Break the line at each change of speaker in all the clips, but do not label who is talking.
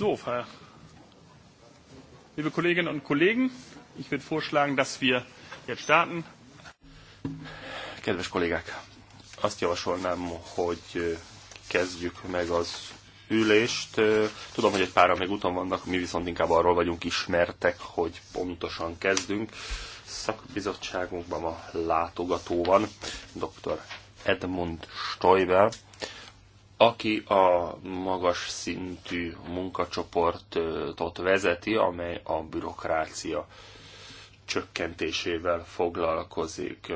So, Frau, liebe Kolleginnen und Kollegen, ich würde vorschlagen, dass wir jetzt starten.
Kedves kollégák, azt javasolnám, hogy kezdjük meg az ülést. Tudom, hogy egy páran még úton vannak, mi viszont inkább arról vagyunk ismertek, hogy pontosan kezdünk. Szakbizottságunkban ma látogató van dr. Edmund Stoiber, aki a magas szintű munkacsoportot vezeti, amely a bürokrácia csökkentésével foglalkozik.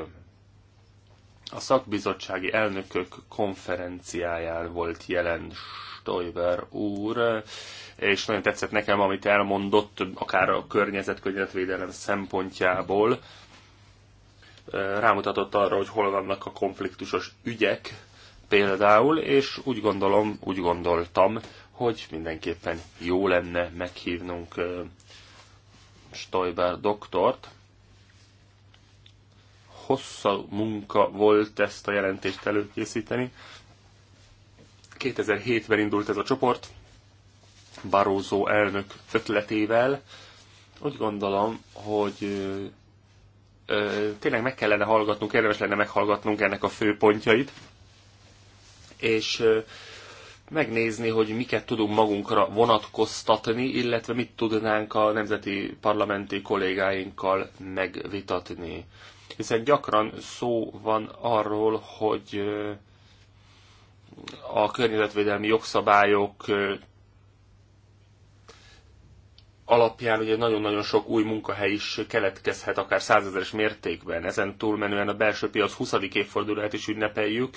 A szakbizottsági elnökök konferenciáján volt jelen Stoiber úr, és nagyon tetszett nekem, amit elmondott, akár a környezetkörnyezetvédelem szempontjából. Rámutatott arra, hogy hol vannak a konfliktusos ügyek, például, és úgy gondolom, úgy gondoltam, hogy mindenképpen jó lenne meghívnunk Stoiber doktort. Hossza munka volt ezt a jelentést előkészíteni. 2007-ben indult ez a csoport, Barózó elnök ötletével. Úgy gondolom, hogy ö, tényleg meg kellene hallgatnunk, érdemes lenne meghallgatnunk ennek a főpontjait és megnézni, hogy miket tudunk magunkra vonatkoztatni, illetve mit tudnánk a nemzeti parlamenti kollégáinkkal megvitatni. Hiszen gyakran szó van arról, hogy a környezetvédelmi jogszabályok alapján ugye nagyon-nagyon sok új munkahely is keletkezhet, akár százezeres mértékben. Ezen túlmenően a belső piac 20. évfordulát is ünnepeljük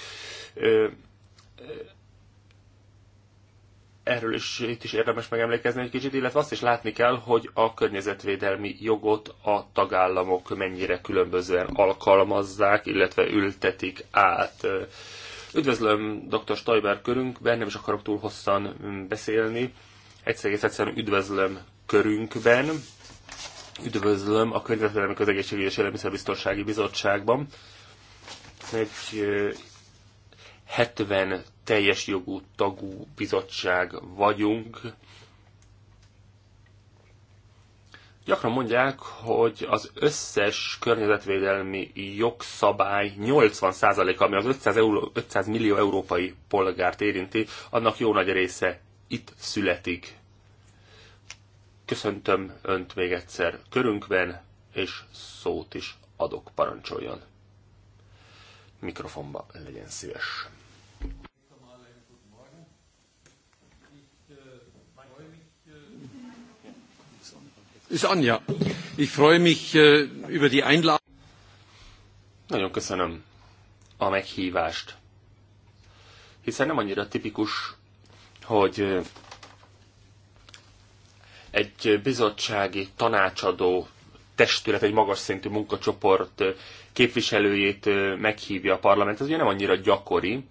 erről is itt is érdemes megemlékezni egy kicsit, illetve azt is látni kell, hogy a környezetvédelmi jogot a tagállamok mennyire különbözően alkalmazzák, illetve ültetik át. Üdvözlöm dr. Stajber körünkben, nem is akarok túl hosszan beszélni. Egyszer egyszerűen üdvözlöm körünkben. Üdvözlöm a Környezetvédelmi Közegészségügyi és Élelmiszerbiztonsági Bizottságban. Egy 70 teljes jogú tagú bizottság vagyunk. Gyakran mondják, hogy az összes környezetvédelmi jogszabály 80%-a, ami az 500, euró, 500 millió európai polgárt érinti, annak jó nagy része itt születik. Köszöntöm Önt még egyszer körünkben, és szót is adok, parancsoljon.
Mikrofonba legyen szívesen. ist Anja. Ich freue mich äh, über die Einladung. Nagyon köszönöm a
meghívást. Hiszen nem annyira tipikus, hogy egy bizottsági tanácsadó testület, egy magas szintű munkacsoport képviselőjét meghívja a parlament. Ez ugye nem annyira gyakori.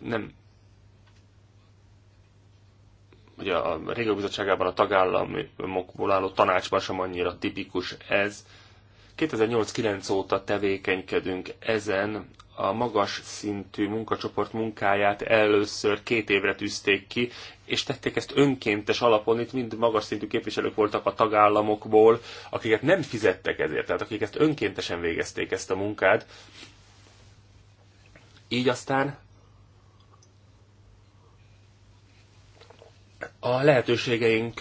Nem ugye a Régió Bizottságában a tagállamokból álló tanácsban sem annyira tipikus ez. 2008-9 óta tevékenykedünk ezen, a magas szintű munkacsoport munkáját először két évre tűzték ki, és tették ezt önkéntes alapon, itt mind magas szintű képviselők voltak a tagállamokból, akiket nem fizettek ezért, tehát akik ezt önkéntesen végezték ezt a munkát. Így aztán A lehetőségeink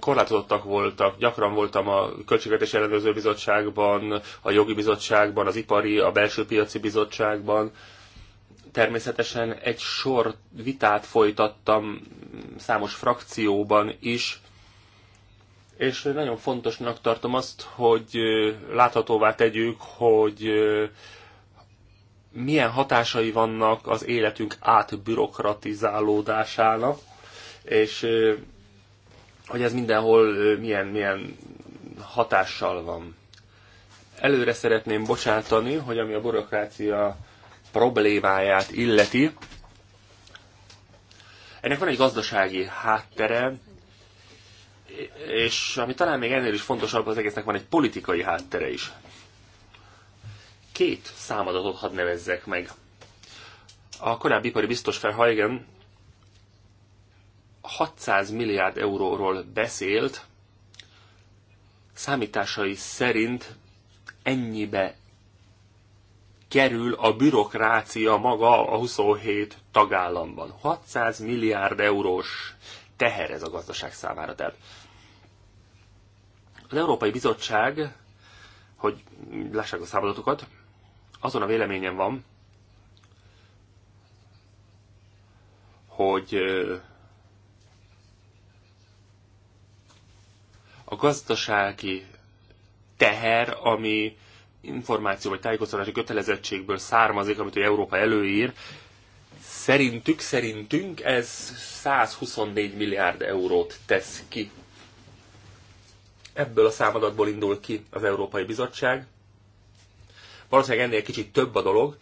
korlátozottak voltak. Gyakran voltam a Költségvetés Ellenőrző Bizottságban, a Jogi Bizottságban, az Ipari, a Belső Piaci Bizottságban. Természetesen egy sor vitát folytattam számos frakcióban is, és nagyon fontosnak tartom azt, hogy láthatóvá tegyük, hogy milyen hatásai vannak az életünk átbürokratizálódásának, és hogy ez mindenhol milyen, milyen hatással van. Előre szeretném bocsátani, hogy ami a bürokrácia problémáját illeti, ennek van egy gazdasági háttere, és ami talán még ennél is fontosabb, az egésznek van egy politikai háttere is. Két számadatot hadd nevezzek meg. A korábbi ipari biztos Verheugen 600 milliárd euróról beszélt, számításai szerint ennyibe kerül a bürokrácia maga a 27 tagállamban. 600 milliárd eurós teher ez a gazdaság számára. Tehát az Európai Bizottság, hogy lássák a számadatokat, azon a véleményen van, hogy a gazdasági teher, ami információ vagy tájékoztatási kötelezettségből származik, amit Európa előír, szerintük, szerintünk ez 124 milliárd eurót tesz ki. Ebből a számadatból indul ki az Európai Bizottság. Valószínűleg ennél kicsit több a dolog.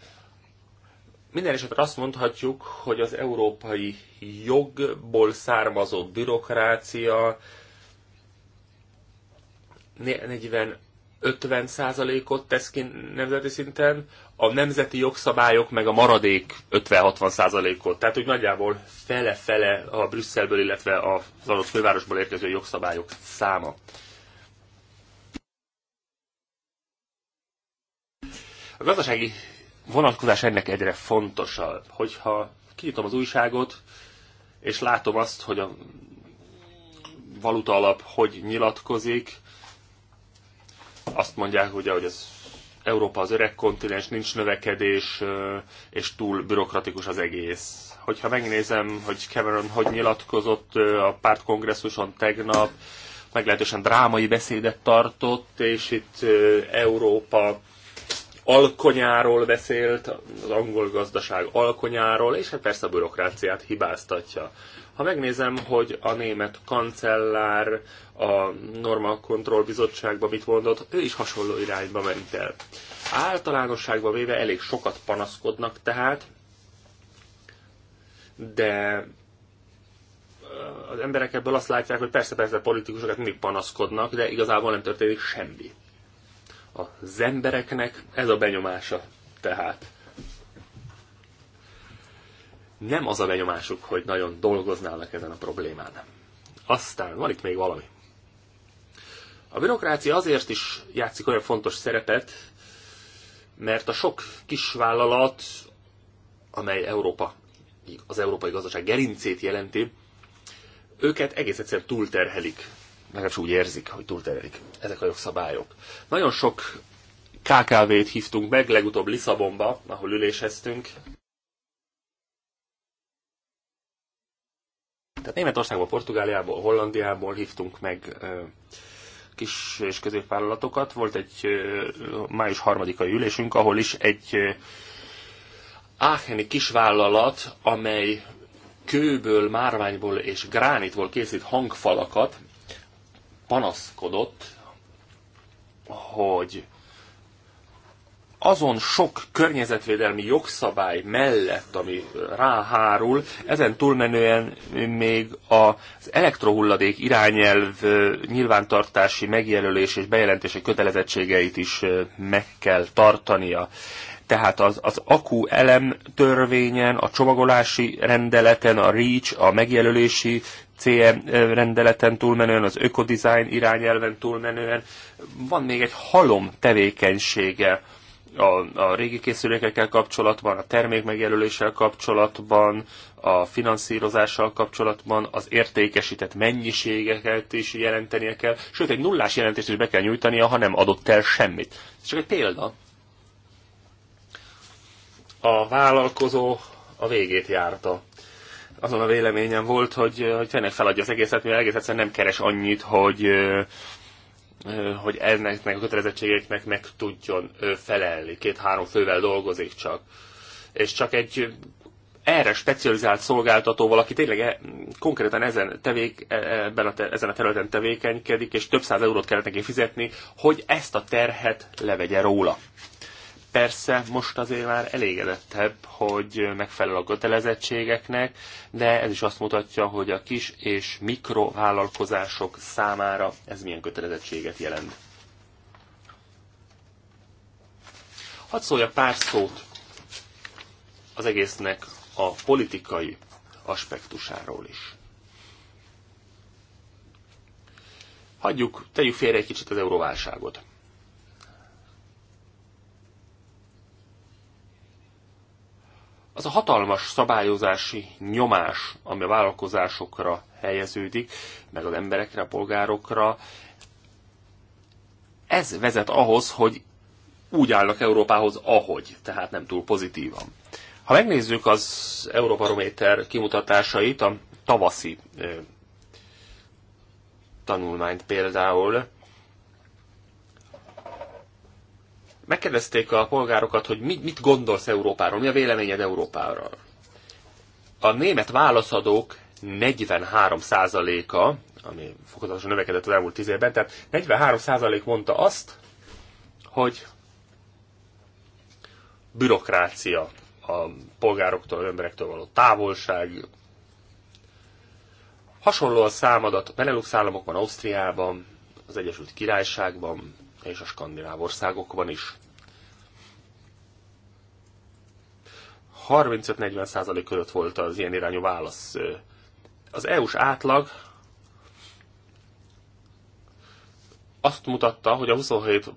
Minden esetre azt mondhatjuk, hogy az európai jogból származó bürokrácia, 40-50 százalékot tesz ki nemzeti szinten, a nemzeti jogszabályok meg a maradék 50-60 százalékot. Tehát, hogy nagyjából fele-fele a Brüsszelből, illetve az adott fővárosból érkező jogszabályok száma. A gazdasági vonatkozás ennek egyre fontosabb. Hogyha kinyitom az újságot, és látom azt, hogy a valuta alap hogy nyilatkozik, azt mondják, ugye, hogy az Európa az öreg kontinens, nincs növekedés, és túl bürokratikus az egész. Hogyha megnézem, hogy Cameron hogy nyilatkozott a pártkongresszuson tegnap, meglehetősen drámai beszédet tartott, és itt Európa alkonyáról beszélt, az angol gazdaság alkonyáról, és hát persze a bürokráciát hibáztatja. Ha megnézem, hogy a német kancellár a Norma Control Bizottságban mit mondott, ő is hasonló irányba ment el. Általánosságban véve elég sokat panaszkodnak tehát, de az emberek ebből azt látják, hogy persze, persze politikusokat mindig panaszkodnak, de igazából nem történik semmi. Az embereknek ez a benyomása tehát nem az a benyomásuk, hogy nagyon dolgoznának ezen a problémán. Aztán van itt még valami. A bürokrácia azért is játszik olyan fontos szerepet, mert a sok kisvállalat, amely Európa, az európai gazdaság gerincét jelenti, őket egész egyszerűen túlterhelik. Legalábbis úgy érzik, hogy túlterhelik ezek a jogszabályok. Nagyon sok KKV-t hívtunk meg, legutóbb Lisszabonba, ahol üléseztünk. Tehát Németországból, Portugáliából, Hollandiából hívtunk meg kis és középvállalatokat. Volt egy május harmadikai ülésünk, ahol is egy áheni kisvállalat, amely kőből, márványból és gránitból készít hangfalakat, panaszkodott, hogy azon sok környezetvédelmi jogszabály mellett, ami ráhárul, ezen túlmenően még az elektrohulladék irányelv nyilvántartási megjelölés és bejelentési kötelezettségeit is meg kell tartania. Tehát az, az akú elem törvényen, a csomagolási rendeleten, a REACH, a megjelölési CM rendeleten túlmenően, az ökodizájn irányelven túlmenően van még egy halom tevékenysége a, a régi készülékekkel kapcsolatban, a termék megjelöléssel kapcsolatban, a finanszírozással kapcsolatban az értékesített mennyiségeket is jelentenie kell, sőt egy nullás jelentést is be kell nyújtania, ha nem adott el semmit. Ez csak egy példa. A vállalkozó a végét járta. Azon a véleményem volt, hogy, hogy tényleg feladja az egészet, mivel egész egyszerűen nem keres annyit, hogy, hogy ennek a kötelezettségeknek meg tudjon felelni. Két-három fővel dolgozik csak. És csak egy erre specializált szolgáltatóval, aki tényleg e, konkrétan ezen, tevék, e, ebben a te, ezen a területen tevékenykedik, és több száz eurót kellett neki fizetni, hogy ezt a terhet levegye róla. Persze most azért már elégedettebb, hogy megfelel a kötelezettségeknek, de ez is azt mutatja, hogy a kis és mikrovállalkozások számára ez milyen kötelezettséget jelent. Hadd szólja pár szót az egésznek a politikai aspektusáról is. Hagyjuk, tegyük félre egy kicsit az euróválságot. az a hatalmas szabályozási nyomás, ami a vállalkozásokra helyeződik, meg az emberekre, a polgárokra, ez vezet ahhoz, hogy úgy állnak Európához, ahogy, tehát nem túl pozitívan. Ha megnézzük az Európarométer kimutatásait, a tavaszi tanulmányt például, megkérdezték a polgárokat, hogy mit, mit gondolsz Európáról, mi a véleményed Európáról. A német válaszadók 43%-a, ami fokozatosan növekedett az elmúlt 10 évben, tehát 43% mondta azt, hogy bürokrácia, a polgároktól, az emberektől való távolság. Hasonló a számadat Benelux államokban, Ausztriában, az Egyesült Királyságban, és a skandináv országokban is. 35-40 százalék között volt az ilyen irányú válasz. Az EU-s átlag azt mutatta, hogy a 27,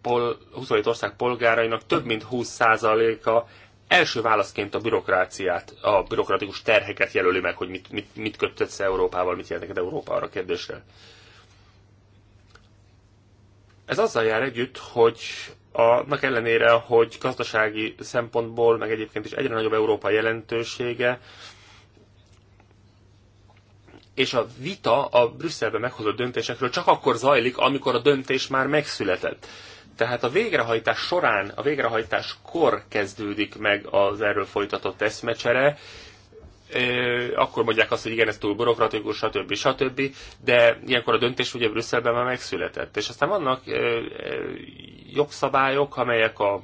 pol, 27 ország polgárainak több mint 20 százaléka első válaszként a bürokráciát, a bürokratikus terheket jelöli meg, hogy mit, mit, mit kötött Európával, mit jelent neked Európa arra kérdésre. Ez azzal jár együtt, hogy annak ellenére, hogy gazdasági szempontból, meg egyébként is egyre nagyobb Európa jelentősége, és a vita a Brüsszelben meghozott döntésekről csak akkor zajlik, amikor a döntés már megszületett. Tehát a végrehajtás során, a végrehajtás kor kezdődik meg az erről folytatott eszmecsere, akkor mondják azt, hogy igen, ez túl bürokratikus, stb. stb. De ilyenkor a döntés ugye Brüsszelben már megszületett. És aztán vannak jogszabályok, amelyek a,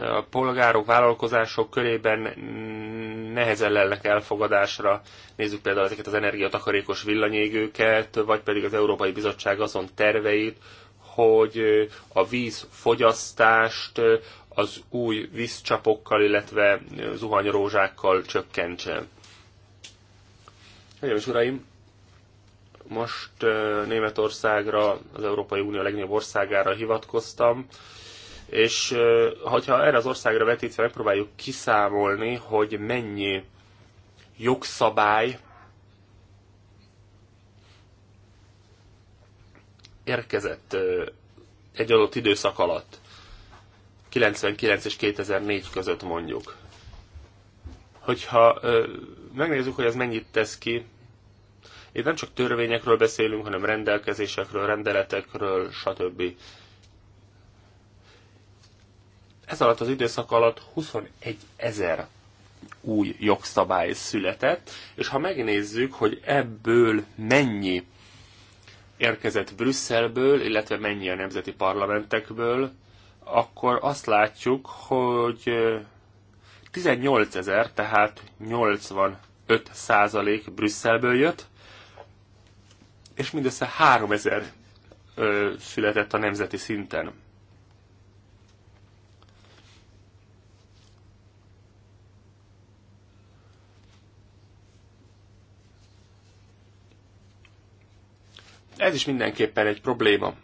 a polgárok, vállalkozások körében nehezen lelnek elfogadásra. Nézzük például ezeket az energiatakarékos villanyégőket, vagy pedig az Európai Bizottság azon terveit, hogy a vízfogyasztást az új vízcsapokkal, illetve zuhanyrózsákkal csökkentse. Hölgyeim és uraim, most Németországra, az Európai Unió legnagyobb országára hivatkoztam, és hogyha erre az országra vetítve megpróbáljuk kiszámolni, hogy mennyi jogszabály érkezett egy adott időszak alatt. 99 és 2004 között mondjuk. Hogyha ö, megnézzük, hogy ez mennyit tesz ki, itt nem csak törvényekről beszélünk, hanem rendelkezésekről, rendeletekről, stb. Ez alatt az időszak alatt 21 ezer új jogszabály született, és ha megnézzük, hogy ebből mennyi érkezett Brüsszelből, illetve mennyi a nemzeti parlamentekből, akkor azt látjuk, hogy 18 ezer, tehát 85 százalék Brüsszelből jött, és mindössze 3 ezer született a nemzeti szinten. Ez is mindenképpen egy probléma.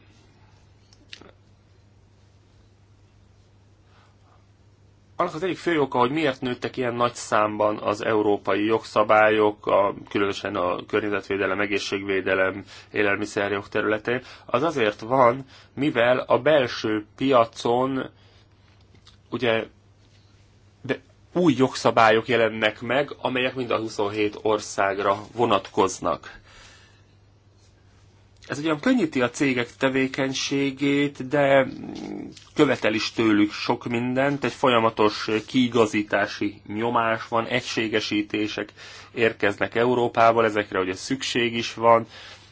annak az egyik fő oka, hogy miért nőttek ilyen nagy számban az európai jogszabályok, a, különösen a környezetvédelem, egészségvédelem, élelmiszerjog területén, az azért van, mivel a belső piacon ugye de új jogszabályok jelennek meg, amelyek mind a 27 országra vonatkoznak ez ugyan könnyíti a cégek tevékenységét, de követel is tőlük sok mindent, egy folyamatos kiigazítási nyomás van, egységesítések érkeznek Európából, ezekre ugye szükség is van,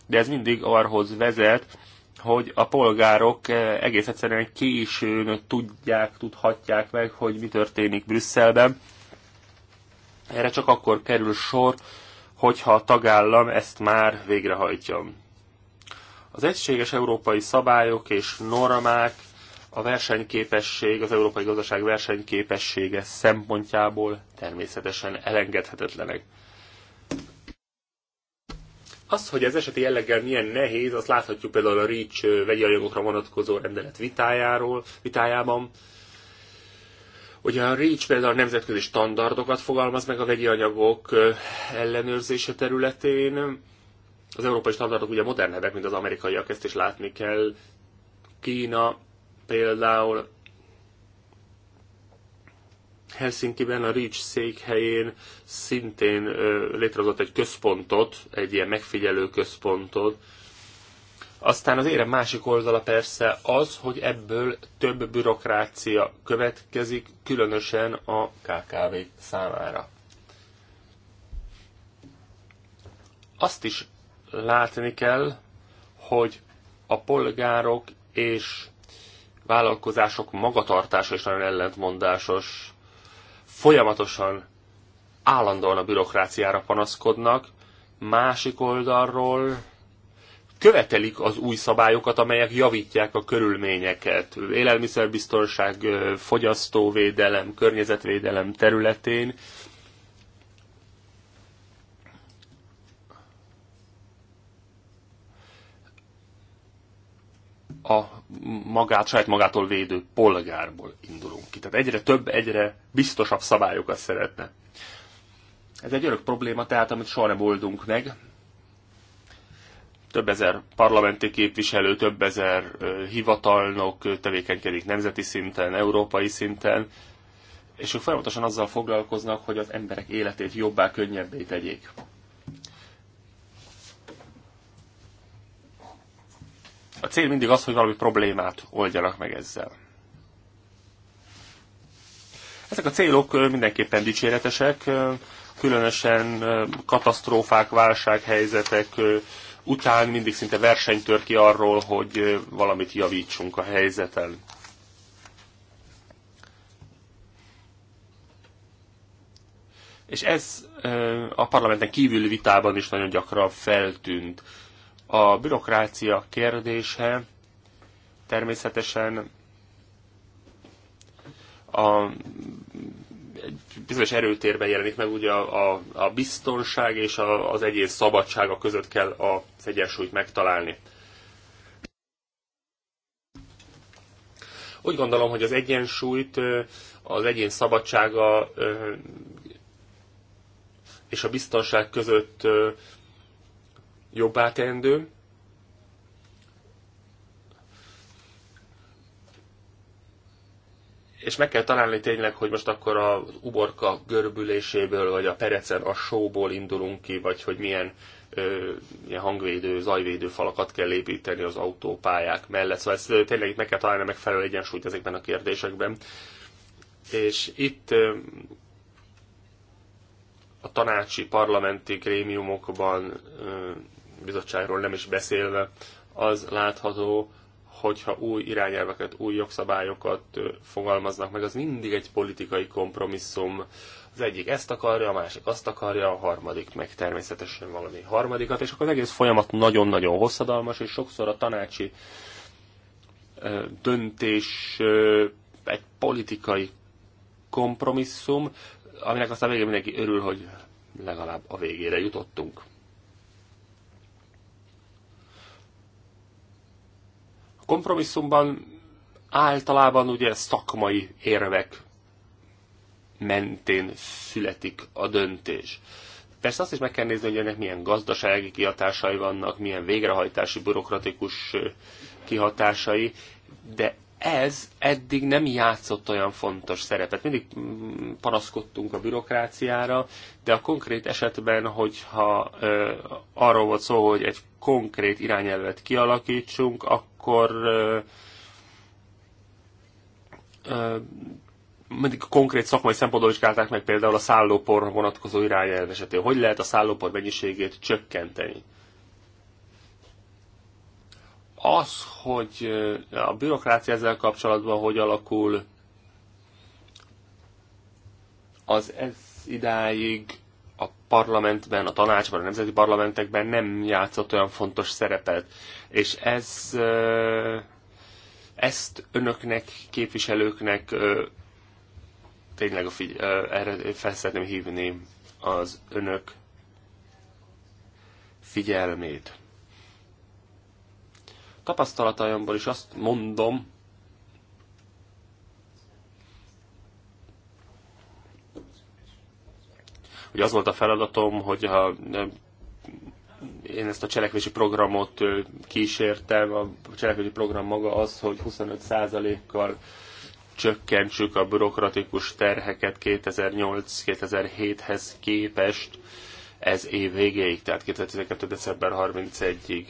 de ez mindig arhoz vezet, hogy a polgárok eh, egész egyszerűen későn tudják, tudhatják meg, hogy mi történik Brüsszelben. Erre csak akkor kerül sor, hogyha a tagállam ezt már végrehajtja. Az egységes európai szabályok és normák a versenyképesség, az európai gazdaság versenyképessége szempontjából természetesen elengedhetetlenek. Az, hogy ez eseti jelleggel milyen nehéz, azt láthatjuk például a REACH vegyi anyagokra vonatkozó rendelet vitájáról, vitájában. Ugye a REACH például nemzetközi standardokat fogalmaz meg a vegyi anyagok ellenőrzése területén, az európai standardok ugye modern nevek, mint az amerikaiak, ezt is látni kell. Kína például Helsinki-ben a REACH székhelyén szintén létrehozott egy központot, egy ilyen megfigyelő központot. Aztán az érem másik oldala persze az, hogy ebből több bürokrácia következik, különösen a KKV számára. Azt is látni kell, hogy a polgárok és vállalkozások magatartása is nagyon ellentmondásos. Folyamatosan, állandóan a bürokráciára panaszkodnak, másik oldalról követelik az új szabályokat, amelyek javítják a körülményeket. Élelmiszerbiztonság, fogyasztóvédelem, környezetvédelem területén a magát, saját magától védő polgárból indulunk ki. Tehát egyre több, egyre biztosabb szabályokat szeretne. Ez egy örök probléma, tehát amit soha nem oldunk meg. Több ezer parlamenti képviselő, több ezer hivatalnok tevékenykedik nemzeti szinten, európai szinten, és ők folyamatosan azzal foglalkoznak, hogy az emberek életét jobbá, könnyebbé tegyék. A cél mindig az, hogy valami problémát oldjanak meg ezzel. Ezek a célok mindenképpen dicséretesek, különösen katasztrófák, válsághelyzetek után mindig szinte verseny tör ki arról, hogy valamit javítsunk a helyzeten. És ez a parlamenten kívüli vitában is nagyon gyakran feltűnt. A bürokrácia kérdése természetesen a egy bizonyos erőtérben jelenik meg, ugye a, a, a biztonság és a, az egyén szabadsága között kell az egyensúlyt megtalálni. Úgy gondolom, hogy az egyensúlyt az egyén szabadsága és a biztonság között jobbá teendő. És meg kell találni tényleg, hogy most akkor a uborka görbüléséből, vagy a perecen a sóból indulunk ki, vagy hogy milyen ö, ilyen hangvédő, zajvédő falakat kell építeni az autópályák mellett. Szóval ezt tényleg itt meg kell találni megfelelő egyensúlyt ezekben a kérdésekben. És itt ö, a tanácsi parlamenti grémiumokban bizottságról nem is beszélve, az látható, hogyha új irányelveket, új jogszabályokat fogalmaznak meg, az mindig egy politikai kompromisszum. Az egyik ezt akarja, a másik azt akarja, a harmadik meg természetesen valami harmadikat, és akkor az egész folyamat nagyon-nagyon hosszadalmas, és sokszor a tanácsi döntés egy politikai kompromisszum, aminek aztán végén mindenki örül, hogy legalább a végére jutottunk. A kompromisszumban általában ugye szakmai érvek mentén születik a döntés. Persze azt is meg kell nézni, hogy ennek milyen gazdasági kihatásai vannak, milyen végrehajtási, bürokratikus kihatásai, de ez eddig nem játszott olyan fontos szerepet. Mindig mm, panaszkodtunk a bürokráciára, de a konkrét esetben, hogyha ö, arról volt szó, hogy egy konkrét irányelvet kialakítsunk, akkor akkor mindig konkrét szakmai szempontból vizsgálták meg például a szállópor vonatkozó irányelv esetén. Hogy lehet a szállópor mennyiségét csökkenteni? Az, hogy a bürokrácia ezzel kapcsolatban hogy alakul, az ez idáig parlamentben, a tanácsban, a nemzeti parlamentekben nem játszott olyan fontos szerepet. És ez, ezt önöknek, képviselőknek tényleg a figy- erre fel szeretném hívni az önök figyelmét. Tapasztalataimból is azt mondom, hogy az volt a feladatom, hogy ha én ezt a cselekvési programot kísértem, a cselekvési program maga az, hogy 25%-kal csökkentsük a bürokratikus terheket 2008-2007-hez képest ez év végéig, tehát 2012. december 31-ig.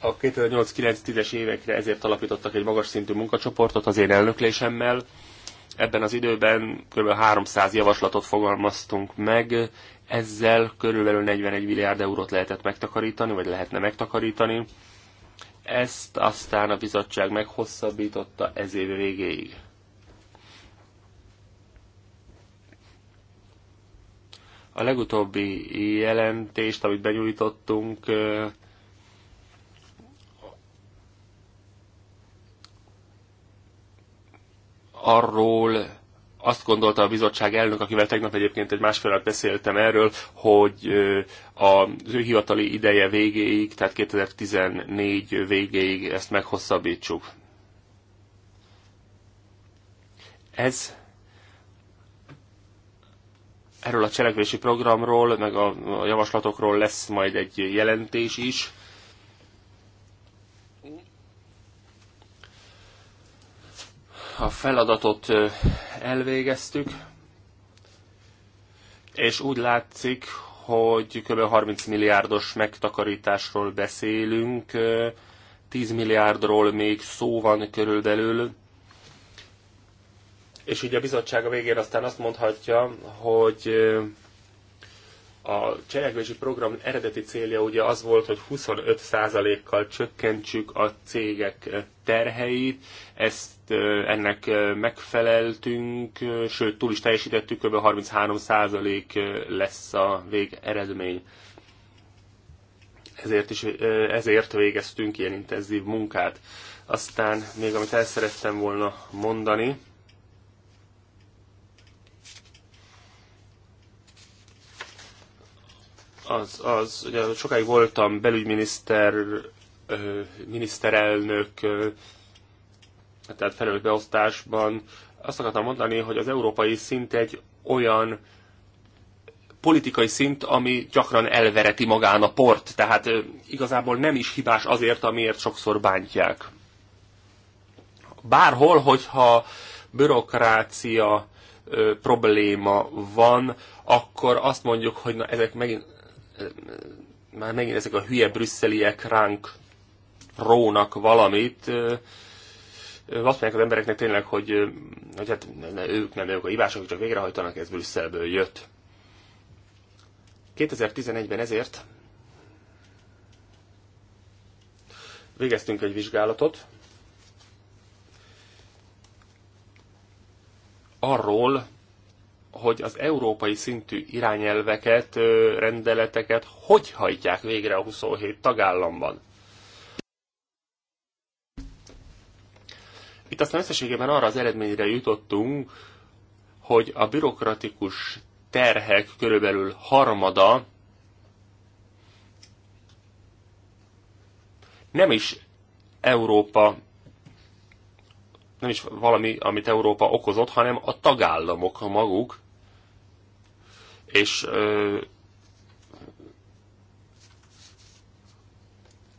A 2008-9-10-es évekre ezért alapítottak egy magas szintű munkacsoportot az én elnöklésemmel, Ebben az időben kb. 300 javaslatot fogalmaztunk meg, ezzel körülbelül 41 milliárd eurót lehetett megtakarítani, vagy lehetne megtakarítani. Ezt aztán a bizottság meghosszabbította ez év végéig. A legutóbbi jelentést, amit benyújtottunk, arról azt gondolta a bizottság elnök, akivel tegnap egyébként egy másfél beszéltem erről, hogy az ő hivatali ideje végéig, tehát 2014 végéig ezt meghosszabbítsuk. Ez erről a cselekvési programról, meg a, a javaslatokról lesz majd egy jelentés is, a feladatot elvégeztük, és úgy látszik, hogy kb. 30 milliárdos megtakarításról beszélünk, 10 milliárdról még szó van körülbelül, és ugye a bizottság a végén aztán azt mondhatja, hogy a cselekvési program eredeti célja ugye az volt, hogy 25%-kal csökkentsük a cégek terheit, ezt ennek megfeleltünk, sőt túl is teljesítettük, kb. 33% lesz a végeredmény. Ezért, is, ezért végeztünk ilyen intenzív munkát. Aztán még amit el szerettem volna mondani, az, az ugye sokáig voltam belügyminiszter, miniszterelnök, tehát felelős beosztásban. Azt akartam mondani, hogy az európai szint egy olyan politikai szint, ami gyakran elvereti magán a port, tehát igazából nem is hibás azért, amiért sokszor bántják. Bárhol, hogyha bürokrácia probléma van, akkor azt mondjuk, hogy na, ezek megint már megint ezek a hülye brüsszeliek ránk rónak valamit. Azt mondják az embereknek tényleg, hogy, hogy hát ne, ők nem ők a hibások, csak végrehajtanak, ez Brüsszelből jött. 2011-ben ezért végeztünk egy vizsgálatot arról, hogy az európai szintű irányelveket, rendeleteket hogy hajtják végre a 27 tagállamban. Itt aztán összességében arra az eredményre jutottunk, hogy a bürokratikus terhek körülbelül harmada nem is Európa, nem is valami, amit Európa okozott, hanem a tagállamok maguk és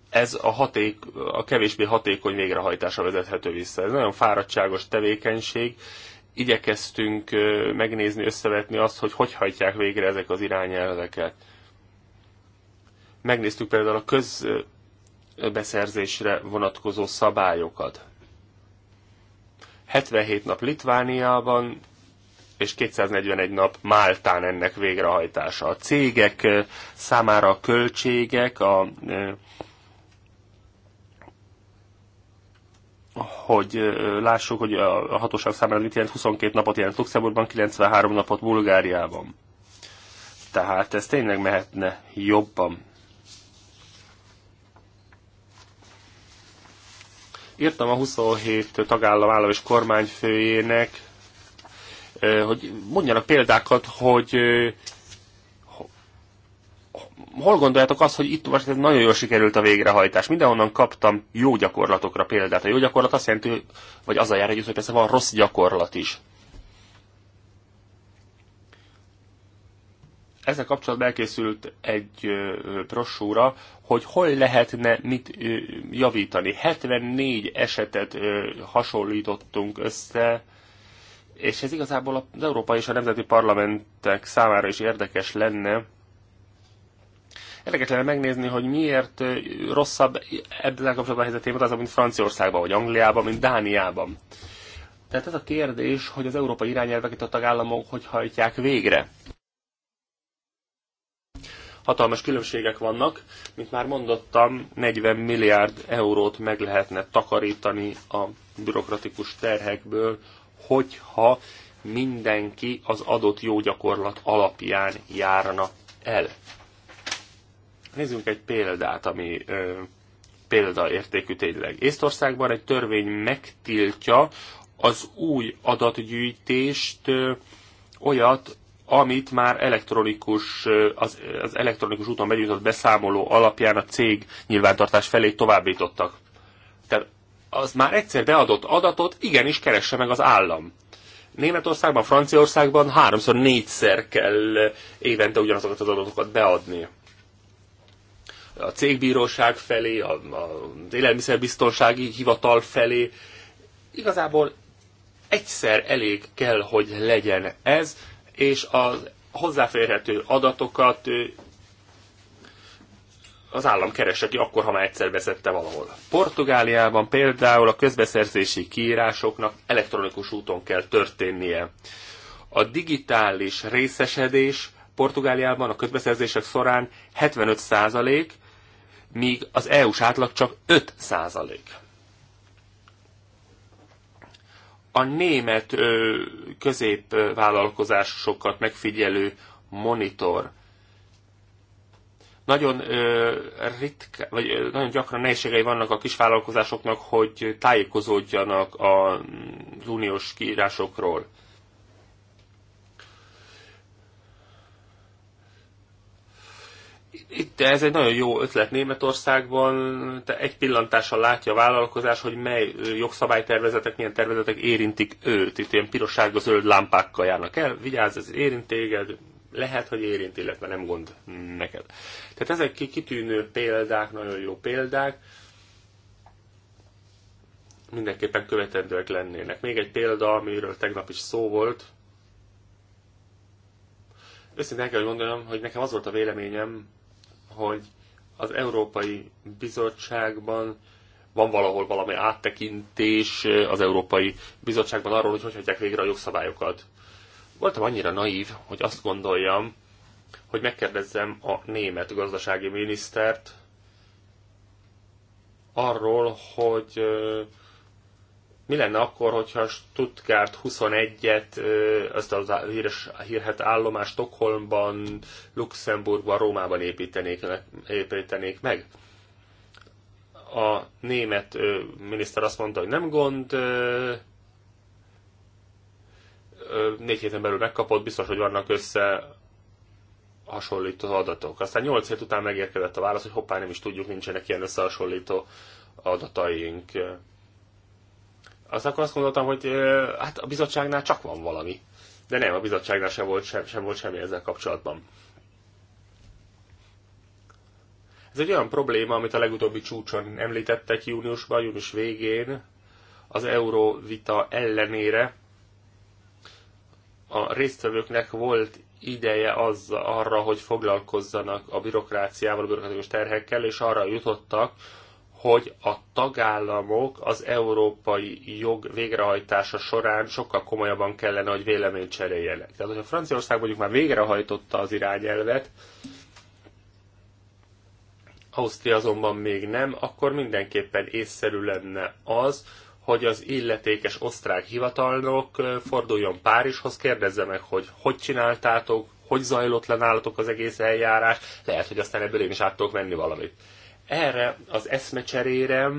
ez a, haték, a kevésbé hatékony végrehajtása vezethető vissza. Ez nagyon fáradtságos tevékenység. Igyekeztünk megnézni, összevetni azt, hogy hogy hajtják végre ezek az irányelveket. Megnéztük például a közbeszerzésre vonatkozó szabályokat. 77 nap Litvániában, és 241 nap Máltán ennek végrehajtása. A cégek számára a költségek, a, hogy lássuk, hogy a hatóság számára mit jelent 22 napot jelent Luxemburgban, 93 napot Bulgáriában. Tehát ez tényleg mehetne jobban. Írtam a 27 tagállam állam és kormányfőjének, hogy mondjanak példákat, hogy hol gondoljátok azt, hogy itt most nagyon jól sikerült a végrehajtás. Mindenhonnan kaptam jó gyakorlatokra példát. A jó gyakorlat azt jelenti, vagy az a jár együtt, hogy persze van rossz gyakorlat is. Ezzel kapcsolatban elkészült egy brosúra, hogy hol lehetne mit javítani. 74 esetet hasonlítottunk össze, és ez igazából az Európai és a Nemzeti Parlamentek számára is érdekes lenne, Érdekes lenne megnézni, hogy miért rosszabb a kapcsolatban a helyzetében az, mint Franciaországban, vagy Angliában, mint Dániában. Tehát ez a kérdés, hogy az európai irányelveket a tagállamok hogy hajtják végre. Hatalmas különbségek vannak, mint már mondottam, 40 milliárd eurót meg lehetne takarítani a bürokratikus terhekből, hogyha mindenki az adott jó gyakorlat alapján járna el. Nézzünk egy példát, ami ö, példaértékű tényleg. Észtországban egy törvény megtiltja az új adatgyűjtést ö, olyat, amit már elektronikus, az, az elektronikus úton begyújtott beszámoló alapján a cég nyilvántartás felé továbbítottak az már egyszer beadott adatot igenis keresse meg az állam. Németországban, Franciaországban háromszor, négyszer kell évente ugyanazokat az adatokat beadni. A cégbíróság felé, a, a, az élelmiszerbiztonsági hivatal felé. Igazából egyszer elég kell, hogy legyen ez, és a hozzáférhető adatokat az állam kereseti akkor, ha már egyszer vezette valahol. Portugáliában például a közbeszerzési kiírásoknak elektronikus úton kell történnie. A digitális részesedés Portugáliában a közbeszerzések során 75 százalék, míg az EU-s átlag csak 5 százalék. A német középvállalkozásokat megfigyelő monitor nagyon, ritka, vagy nagyon gyakran nehézségei vannak a kisvállalkozásoknak, hogy tájékozódjanak az uniós kiírásokról. itt ez egy nagyon jó ötlet Németországban, te egy pillantással látja a vállalkozás, hogy mely jogszabálytervezetek, milyen tervezetek érintik őt. Itt ilyen piros-sárga-zöld lámpákkal járnak el, vigyázz, ez érint téged, lehet, hogy érint, illetve nem gond neked. Tehát ezek kitűnő példák, nagyon jó példák, mindenképpen követendőek lennének. Még egy példa, amiről tegnap is szó volt, Őszintén kell, hogy mondanom, hogy nekem az volt a véleményem, hogy az Európai Bizottságban van valahol valami áttekintés eh, az Európai Bizottságban arról, hogy hogy hagyják végre a jogszabályokat. Voltam annyira naív, hogy azt gondoljam, hogy megkérdezzem a német gazdasági minisztert arról, hogy mi lenne akkor, hogyha Stuttgart 21-et, ezt a híres, hírhet állomást Stockholmban, Luxemburgban, Rómában építenék, építenék meg? A német miniszter azt mondta, hogy nem gond, négy héten belül megkapott, biztos, hogy vannak össze hasonlító adatok. Aztán 8 hét után megérkezett a válasz, hogy hoppá, nem is tudjuk, nincsenek ilyen összehasonlító adataink. Aztán akkor azt gondoltam, hogy hát a bizottságnál csak van valami. De nem, a bizottságnál sem volt, sem, sem volt semmi ezzel kapcsolatban. Ez egy olyan probléma, amit a legutóbbi csúcson említettek júniusban, június végén, az euróvita ellenére, a résztvevőknek volt ideje az arra, hogy foglalkozzanak a bürokráciával, a bürokratikus terhekkel, és arra jutottak, hogy a tagállamok az európai jog végrehajtása során sokkal komolyabban kellene, hogy véleményt cseréljenek. Tehát, hogyha Franciaország mondjuk már végrehajtotta az irányelvet, Ausztria azonban még nem, akkor mindenképpen észszerű lenne az, hogy az illetékes osztrák hivatalnok forduljon Párizshoz, kérdezze meg, hogy hogy csináltátok, hogy zajlott le nálatok az egész eljárás, lehet, hogy aztán ebből én is át tudok venni valamit. Erre az eszmecserére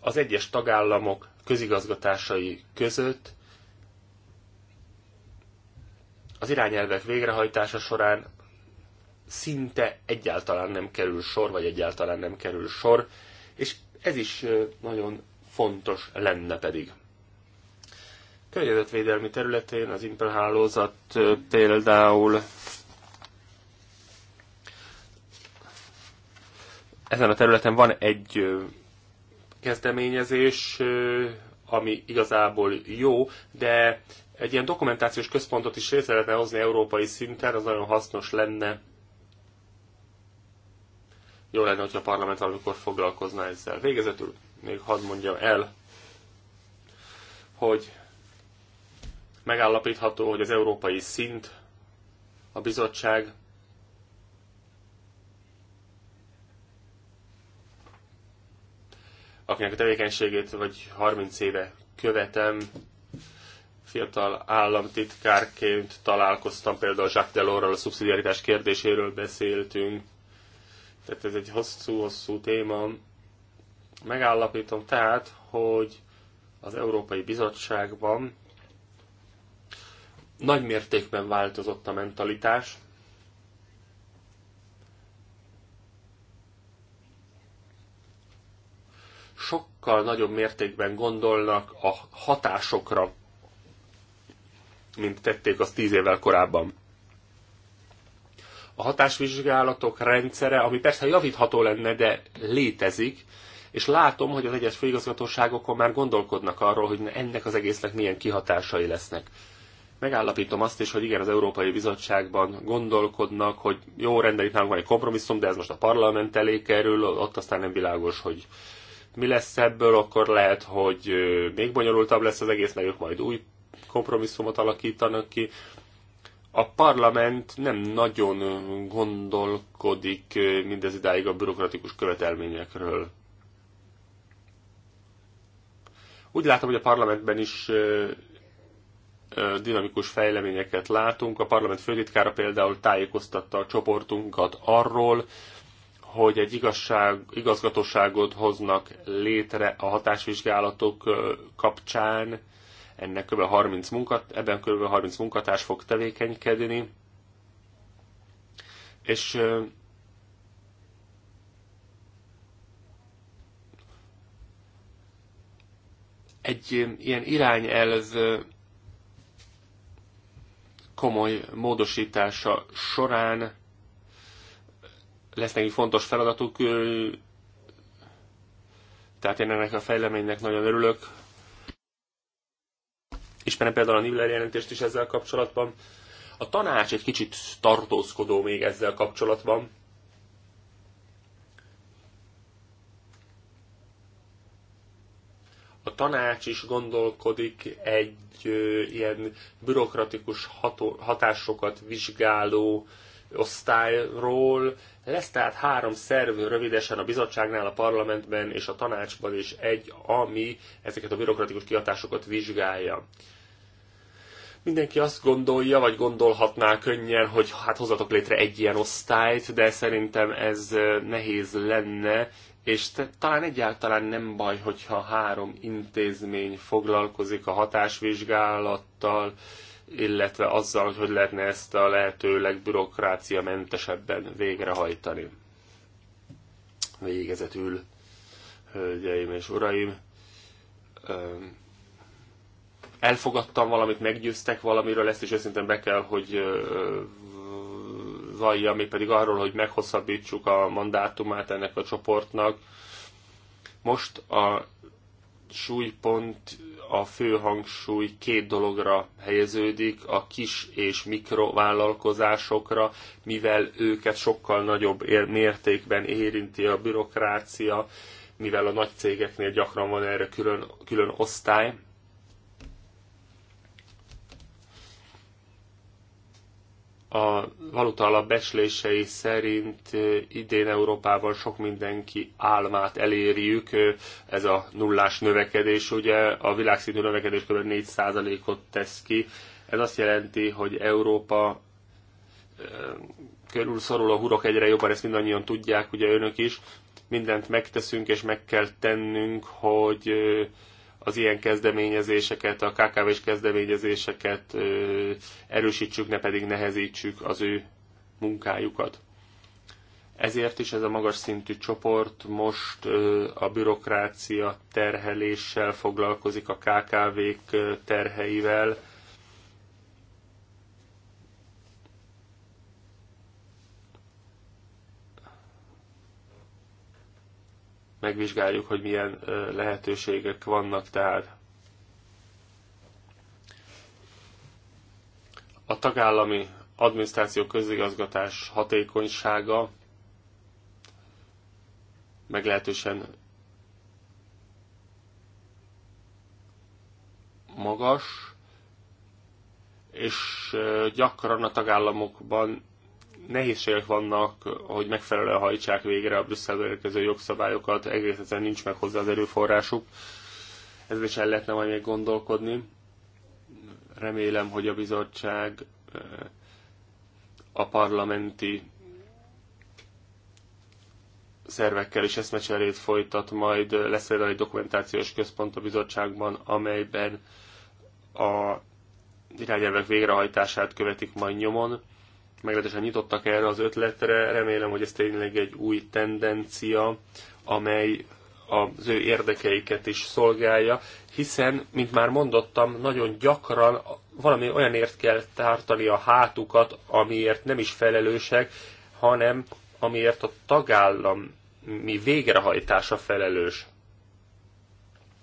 az egyes tagállamok közigazgatásai között az irányelvek végrehajtása során szinte egyáltalán nem kerül sor, vagy egyáltalán nem kerül sor, és ez is nagyon fontos lenne pedig. Környezetvédelmi területén az Impel hálózat például ezen a területen van egy kezdeményezés, ami igazából jó, de egy ilyen dokumentációs központot is létre lehetne hozni európai szinten, az nagyon hasznos lenne. Jó lenne, hogyha a parlament valamikor foglalkozna ezzel. Végezetül még hadd mondjam el, hogy megállapítható, hogy az európai szint, a bizottság akinek a tevékenységét vagy 30 éve követem, fiatal államtitkárként találkoztam, például Jacques Delorral a szubszidiaritás kérdéséről beszéltünk, tehát ez egy hosszú-hosszú téma, Megállapítom tehát, hogy az Európai Bizottságban nagy mértékben változott a mentalitás, sokkal nagyobb mértékben gondolnak a hatásokra, mint tették azt tíz évvel korábban. A hatásvizsgálatok rendszere, ami persze javítható lenne, de létezik, és látom, hogy az egyes főigazgatóságokon már gondolkodnak arról, hogy ennek az egésznek milyen kihatásai lesznek. Megállapítom azt is, hogy igen, az Európai Bizottságban gondolkodnak, hogy jó, itt nálunk van egy kompromisszum, de ez most a parlament elé kerül, ott aztán nem világos, hogy mi lesz ebből, akkor lehet, hogy még bonyolultabb lesz az egész, mert ők majd új kompromisszumot alakítanak ki. A parlament nem nagyon gondolkodik mindez idáig a bürokratikus követelményekről. Úgy látom, hogy a parlamentben is dinamikus fejleményeket látunk. A parlament főtitkára például tájékoztatta a csoportunkat arról, hogy egy igazság, igazgatóságot hoznak létre a hatásvizsgálatok kapcsán. Ennek kb. 30 munkat, ebben kb. 30 munkatárs fog tevékenykedni. És egy ilyen irányelv komoly módosítása során lesz nekik fontos feladatuk, tehát én ennek a fejleménynek nagyon örülök. Ismerem például a Nibler jelentést is ezzel kapcsolatban. A tanács egy kicsit tartózkodó még ezzel kapcsolatban. tanács is gondolkodik egy ilyen bürokratikus ható, hatásokat vizsgáló osztályról. Lesz tehát három szerv rövidesen a bizottságnál, a parlamentben és a tanácsban is egy, ami ezeket a bürokratikus kihatásokat vizsgálja. Mindenki azt gondolja, vagy gondolhatná könnyen, hogy hát hozatok létre egy ilyen osztályt, de szerintem ez nehéz lenne, és te, talán egyáltalán nem baj, hogyha három intézmény foglalkozik a hatásvizsgálattal, illetve azzal, hogy lehetne ezt a lehető bürokráciamentesebben végrehajtani. Végezetül, hölgyeim és uraim, elfogadtam valamit, meggyőztek valamiről, ezt is őszintén be kell, hogy vallja, ami pedig arról, hogy meghosszabbítsuk a mandátumát ennek a csoportnak. Most a súlypont, a fő hangsúly két dologra helyeződik, a kis és mikrovállalkozásokra, mivel őket sokkal nagyobb mértékben érinti a bürokrácia, mivel a nagy cégeknél gyakran van erre külön, külön osztály, a valuta alap becslései szerint idén Európában sok mindenki álmát elérjük, ez a nullás növekedés, ugye a világszintű növekedés kb. 4%-ot tesz ki. Ez azt jelenti, hogy Európa körül szorul a hurok egyre jobban, ezt mindannyian tudják, ugye önök is. Mindent megteszünk és meg kell tennünk, hogy az ilyen kezdeményezéseket, a KKV-s kezdeményezéseket erősítsük, ne pedig nehezítsük az ő munkájukat. Ezért is ez a magas szintű csoport most a bürokrácia terheléssel foglalkozik, a KKV-k terheivel, megvizsgáljuk, hogy milyen lehetőségek vannak tehát. A tagállami adminisztráció közigazgatás hatékonysága meglehetősen magas, és gyakran a tagállamokban nehézségek vannak, hogy megfelelően hajtsák végre a Brüsszelből érkező jogszabályokat, egész egyszerűen nincs meg hozzá az erőforrásuk. Ez is el lehetne majd még gondolkodni. Remélem, hogy a bizottság eh, a parlamenti szervekkel is eszmecserét folytat, majd lesz például egy dokumentációs központ a bizottságban, amelyben a irányelvek végrehajtását követik majd nyomon meglehetősen nyitottak erre az ötletre. Remélem, hogy ez tényleg egy új tendencia, amely az ő érdekeiket is szolgálja, hiszen, mint már mondottam, nagyon gyakran valami olyanért kell tártani a hátukat, amiért nem is felelősek, hanem amiért a tagállam mi végrehajtása felelős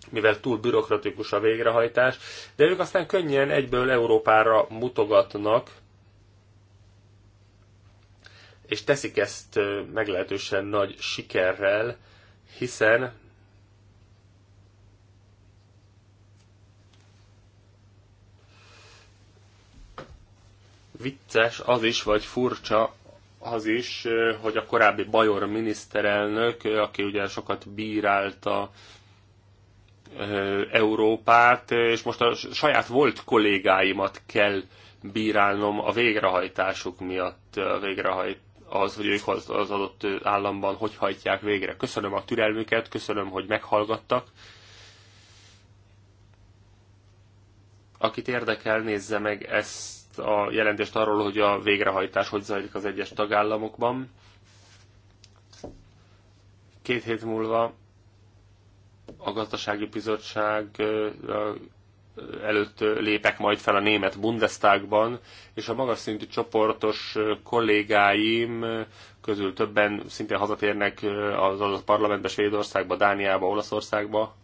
mivel túl bürokratikus a végrehajtás, de ők aztán könnyen egyből Európára mutogatnak, és teszik ezt meglehetősen nagy sikerrel, hiszen vicces az is, vagy furcsa az is, hogy a korábbi Bajor miniszterelnök, aki ugye sokat bírálta Európát, és most a saját volt kollégáimat kell bírálnom a végrehajtásuk miatt, a végrehajt az, hogy ők az, az adott államban hogy hajtják végre. Köszönöm a türelmüket, köszönöm, hogy meghallgattak. Akit érdekel, nézze meg ezt a jelentést arról, hogy a végrehajtás hogy zajlik az egyes tagállamokban. Két hét múlva a gazdasági bizottság előtt lépek majd fel a német Bundestagban, és a magas szintű csoportos kollégáim közül többen szintén hazatérnek az a parlamentbe, Svédországba, Dániába, Olaszországba.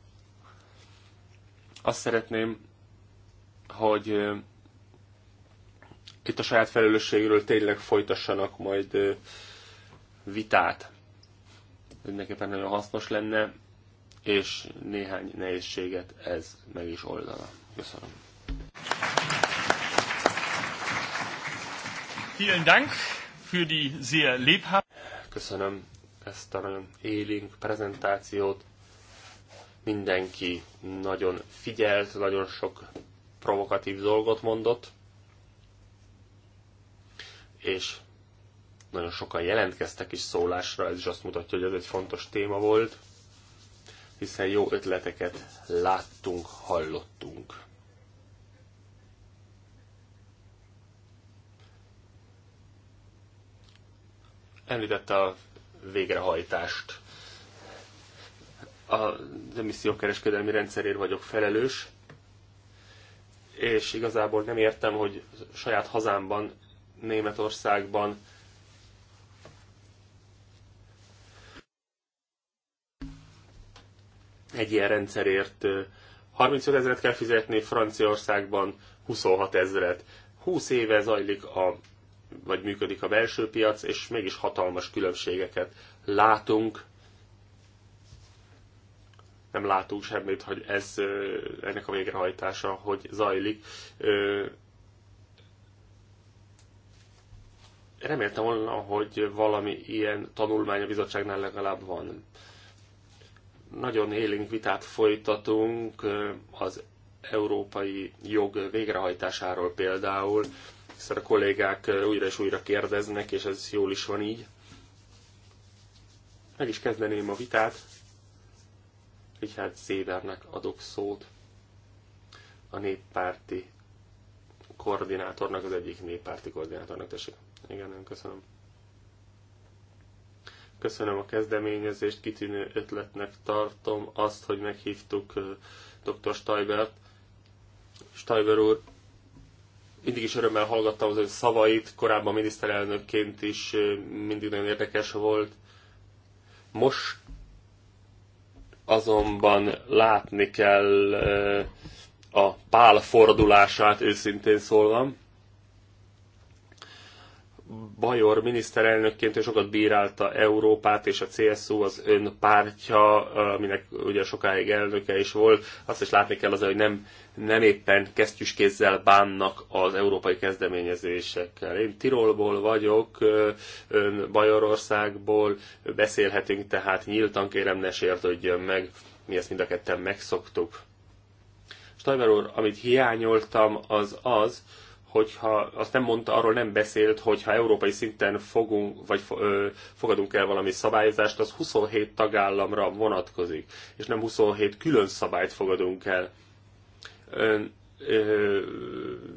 Azt szeretném, hogy itt a saját felelősségről tényleg folytassanak majd vitát. Ez mindenképpen nagyon hasznos lenne és néhány nehézséget ez
meg is oldana. Köszönöm. Vielen Dank für die sehr lebhaft. Köszönöm
ezt a nagyon élénk prezentációt. Mindenki nagyon figyelt, nagyon sok provokatív dolgot mondott, és nagyon sokan jelentkeztek is szólásra, ez is azt mutatja, hogy ez egy fontos téma volt hiszen jó ötleteket láttunk, hallottunk. Említette a végrehajtást. Az emissziókereskedelmi rendszerért vagyok felelős, és igazából nem értem, hogy saját hazámban, Németországban egy ilyen rendszerért 35 ezeret kell fizetni, Franciaországban 26 ezeret. 20 éve zajlik a, vagy működik a belső piac, és mégis hatalmas különbségeket látunk. Nem látunk semmit, hogy ez ennek a végrehajtása, hogy zajlik. Reméltem volna, hogy valami ilyen tanulmány a bizottságnál legalább van nagyon élénk vitát folytatunk az európai jog végrehajtásáról például, hiszen a kollégák újra és újra kérdeznek, és ez jól is van így. Meg is kezdeném a vitát. Richard Szédernek adok szót, a néppárti koordinátornak, az egyik néppárti koordinátornak, tessék. Igen, nem köszönöm. Köszönöm a kezdeményezést, kitűnő ötletnek tartom azt, hogy meghívtuk dr. Steibert. Steiber úr, mindig is örömmel hallgattam az ön szavait, korábban miniszterelnökként is mindig nagyon érdekes volt. Most azonban látni kell a pál fordulását, őszintén szólva. Bajor miniszterelnökként ő sokat bírálta Európát, és a CSU az ön pártja, aminek ugye sokáig elnöke is volt. Azt is látni kell az, hogy nem, nem éppen kesztyűskézzel bánnak az európai kezdeményezésekkel. Én Tirolból vagyok, ön Bajorországból, beszélhetünk, tehát nyíltan kérem ne sértődjön meg, mi ezt mind a ketten megszoktuk. Stajmer úr, amit hiányoltam, az az, hogyha azt nem mondta, arról nem beszélt, hogyha európai szinten fogunk, vagy fogadunk el valami szabályozást, az 27 tagállamra vonatkozik, és nem 27 külön szabályt fogadunk el. Ön, ö,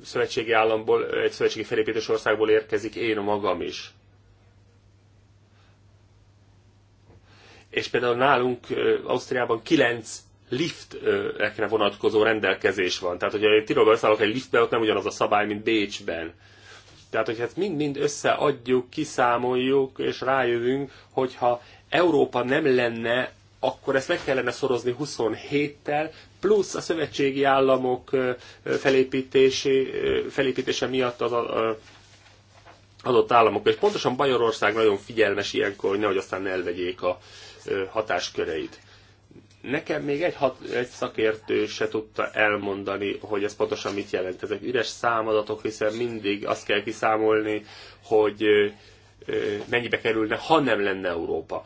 szövetségi államból, egy szövetségi felépítés országból érkezik én magam is. És például nálunk Ausztriában 9 liftekre vonatkozó rendelkezés van. Tehát, hogyha egy Tirolban összeállok egy liftbe, ott nem ugyanaz a szabály, mint Bécsben. Tehát, hogy ezt mind-mind összeadjuk, kiszámoljuk, és rájövünk, hogyha Európa nem lenne, akkor ezt meg kellene szorozni 27-tel, plusz a szövetségi államok felépítési, felépítése miatt az a, adott államok. És pontosan Bajorország nagyon figyelmes ilyenkor, hogy nehogy aztán elvegyék a hatásköreit. Nekem még egy, hat, egy szakértő se tudta elmondani, hogy ez pontosan mit jelent. Ezek üres számadatok, hiszen mindig azt kell kiszámolni, hogy mennyibe kerülne, ha nem lenne Európa.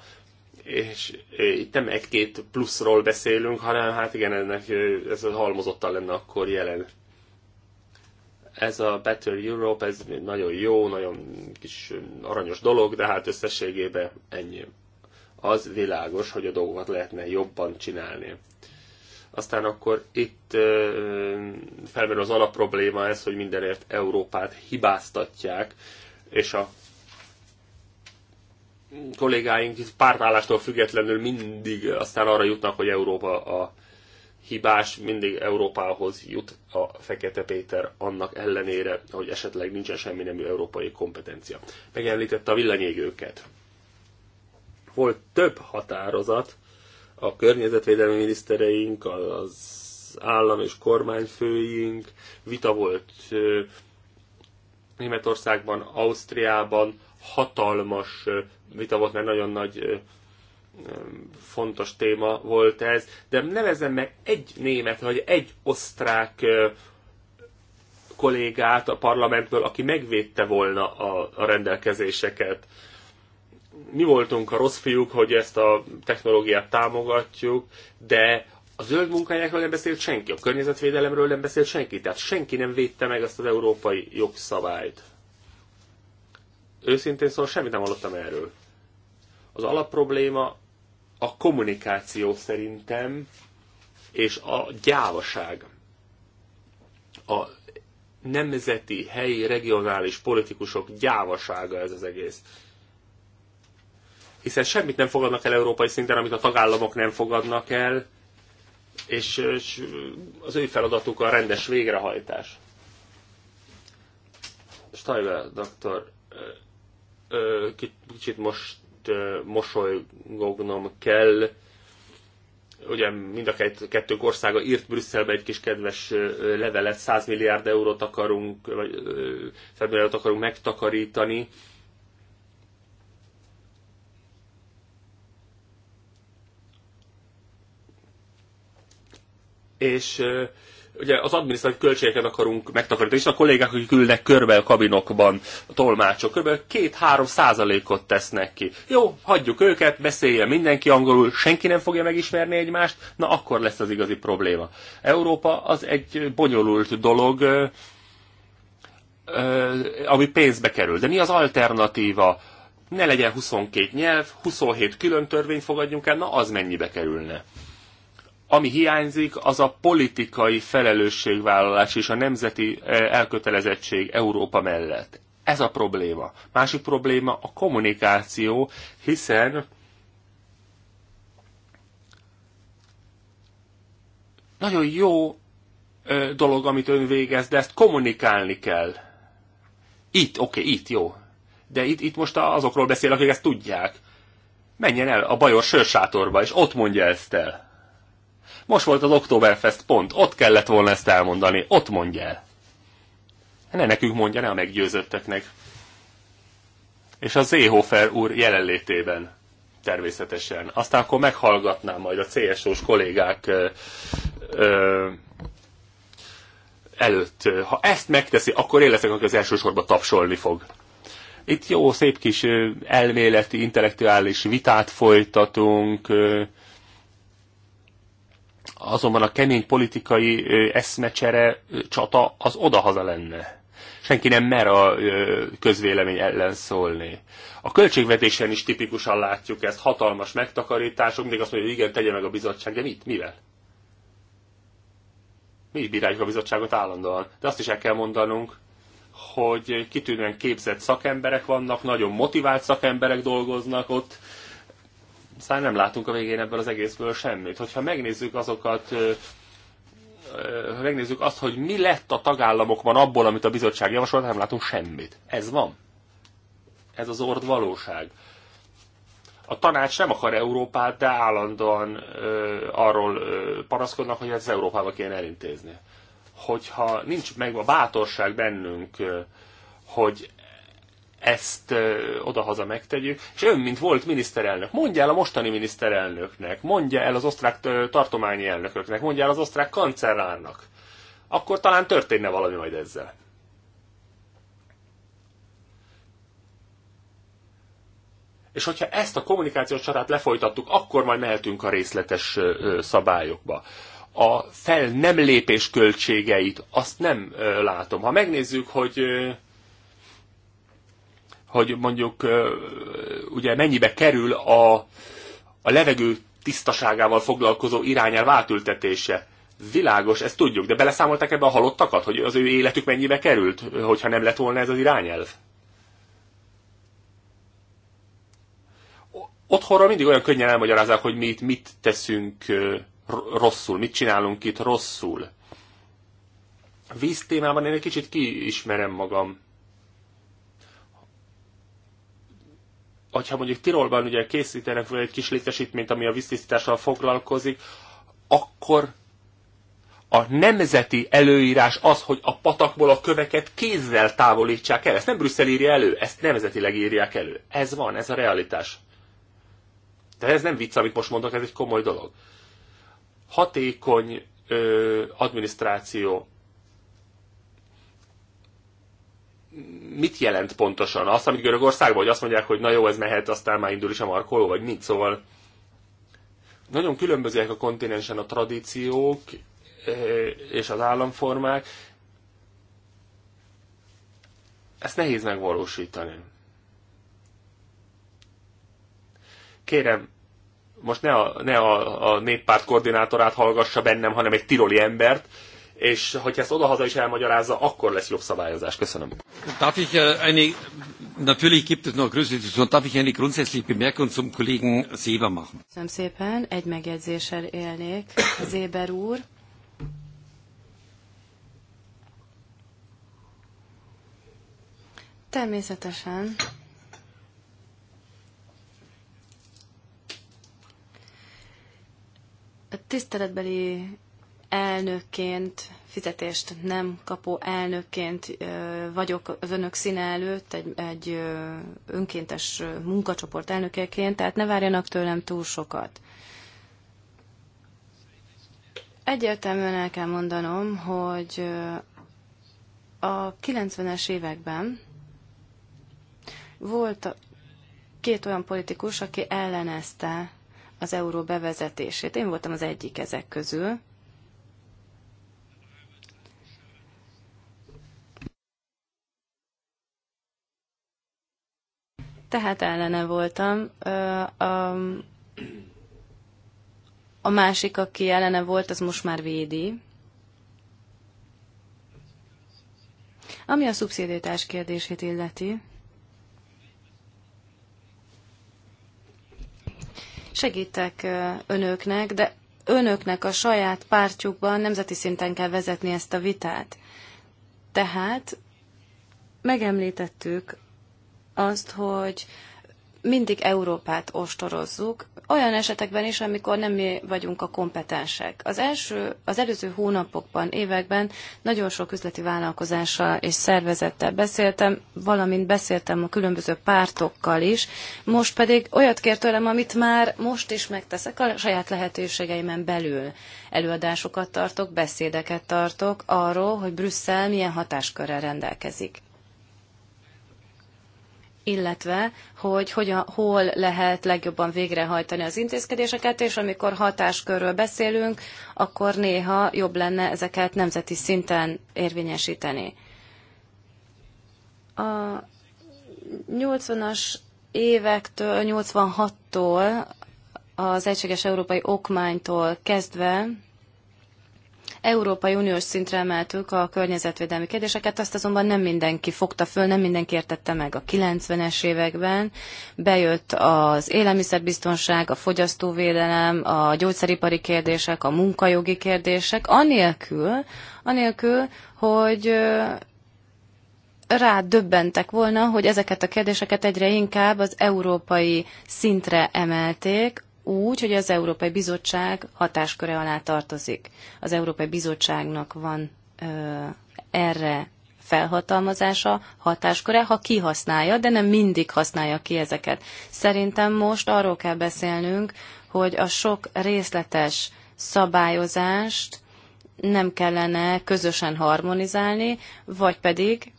És itt nem egy-két pluszról beszélünk, hanem hát igen, ennek ez halmozottan lenne akkor jelen. Ez a Better Europe, ez nagyon jó, nagyon kis aranyos dolog, de hát összességében ennyi az világos, hogy a dolgokat lehetne jobban csinálni. Aztán akkor itt felmerül az alapprobléma ez, hogy mindenért Európát hibáztatják, és a kollégáink pártállástól függetlenül mindig aztán arra jutnak, hogy Európa a hibás, mindig Európához jut a Fekete Péter annak ellenére, hogy esetleg nincsen semmi nemű európai kompetencia. Megemlítette a villanyégőket volt több határozat, a környezetvédelmi minisztereink, az állam és kormányfőink, vita volt Németországban, Ausztriában, hatalmas vita volt, mert nagyon nagy fontos téma volt ez, de nevezem meg egy német vagy egy osztrák kollégát a parlamentből, aki megvédte volna a, a rendelkezéseket mi voltunk a rossz fiúk, hogy ezt a technológiát támogatjuk, de a zöld munkájákról nem beszélt senki, a környezetvédelemről nem beszélt senki, tehát senki nem védte meg azt az európai jogszabályt. Őszintén szóval semmit nem hallottam erről. Az alapprobléma a kommunikáció szerintem, és a gyávaság. A nemzeti, helyi, regionális politikusok gyávasága ez az egész hiszen semmit nem fogadnak el európai szinten, amit a tagállamok nem fogadnak el, és az ő feladatuk a rendes végrehajtás. Stajvel doktor, kicsit most mosolygognom kell. Ugye mind a kettők országa írt Brüsszelbe egy kis kedves levelet, 100 milliárd eurót akarunk, vagy 100 milliárdot akarunk megtakarítani és ugye az adminisztratív költségeket akarunk megtakarítani, és a kollégák, akik ülnek körbe a kabinokban, a tolmácsok, kb. 2-3 százalékot tesznek ki. Jó, hagyjuk őket, beszéljen mindenki angolul, senki nem fogja megismerni egymást, na akkor lesz az igazi probléma. Európa az egy bonyolult dolog, ami pénzbe kerül. De mi az alternatíva? Ne legyen 22 nyelv, 27 külön törvényt fogadjunk el, na az mennyibe kerülne? ami hiányzik, az a politikai felelősségvállalás és a nemzeti eh, elkötelezettség Európa mellett. Ez a probléma. Másik probléma a kommunikáció, hiszen nagyon jó eh, dolog, amit ön végez, de ezt kommunikálni kell. Itt, oké, okay, itt, jó. De itt, itt most azokról beszél, akik ezt tudják. Menjen el a Bajor sörsátorba, és ott mondja ezt el. Most volt az Oktoberfest pont, ott kellett volna ezt elmondani, ott mondja el. Ne nekünk mondja, ne a meggyőzötteknek. És a Zéhofer úr jelenlétében természetesen. Aztán akkor meghallgatnám majd a CSO-s kollégák ö, ö, előtt. Ha ezt megteszi, akkor én leszek, aki az elsősorban tapsolni fog. Itt jó, szép kis elméleti, intellektuális vitát folytatunk, Azonban a kemény politikai eszmecsere csata az odahaza lenne. Senki nem mer a közvélemény ellen szólni. A költségvetésen is tipikusan látjuk ezt, hatalmas megtakarítások, mindig azt mondja, hogy igen, tegye meg a bizottság, de mit, mivel? Mi is bíráljuk a bizottságot állandóan, de azt is el kell mondanunk, hogy kitűnően képzett szakemberek vannak, nagyon motivált szakemberek dolgoznak ott, aztán nem látunk a végén ebből az egészből semmit. Hogyha megnézzük azokat, ha megnézzük azt, hogy mi lett a tagállamokban abból, amit a bizottság javasolt, nem látunk semmit. Ez van. Ez az ord valóság. A tanács nem akar Európát, de állandóan ö, arról ö, paraszkodnak, hogy ez Európába kéne elintézni. Hogyha nincs meg a bátorság bennünk, ö, hogy ezt odahaza megtegyük, és ön, mint volt miniszterelnök, mondja el a mostani miniszterelnöknek, mondja el az osztrák tartományi elnököknek, mondja el az osztrák kancellárnak, akkor talán történne valami majd ezzel. És hogyha ezt a kommunikációs csatát lefolytattuk, akkor majd mehetünk a részletes szabályokba. A fel nem lépés költségeit azt nem látom. Ha megnézzük, hogy hogy mondjuk ugye mennyibe kerül a, a levegő tisztaságával foglalkozó irányelv átültetése. Világos, ezt tudjuk, de beleszámoltak ebbe a halottakat, hogy az ő életük mennyibe került, hogyha nem lett volna ez az irányelv? Otthonról mindig olyan könnyen elmagyarázzák, hogy mi itt mit teszünk rosszul, mit csinálunk itt rosszul. Víz témában én egy kicsit kiismerem magam. hogyha mondjuk Tirolban ugye készítenek egy kis létesítményt, ami a víztisztítással foglalkozik, akkor a nemzeti előírás az, hogy a patakból a köveket kézzel távolítsák el. Ezt nem Brüsszel írja elő, ezt nemzetileg írják elő. Ez van, ez a realitás. De ez nem vicc, amit most mondok, ez egy komoly dolog. Hatékony ö, adminisztráció mit jelent pontosan? Azt, amit Görögországban, hogy azt mondják, hogy na jó, ez mehet, aztán már indul is a markoló, vagy mit? Szóval nagyon különbözőek a kontinensen a tradíciók eh, és az államformák. Ezt nehéz megvalósítani. Kérem, most ne a, ne a, a néppárt koordinátorát hallgassa bennem, hanem egy tiroli embert, és hogyha ezt odahaza is elmagyarázza, akkor lesz jobb szabályozás. Köszönöm.
Darf ich äh, eine, natürlich gibt es noch größere Diskussion, darf ich eine grundsätzliche Bemerkung zum Kollegen Seber machen?
Köszönöm szépen, egy megjegyzéssel élnék. Zéber úr. Természetesen. A tiszteletbeli elnökként, fizetést nem kapó elnökként vagyok az önök színe előtt, egy, egy önkéntes munkacsoport elnökeként, tehát ne várjanak tőlem túl sokat. Egyértelműen el kell mondanom, hogy a 90-es években volt két olyan politikus, aki ellenezte az euró bevezetését. Én voltam az egyik ezek közül. tehát ellene voltam. A, a másik, aki ellene volt, az most már védi. Ami a szubszidétás kérdését illeti, segítek önöknek, de önöknek a saját pártjukban nemzeti szinten kell vezetni ezt a vitát. Tehát megemlítettük azt, hogy mindig Európát ostorozzuk, olyan esetekben is, amikor nem mi vagyunk a kompetensek. Az, első, az előző hónapokban, években nagyon sok üzleti vállalkozással és szervezettel beszéltem, valamint beszéltem a különböző pártokkal is, most pedig olyat kér tőlem, amit már most is megteszek a saját lehetőségeimen belül. Előadásokat tartok, beszédeket tartok arról, hogy Brüsszel milyen hatáskörrel rendelkezik illetve hogy, hogy a, hol lehet legjobban végrehajtani az intézkedéseket, és amikor hatáskörről beszélünk, akkor néha jobb lenne ezeket nemzeti szinten érvényesíteni. A 80-as évektől, 86-tól, az Egységes Európai Okmánytól kezdve Európai Uniós szintre emeltük a környezetvédelmi kérdéseket, azt azonban nem mindenki fogta föl, nem mindenki értette meg a 90-es években. Bejött az élelmiszerbiztonság, a fogyasztóvédelem, a gyógyszeripari kérdések, a munkajogi kérdések, anélkül, anélkül hogy rá döbbentek volna, hogy ezeket a kérdéseket egyre inkább az európai szintre emelték, úgy, hogy az Európai Bizottság hatásköre alá tartozik. Az Európai Bizottságnak van ö, erre felhatalmazása, hatásköre, ha kihasználja, de nem mindig használja ki ezeket. Szerintem most arról kell beszélnünk, hogy a sok részletes szabályozást nem kellene közösen harmonizálni, vagy pedig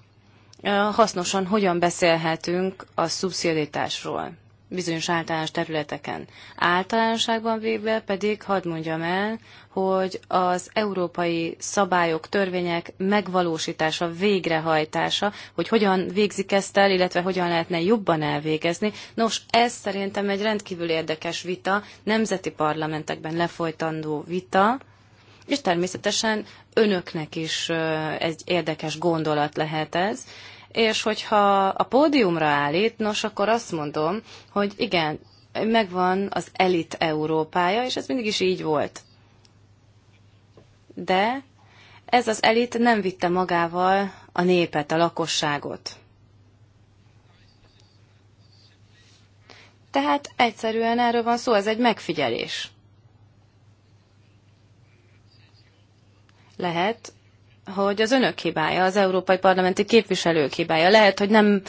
hasznosan hogyan beszélhetünk a szubszidításról bizonyos általános területeken. Általánosságban végbe pedig hadd mondjam el, hogy az európai szabályok, törvények megvalósítása, végrehajtása, hogy hogyan végzik ezt el, illetve hogyan lehetne jobban elvégezni. Nos, ez szerintem egy rendkívül érdekes vita, nemzeti parlamentekben lefolytandó vita, és természetesen önöknek is egy érdekes gondolat lehet ez és hogyha a pódiumra állít, nos, akkor azt mondom, hogy igen, megvan az elit Európája, és ez mindig is így volt. De ez az elit nem vitte magával a népet, a lakosságot. Tehát egyszerűen erről van szó, ez egy megfigyelés. Lehet, hogy az önök hibája, az európai parlamenti képviselők hibája. Lehet, hogy nem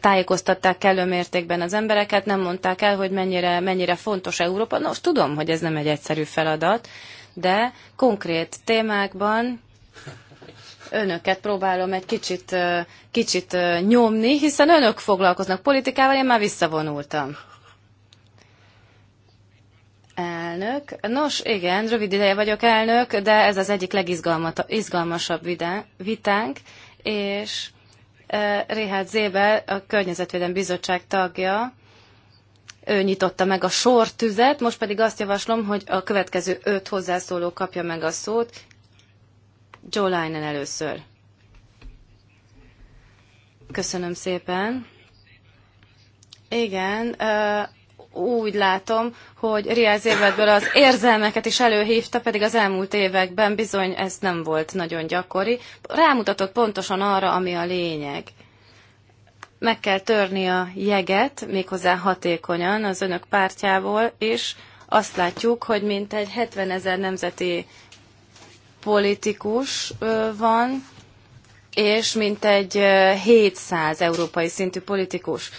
tájékoztatták kellő mértékben az embereket, nem mondták el, hogy mennyire, mennyire fontos Európa. Nos, tudom, hogy ez nem egy egyszerű feladat, de konkrét témákban önöket próbálom egy kicsit, kicsit nyomni, hiszen önök foglalkoznak politikával, én már visszavonultam. Elnök. Nos, igen, rövid ideje vagyok elnök, de ez az egyik legizgalmasabb vitánk, és e, Réhát Zébel, a Környezetvédelmi Bizottság tagja, ő nyitotta meg a sortüzet, most pedig azt javaslom, hogy a következő öt hozzászóló kapja meg a szót. Joe Linen először. Köszönöm szépen. Igen, e, úgy látom, hogy Riaz Évetből az érzelmeket is előhívta, pedig az elmúlt években bizony ez nem volt nagyon gyakori. Rámutatott pontosan arra, ami a lényeg. Meg kell törni a jeget, méghozzá hatékonyan az önök pártjából, és azt látjuk, hogy mint egy 70 ezer nemzeti politikus van, és mint egy 700 európai szintű politikus.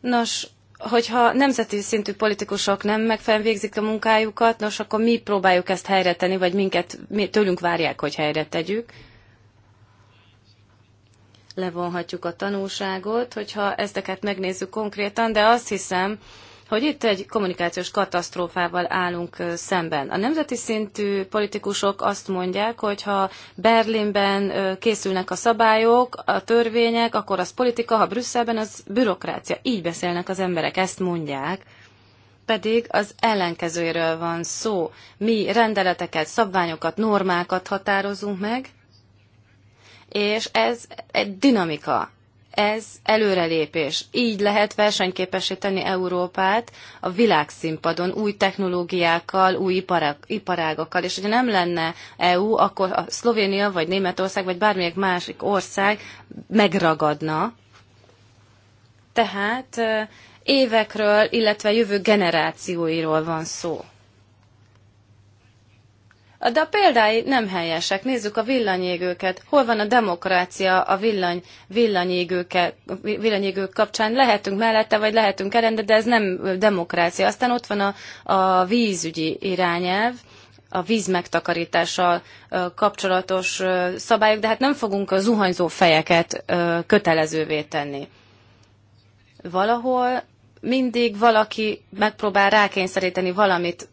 Nos, hogyha nemzeti szintű politikusok nem megfelelően végzik a munkájukat, nos, akkor mi próbáljuk ezt helyre tenni, vagy minket mi, tőlünk várják, hogy helyre tegyük. Levonhatjuk a tanulságot, hogyha ezteket megnézzük konkrétan, de azt hiszem, hogy itt egy kommunikációs katasztrófával állunk szemben. A nemzeti szintű politikusok azt mondják, hogy ha Berlinben készülnek a szabályok, a törvények, akkor az politika, ha Brüsszelben az bürokrácia. Így beszélnek az emberek, ezt mondják pedig az ellenkezőjéről van szó. Mi rendeleteket, szabványokat, normákat határozunk meg, és ez egy dinamika. Ez előrelépés. Így lehet versenyképessé tenni Európát a világszínpadon új technológiákkal, új iparágokkal. És hogyha nem lenne EU, akkor a Szlovénia, vagy Németország, vagy bármilyen másik ország megragadna. Tehát évekről, illetve jövő generációiról van szó. De a példái nem helyesek. Nézzük a villanyégőket. Hol van a demokrácia a villany, villanyégőke, villanyégők kapcsán? Lehetünk mellette, vagy lehetünk elende, de ez nem demokrácia. Aztán ott van a, a vízügyi irányelv a víz megtakarítással kapcsolatos szabályok, de hát nem fogunk a zuhanyzó fejeket kötelezővé tenni. Valahol mindig valaki megpróbál rákényszeríteni valamit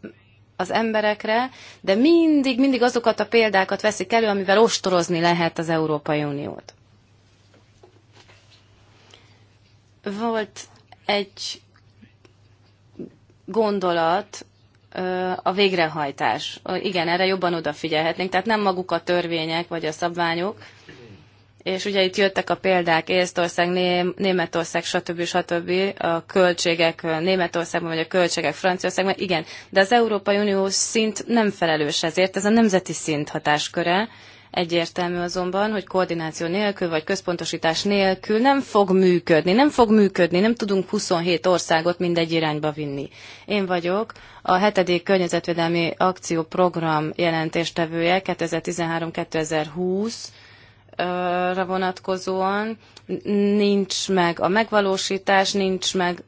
az emberekre, de mindig, mindig azokat a példákat veszik elő, amivel ostorozni lehet az Európai Uniót. Volt egy gondolat, a végrehajtás. Igen, erre jobban odafigyelhetnénk, tehát nem maguk a törvények vagy a szabványok, és ugye itt jöttek a példák, Észtország, Ném, Németország, stb. stb. a költségek Németországban, vagy a költségek Franciaországban, igen, de az Európai Unió szint nem felelős ezért, ez a nemzeti szint hatásköre, Egyértelmű azonban, hogy koordináció nélkül vagy központosítás nélkül nem fog működni, nem fog működni, nem tudunk 27 országot mindegy irányba vinni. Én vagyok a hetedik környezetvédelmi akcióprogram jelentéstevője 2013-2020, ra vonatkozóan nincs meg a megvalósítás, nincs meg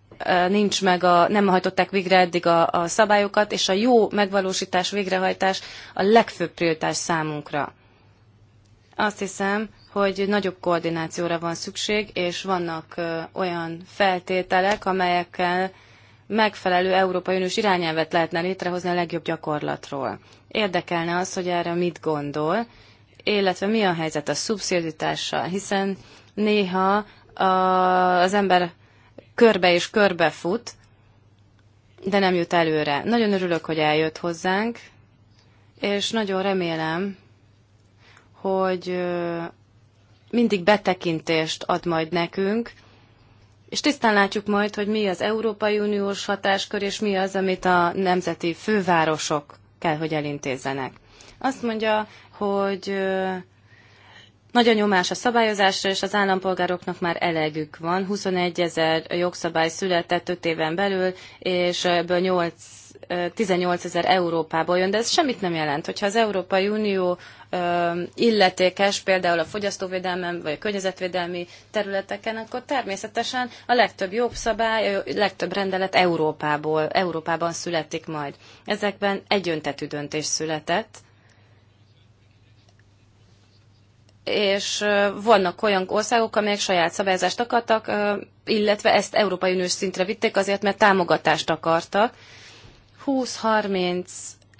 nincs meg a, nem hajtották végre eddig a, a szabályokat, és a jó megvalósítás, végrehajtás a legfőbb prioritás számunkra. Azt hiszem, hogy nagyobb koordinációra van szükség, és vannak olyan feltételek, amelyekkel megfelelő Európai Uniós irányelvet lehetne létrehozni a legjobb gyakorlatról. Érdekelne az, hogy erre mit gondol, illetve mi a helyzet a szubsziditással, hiszen néha a, az ember körbe és körbe fut, de nem jut előre. Nagyon örülök, hogy eljött hozzánk, és nagyon remélem, hogy mindig betekintést ad majd nekünk, és tisztán látjuk majd, hogy mi az Európai Uniós hatáskör, és mi az, amit a nemzeti fővárosok kell, hogy elintézzenek. Azt mondja, hogy nagy a nyomás a szabályozásra, és az állampolgároknak már elegük van. 21 ezer jogszabály született 5 éven belül, és ebből 8 18 ezer Európából jön, de ez semmit nem jelent. Hogyha az Európai Unió illetékes például a fogyasztóvédelmen vagy a környezetvédelmi területeken, akkor természetesen a legtöbb jobb szabály, a legtöbb rendelet Európából, Európában születik majd. Ezekben egyöntetű döntés született, és vannak olyan országok, amelyek saját szabályozást akartak, illetve ezt Európai Uniós szintre vitték azért, mert támogatást akartak. 20-30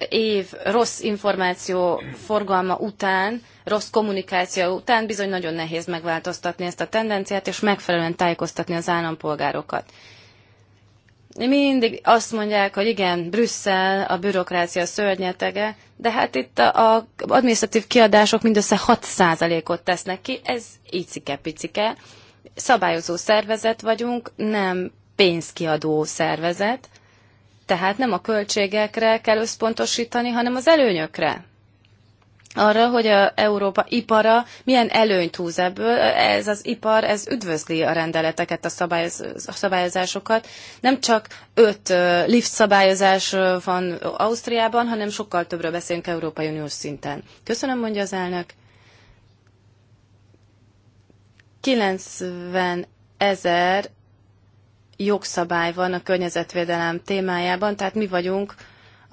év rossz információ forgalma után, rossz kommunikáció után bizony nagyon nehéz megváltoztatni ezt a tendenciát, és megfelelően tájékoztatni az állampolgárokat mindig azt mondják, hogy igen, Brüsszel a bürokrácia szörnyetege, de hát itt az administratív kiadások mindössze 6%-ot tesznek ki, ez icike-picike. Szabályozó szervezet vagyunk, nem pénzkiadó szervezet, tehát nem a költségekre kell összpontosítani, hanem az előnyökre arra, hogy a Európa ipara milyen előnyt húz ebből. Ez az ipar, ez üdvözli a rendeleteket, a, szabályoz, a szabályozásokat. Nem csak öt lift szabályozás van Ausztriában, hanem sokkal többről beszélünk Európai Uniós szinten. Köszönöm, mondja az elnök. 90 ezer jogszabály van a környezetvédelem témájában, tehát mi vagyunk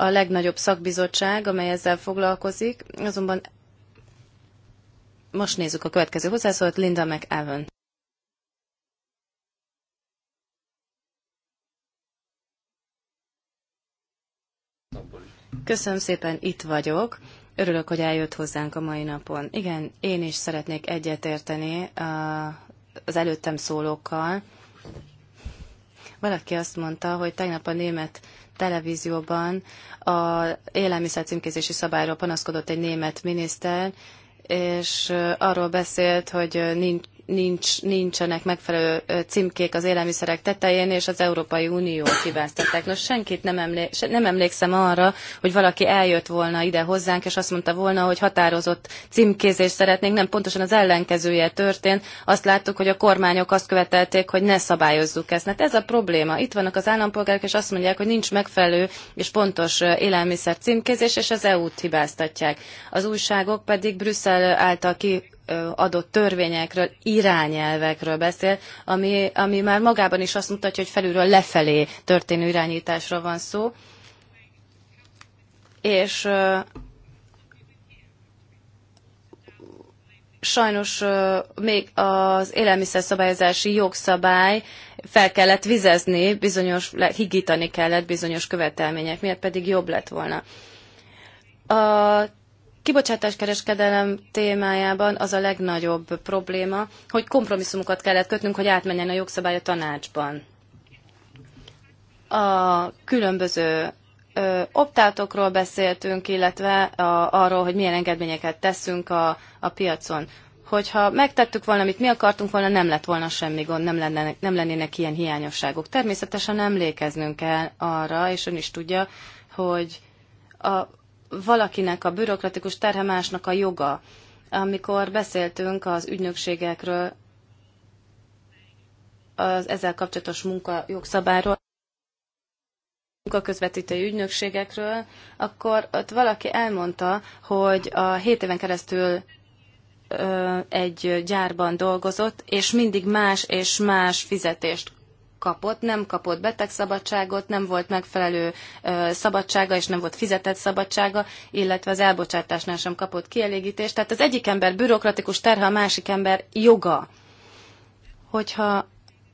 a legnagyobb szakbizottság, amely ezzel foglalkozik, azonban most nézzük a következő hozzászólat, Linda McEwan. Köszönöm szépen, itt vagyok. Örülök, hogy eljött hozzánk a mai napon. Igen, én is szeretnék egyetérteni az előttem szólókkal. Valaki azt mondta, hogy tegnap a német televízióban a élelmiszer címkézési szabályról panaszkodott egy német miniszter, és arról beszélt, hogy nincs, nincs, nincsenek megfelelő címkék az élelmiszerek tetején, és az Európai Uniót hibáztatták. Nos, senkit nem, emlé nem emlékszem arra, hogy valaki eljött volna ide hozzánk, és azt mondta volna, hogy határozott címkézést szeretnénk. Nem, pontosan az ellenkezője történt. Azt láttuk, hogy a kormányok azt követelték, hogy ne szabályozzuk ezt. Hát ez a probléma. Itt vannak az állampolgárok, és azt mondják, hogy nincs megfelelő és pontos élelmiszer címkézés, és az EU-t hibáztatják. Az újságok pedig Brüsszel által ki adott törvényekről, irányelvekről beszél, ami, ami már magában is azt mutatja, hogy felülről lefelé történő irányításra van szó. És sajnos még az élelmiszerszabályozási jogszabály fel kellett vizezni, bizonyos, higítani kellett bizonyos követelmények miatt pedig jobb lett volna. A kibocsátáskereskedelem témájában az a legnagyobb probléma, hogy kompromisszumokat kellett kötnünk, hogy átmenjen a jogszabály a tanácsban. A különböző optátokról beszéltünk, illetve a, arról, hogy milyen engedményeket teszünk a, a piacon. Hogyha megtettük volna, amit mi akartunk volna, nem lett volna semmi gond, nem, lenne, nem lennének ilyen hiányosságok. Természetesen emlékeznünk kell arra, és ön is tudja, hogy a valakinek a bürokratikus terhe másnak a joga. Amikor beszéltünk az ügynökségekről, az ezzel kapcsolatos munka jogszabályról, közvetítői ügynökségekről, akkor ott valaki elmondta, hogy a 7 éven keresztül egy gyárban dolgozott, és mindig más és más fizetést kapott, nem kapott betegszabadságot, nem volt megfelelő szabadsága, és nem volt fizetett szabadsága, illetve az elbocsátásnál sem kapott kielégítést. Tehát az egyik ember bürokratikus terhe, a másik ember joga. Hogyha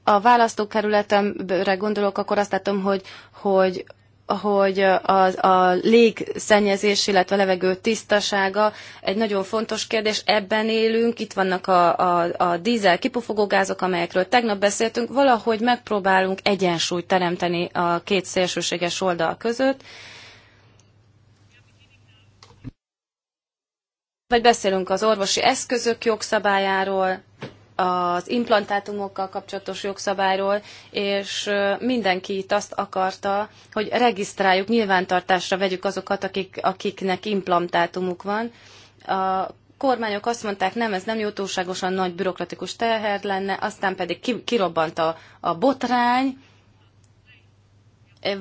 a választókerületemre gondolok, akkor azt látom, hogy, hogy hogy a, a légszennyezés, illetve a levegő tisztasága egy nagyon fontos kérdés. Ebben élünk, itt vannak a, a, a dízel kipufogógázok, amelyekről tegnap beszéltünk. Valahogy megpróbálunk egyensúlyt teremteni a két szélsőséges oldal között. Vagy beszélünk az orvosi eszközök jogszabályáról, az implantátumokkal kapcsolatos jogszabályról, és mindenki itt azt akarta, hogy regisztráljuk, nyilvántartásra vegyük azokat, akik, akiknek implantátumuk van. A kormányok azt mondták, nem, ez nem jótóságosan nagy bürokratikus teher lenne, aztán pedig ki, kirobbant a, a botrány,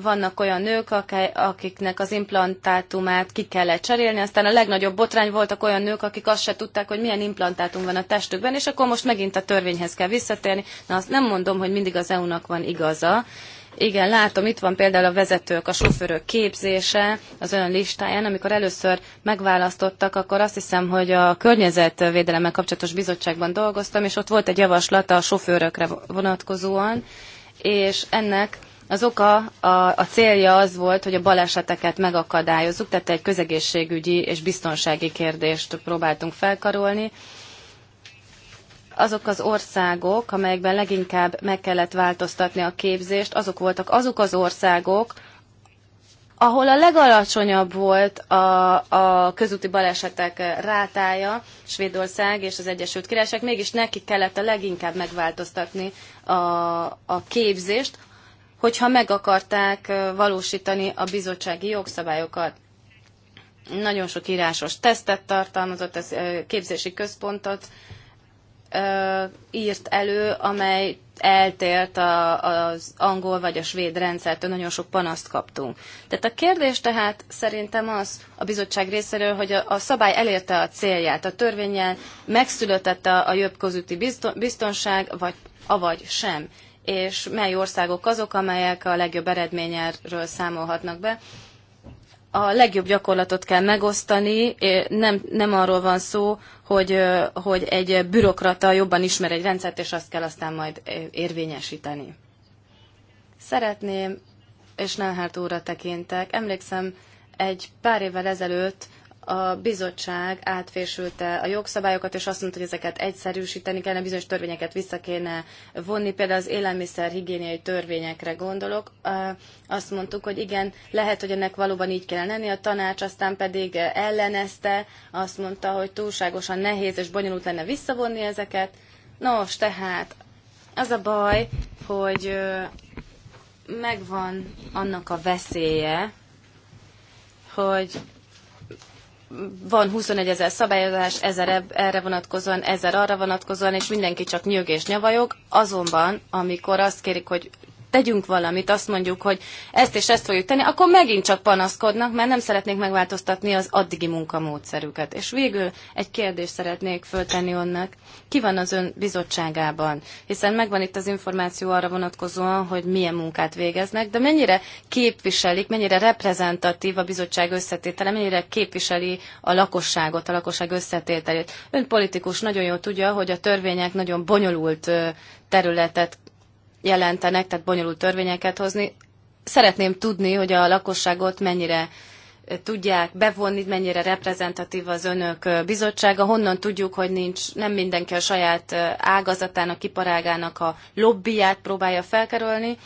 vannak olyan nők, akiknek az implantátumát ki kellett cserélni, aztán a legnagyobb botrány voltak olyan nők, akik azt se tudták, hogy milyen implantátum van a testükben, és akkor most megint a törvényhez kell visszatérni. Na azt nem mondom, hogy mindig az EU-nak van igaza. Igen, látom, itt van például a vezetők, a sofőrök képzése az olyan listáján. Amikor először megválasztottak, akkor azt hiszem, hogy a környezetvédelemmel kapcsolatos bizottságban dolgoztam, és ott volt egy javaslat a sofőrökre vonatkozóan, és ennek az oka, a, a célja az volt, hogy a baleseteket megakadályozzuk, tehát egy közegészségügyi és biztonsági kérdést próbáltunk felkarolni. Azok az országok, amelyekben leginkább meg kellett változtatni a képzést, azok voltak azok az országok, ahol a legalacsonyabb volt a, a közúti balesetek rátája, Svédország és az Egyesült Királyság, mégis neki kellett a leginkább megváltoztatni a, a képzést, hogyha meg akarták valósítani a bizottsági jogszabályokat. Nagyon sok írásos tesztet tartalmazott, ez képzési központot írt elő, amely eltért a, az angol vagy a svéd rendszertől, nagyon sok panaszt kaptunk. Tehát a kérdés tehát szerintem az a bizottság részéről, hogy a, a szabály elérte a célját, a törvényen megszületett a, a jobb közúti biztonság, vagy avagy sem és mely országok azok, amelyek a legjobb eredményről számolhatnak be. A legjobb gyakorlatot kell megosztani, nem, nem arról van szó, hogy, hogy egy bürokrata jobban ismer egy rendszert, és azt kell aztán majd érvényesíteni. Szeretném, és Nelhárt úrra tekintek, emlékszem, egy pár évvel ezelőtt a bizottság átfésülte a jogszabályokat, és azt mondta, hogy ezeket egyszerűsíteni kellene, bizonyos törvényeket vissza kéne vonni, például az élelmiszer higiéniai törvényekre gondolok. Azt mondtuk, hogy igen, lehet, hogy ennek valóban így kell lenni, a tanács aztán pedig ellenezte, azt mondta, hogy túlságosan nehéz és bonyolult lenne visszavonni ezeket. Nos, tehát az a baj, hogy megvan annak a veszélye, hogy van 21 ezer szabályozás, ezer erre vonatkozóan, ezer arra vonatkozóan, és mindenki csak nyög és nyavajog. Azonban, amikor azt kérik, hogy tegyünk valamit, azt mondjuk, hogy ezt és ezt fogjuk tenni, akkor megint csak panaszkodnak, mert nem szeretnék megváltoztatni az addigi munkamódszerüket. És végül egy kérdést szeretnék föltenni önnek. Ki van az ön bizottságában? Hiszen megvan itt az információ arra vonatkozóan, hogy milyen munkát végeznek, de mennyire képviselik, mennyire reprezentatív a bizottság összetétele, mennyire képviseli a lakosságot, a lakosság összetételét. Ön politikus nagyon jól tudja, hogy a törvények nagyon bonyolult területet jelentenek, tehát bonyolult törvényeket hozni. Szeretném tudni, hogy a lakosságot mennyire tudják bevonni, mennyire reprezentatív az önök bizottsága, honnan tudjuk, hogy nincs, nem mindenki a saját ágazatának, iparágának a lobbiját próbálja felkerülni,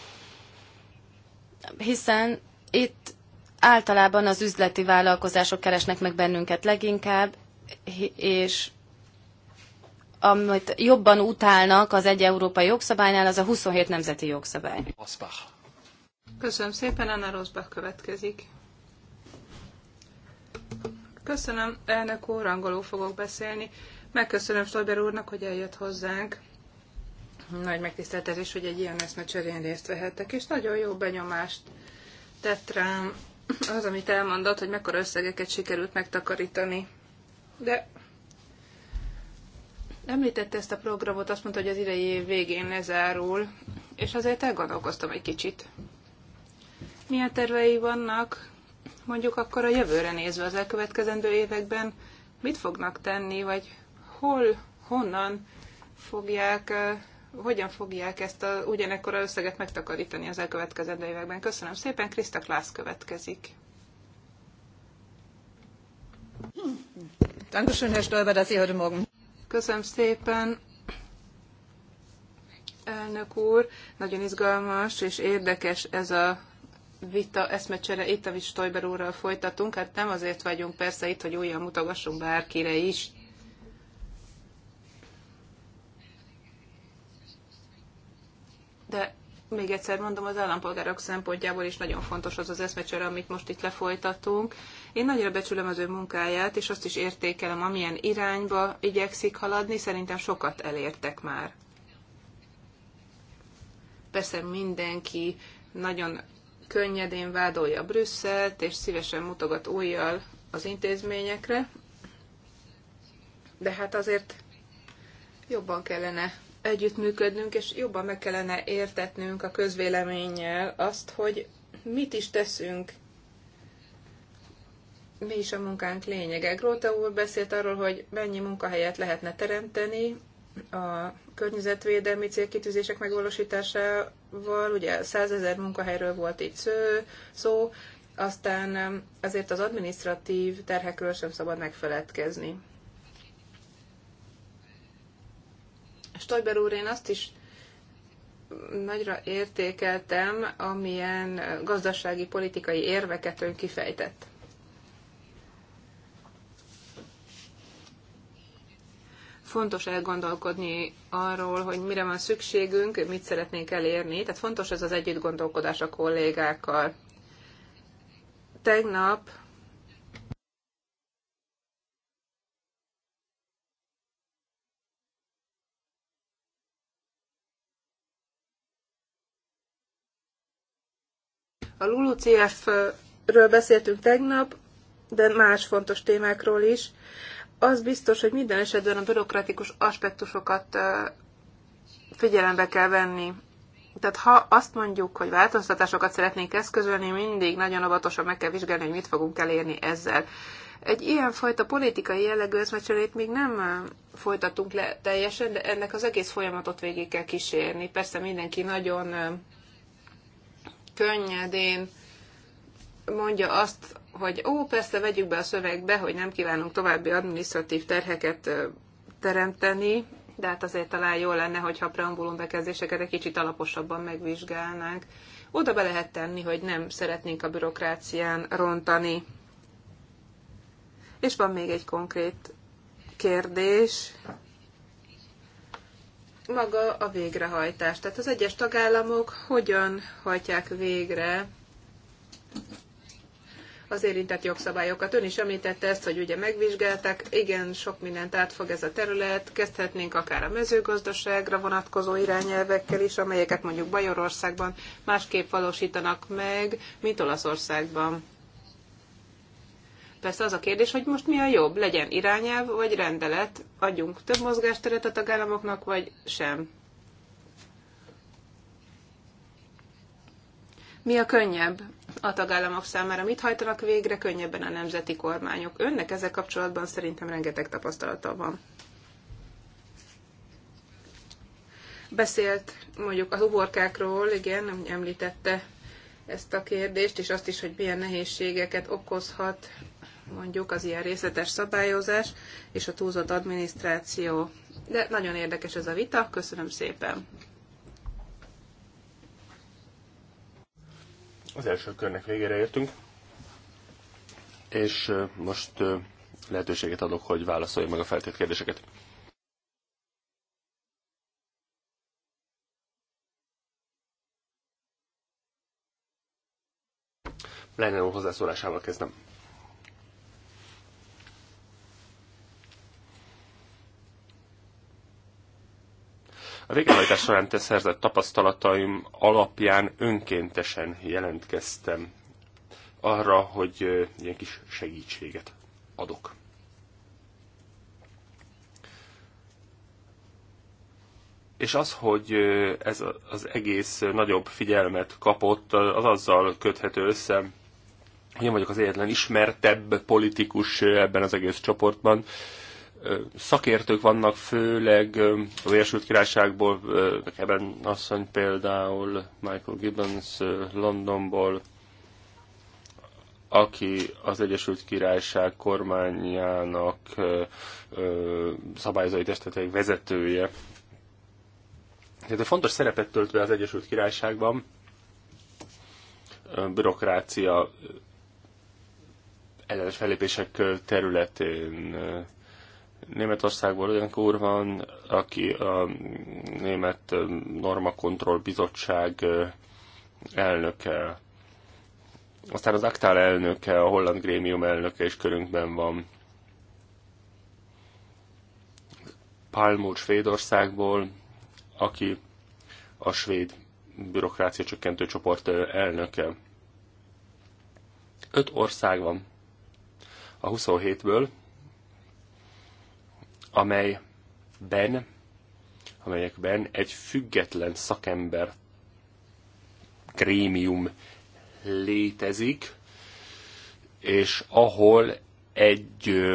hiszen itt általában az üzleti vállalkozások keresnek meg bennünket leginkább, és amit jobban utálnak az egy európai jogszabálynál, az a 27 nemzeti jogszabály. Rosbach.
Köszönöm szépen, Anna Rosbach következik. Köszönöm, elnök úr, angolul fogok beszélni. Megköszönöm Stolber úrnak, hogy eljött hozzánk. Nagy megtiszteltetés, hogy egy ilyen eszmecserén részt vehettek, és nagyon jó benyomást tett rám az, amit elmondott, hogy mekkora összegeket sikerült megtakarítani. De Említette ezt a programot, azt mondta, hogy az idei év végén lezárul, és azért elgondolkoztam egy kicsit. Milyen tervei vannak, mondjuk akkor a jövőre nézve az elkövetkezendő években, mit fognak tenni, vagy hol, honnan fogják, hogyan fogják ezt a ugyanekkora összeget megtakarítani az elkövetkezendő években. Köszönöm szépen, Krista Klász következik. Dankeschön, Herr Stolber, dass Sie heute Morgen Köszönöm szépen, elnök úr. Nagyon izgalmas és érdekes ez a vita, eszmecsere, itt a Stoiber úrral folytatunk. Hát nem azért vagyunk persze itt, hogy újra mutogassunk bárkire is. De még egyszer mondom, az állampolgárok szempontjából is nagyon fontos az az eszmecsere, amit most itt lefolytatunk. Én nagyra becsülöm az ő munkáját, és azt is értékelem, amilyen irányba igyekszik haladni. Szerintem sokat elértek már. Persze mindenki nagyon könnyedén vádolja Brüsszelt, és szívesen mutogat újjal az intézményekre, de hát azért jobban kellene együttműködnünk, és jobban meg kellene értetnünk a közvéleménnyel azt, hogy mit is teszünk, mi is a munkánk lényege. Gróta úr beszélt arról, hogy mennyi munkahelyet lehetne teremteni a környezetvédelmi célkitűzések megvalósításával, ugye 100 ezer munkahelyről volt itt szó, szó, aztán um, azért az administratív terhekről sem szabad megfeledkezni. Stoiber úr, én azt is nagyra értékeltem, amilyen gazdasági, politikai érveket ön kifejtett. Fontos elgondolkodni arról, hogy mire van szükségünk, mit szeretnénk elérni. Tehát fontos ez az együtt gondolkodás a kollégákkal. Tegnap A LULUCF-ről beszéltünk tegnap, de más fontos témákról is. Az biztos, hogy minden esetben a bürokratikus aspektusokat figyelembe kell venni. Tehát ha azt mondjuk, hogy változtatásokat szeretnénk eszközölni, mindig nagyon óvatosan meg kell vizsgálni, hogy mit fogunk elérni ezzel. Egy ilyenfajta politikai jellegű összmecserét még nem folytatunk le teljesen, de ennek az egész folyamatot végig kell kísérni. Persze mindenki nagyon könnyedén mondja azt, hogy ó, persze vegyük be a szövegbe, hogy nem kívánunk további administratív terheket teremteni, de hát azért talán jó lenne, hogyha preambulum bekezdéseket egy kicsit alaposabban megvizsgálnánk. Oda be lehet tenni, hogy nem szeretnénk a bürokrácián rontani. És van még egy konkrét kérdés, maga a végrehajtás. Tehát az egyes tagállamok hogyan hajtják végre az érintett jogszabályokat. Ön is említette ezt, hogy ugye megvizsgálták, igen, sok mindent átfog ez a terület, kezdhetnénk akár a mezőgazdaságra vonatkozó irányelvekkel is, amelyeket mondjuk Bajorországban másképp valósítanak meg, mint Olaszországban. Persze az a kérdés, hogy most mi a jobb, legyen irányelv vagy rendelet, adjunk több mozgásteret a tagállamoknak, vagy sem. Mi a könnyebb a tagállamok számára? Mit hajtanak végre könnyebben a nemzeti kormányok? Önnek ezzel kapcsolatban szerintem rengeteg tapasztalata van. Beszélt mondjuk az uborkákról, igen, említette ezt a kérdést, és azt is, hogy milyen nehézségeket okozhat mondjuk az ilyen részletes szabályozás és a túlzott adminisztráció. De nagyon érdekes ez a vita, köszönöm szépen.
Az első körnek végére értünk, és most lehetőséget adok, hogy válaszolj meg a feltét kérdéseket. Lennon hozzászólásával kezdem. A végrehajtás során te szerzett tapasztalataim alapján önkéntesen jelentkeztem arra, hogy ilyen kis segítséget adok. És az, hogy ez az egész nagyobb figyelmet kapott, az azzal köthető össze, hogy én vagyok az egyetlen ismertebb politikus ebben az egész csoportban, szakértők vannak, főleg az Egyesült Királyságból, ebben asszony például, Michael Gibbons Londonból, aki az Egyesült Királyság kormányának szabályozói testetek vezetője. Tehát fontos szerepet tölt be az Egyesült Királyságban, bürokrácia ellenes fellépések területén Németországból olyan úr van, aki a Német Normakontroll Bizottság elnöke, aztán az Aktál elnöke, a Holland Grémium elnöke is körünkben van. Palmur Svédországból, aki a svéd bürokrácia csökkentő csoport elnöke. Öt ország van a 27-ből, amelyben, amelyekben egy független szakember krémium létezik, és ahol egy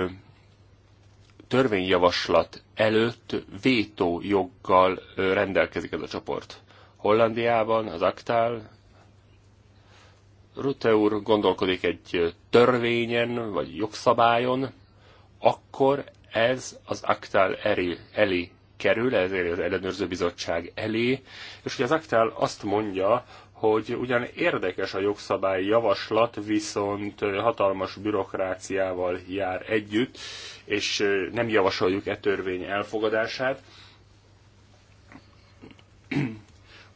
törvényjavaslat előtt vétójoggal rendelkezik ez a csoport. Hollandiában az Aktál Rutte úr gondolkodik egy törvényen vagy jogszabályon, akkor ez az aktál eri, elé kerül, ezért az ellenőrző bizottság elé, és hogy az aktál azt mondja, hogy ugyan érdekes a jogszabály javaslat, viszont hatalmas bürokráciával jár együtt, és nem javasoljuk e törvény elfogadását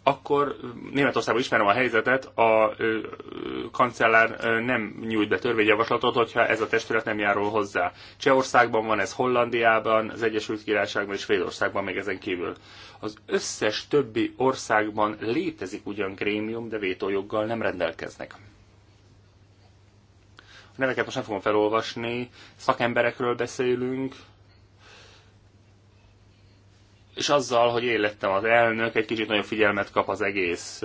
akkor Németországban ismerem a helyzetet, a ö, kancellár nem nyújt be törvényjavaslatot, hogyha ez a testület nem járul hozzá. Csehországban van ez, Hollandiában, az Egyesült Királyságban és Svédországban még ezen kívül. Az összes többi országban létezik ugyan grémium, de vétójoggal nem rendelkeznek. A neveket most nem fogom felolvasni, szakemberekről beszélünk, és azzal, hogy én lettem az elnök, egy kicsit nagyobb figyelmet kap az egész.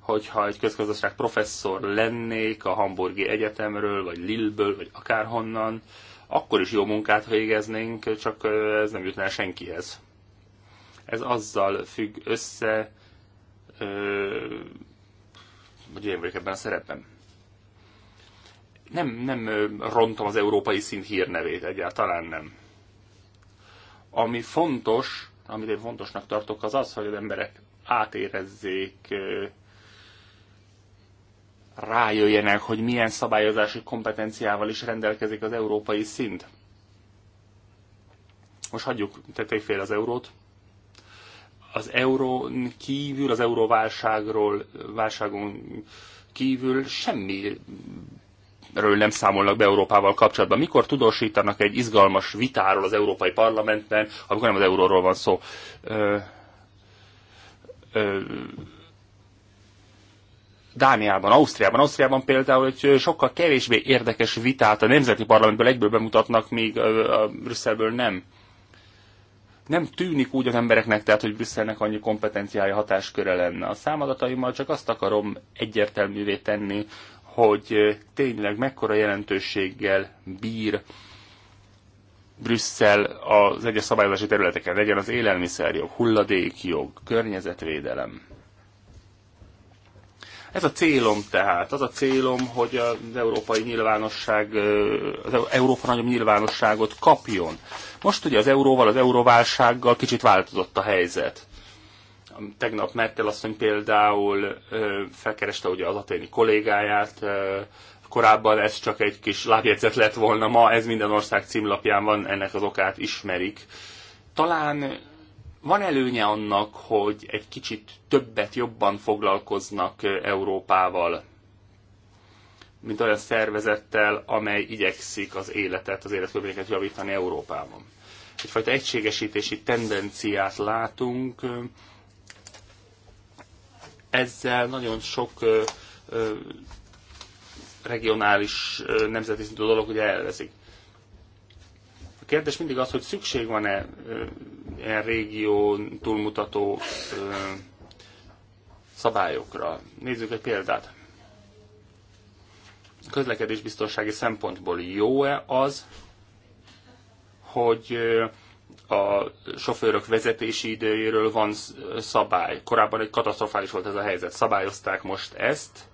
Hogyha egy közgazdaság professzor lennék a Hamburgi Egyetemről, vagy Lilleből vagy akárhonnan, akkor is jó munkát végeznénk, csak ez nem jutná senkihez. Ez azzal függ össze, hogy én vagyok ebben a szerepben. Nem, nem rontom az európai szint hírnevét, egyáltalán nem. Ami fontos, amit én fontosnak tartok, az az, hogy az emberek átérezzék, rájöjjenek, hogy milyen szabályozási kompetenciával is rendelkezik az európai szint. Most hagyjuk, tették fél az eurót. Az eurón kívül, az euróválságról, válságon kívül semmi ről nem számolnak be Európával kapcsolatban. Mikor tudósítanak egy izgalmas vitáról az Európai Parlamentben, amikor nem az euróról van szó? Ö, ö, Dániában, Ausztriában. Ausztriában például hogy sokkal kevésbé érdekes vitát a nemzeti parlamentből egyből bemutatnak, míg a, a Brüsszelből nem. Nem tűnik úgy az embereknek, tehát, hogy Brüsszelnek annyi kompetenciája, hatásköre lenne. A számadataimmal csak azt akarom egyértelművé tenni, hogy tényleg mekkora jelentőséggel bír Brüsszel az egyes szabályozási területeken, legyen az élelmiszerjog, hulladékjog, környezetvédelem. Ez a célom tehát, az a célom, hogy az európai nyilvánosság, az e- Európa nagyobb nyilvánosságot kapjon. Most ugye az euróval, az euróválsággal kicsit változott a helyzet. Tegnap Merkel asszony például felkereste ugye az aténi kollégáját, korábban ez csak egy kis lábjegyzet lett volna, ma ez minden ország címlapján van, ennek az okát ismerik. Talán van előnye annak, hogy egy kicsit többet, jobban foglalkoznak Európával, mint olyan szervezettel, amely igyekszik az életet, az életkörülményeket javítani Európában. Egyfajta egységesítési tendenciát látunk, ezzel nagyon sok ö, ö, regionális, nemzeti szintű dolog ugye elveszik. A kérdés mindig az, hogy szükség van-e ilyen régió túlmutató ö, szabályokra. Nézzük egy példát. A közlekedésbiztonsági szempontból jó-e az, hogy a sofőrök vezetési időjéről van szabály. Korábban egy katasztrofális volt ez a helyzet. Szabályozták most ezt,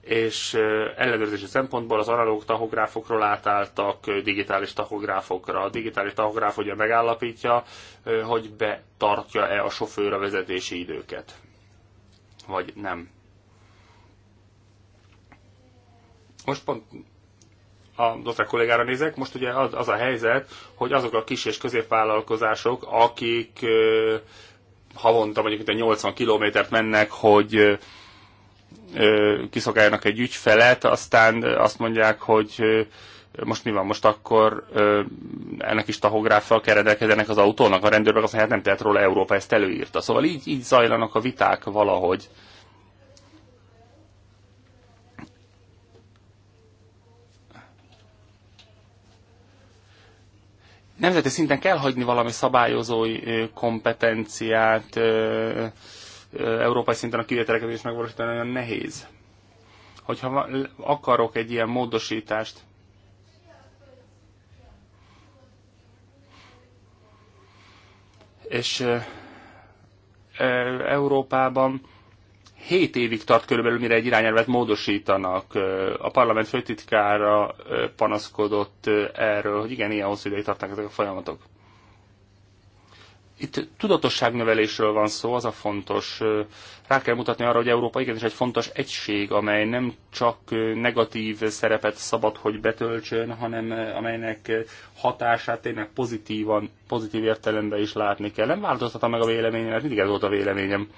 és ellenőrzési szempontból az analóg tahográfokról átálltak digitális tahográfokra. A digitális tahográf ugye megállapítja, hogy betartja-e a sofőr a vezetési időket, vagy nem. Most pont a Dotra kollégára nézek, most ugye az, az a helyzet, hogy azok a kis és középvállalkozások, akik ö, havonta mondjuk 80 kilométert mennek, hogy ö, kiszolgáljanak egy ügyfelet, aztán azt mondják, hogy ö, most mi van, most akkor ö, ennek is tahográffal kell rendelkezenek az autónak, a rendőrök azt mondják, hát nem tehet róla Európa, ezt előírta. Szóval így, így zajlanak a viták valahogy. Ö, nemzeti szinten kell hagyni valami szabályozói kompetenciát, európai szinten a kivételeket is megvalósítani olyan nehéz. Hogyha akarok egy ilyen módosítást, és Európában 7 évig tart körülbelül, mire egy irányelvet módosítanak. A parlament főtitkára panaszkodott erről, hogy igen, ilyen hosszú ideig tartnak ezek a folyamatok. Itt tudatosságnövelésről van szó, az a fontos. Rá kell mutatni arra, hogy Európa igenis egy fontos egység, amely nem csak negatív szerepet szabad, hogy betöltsön, hanem amelynek hatását tényleg pozitívan, pozitív értelemben is látni kell. Nem változtatom meg a véleményemet, mindig ez volt a véleményem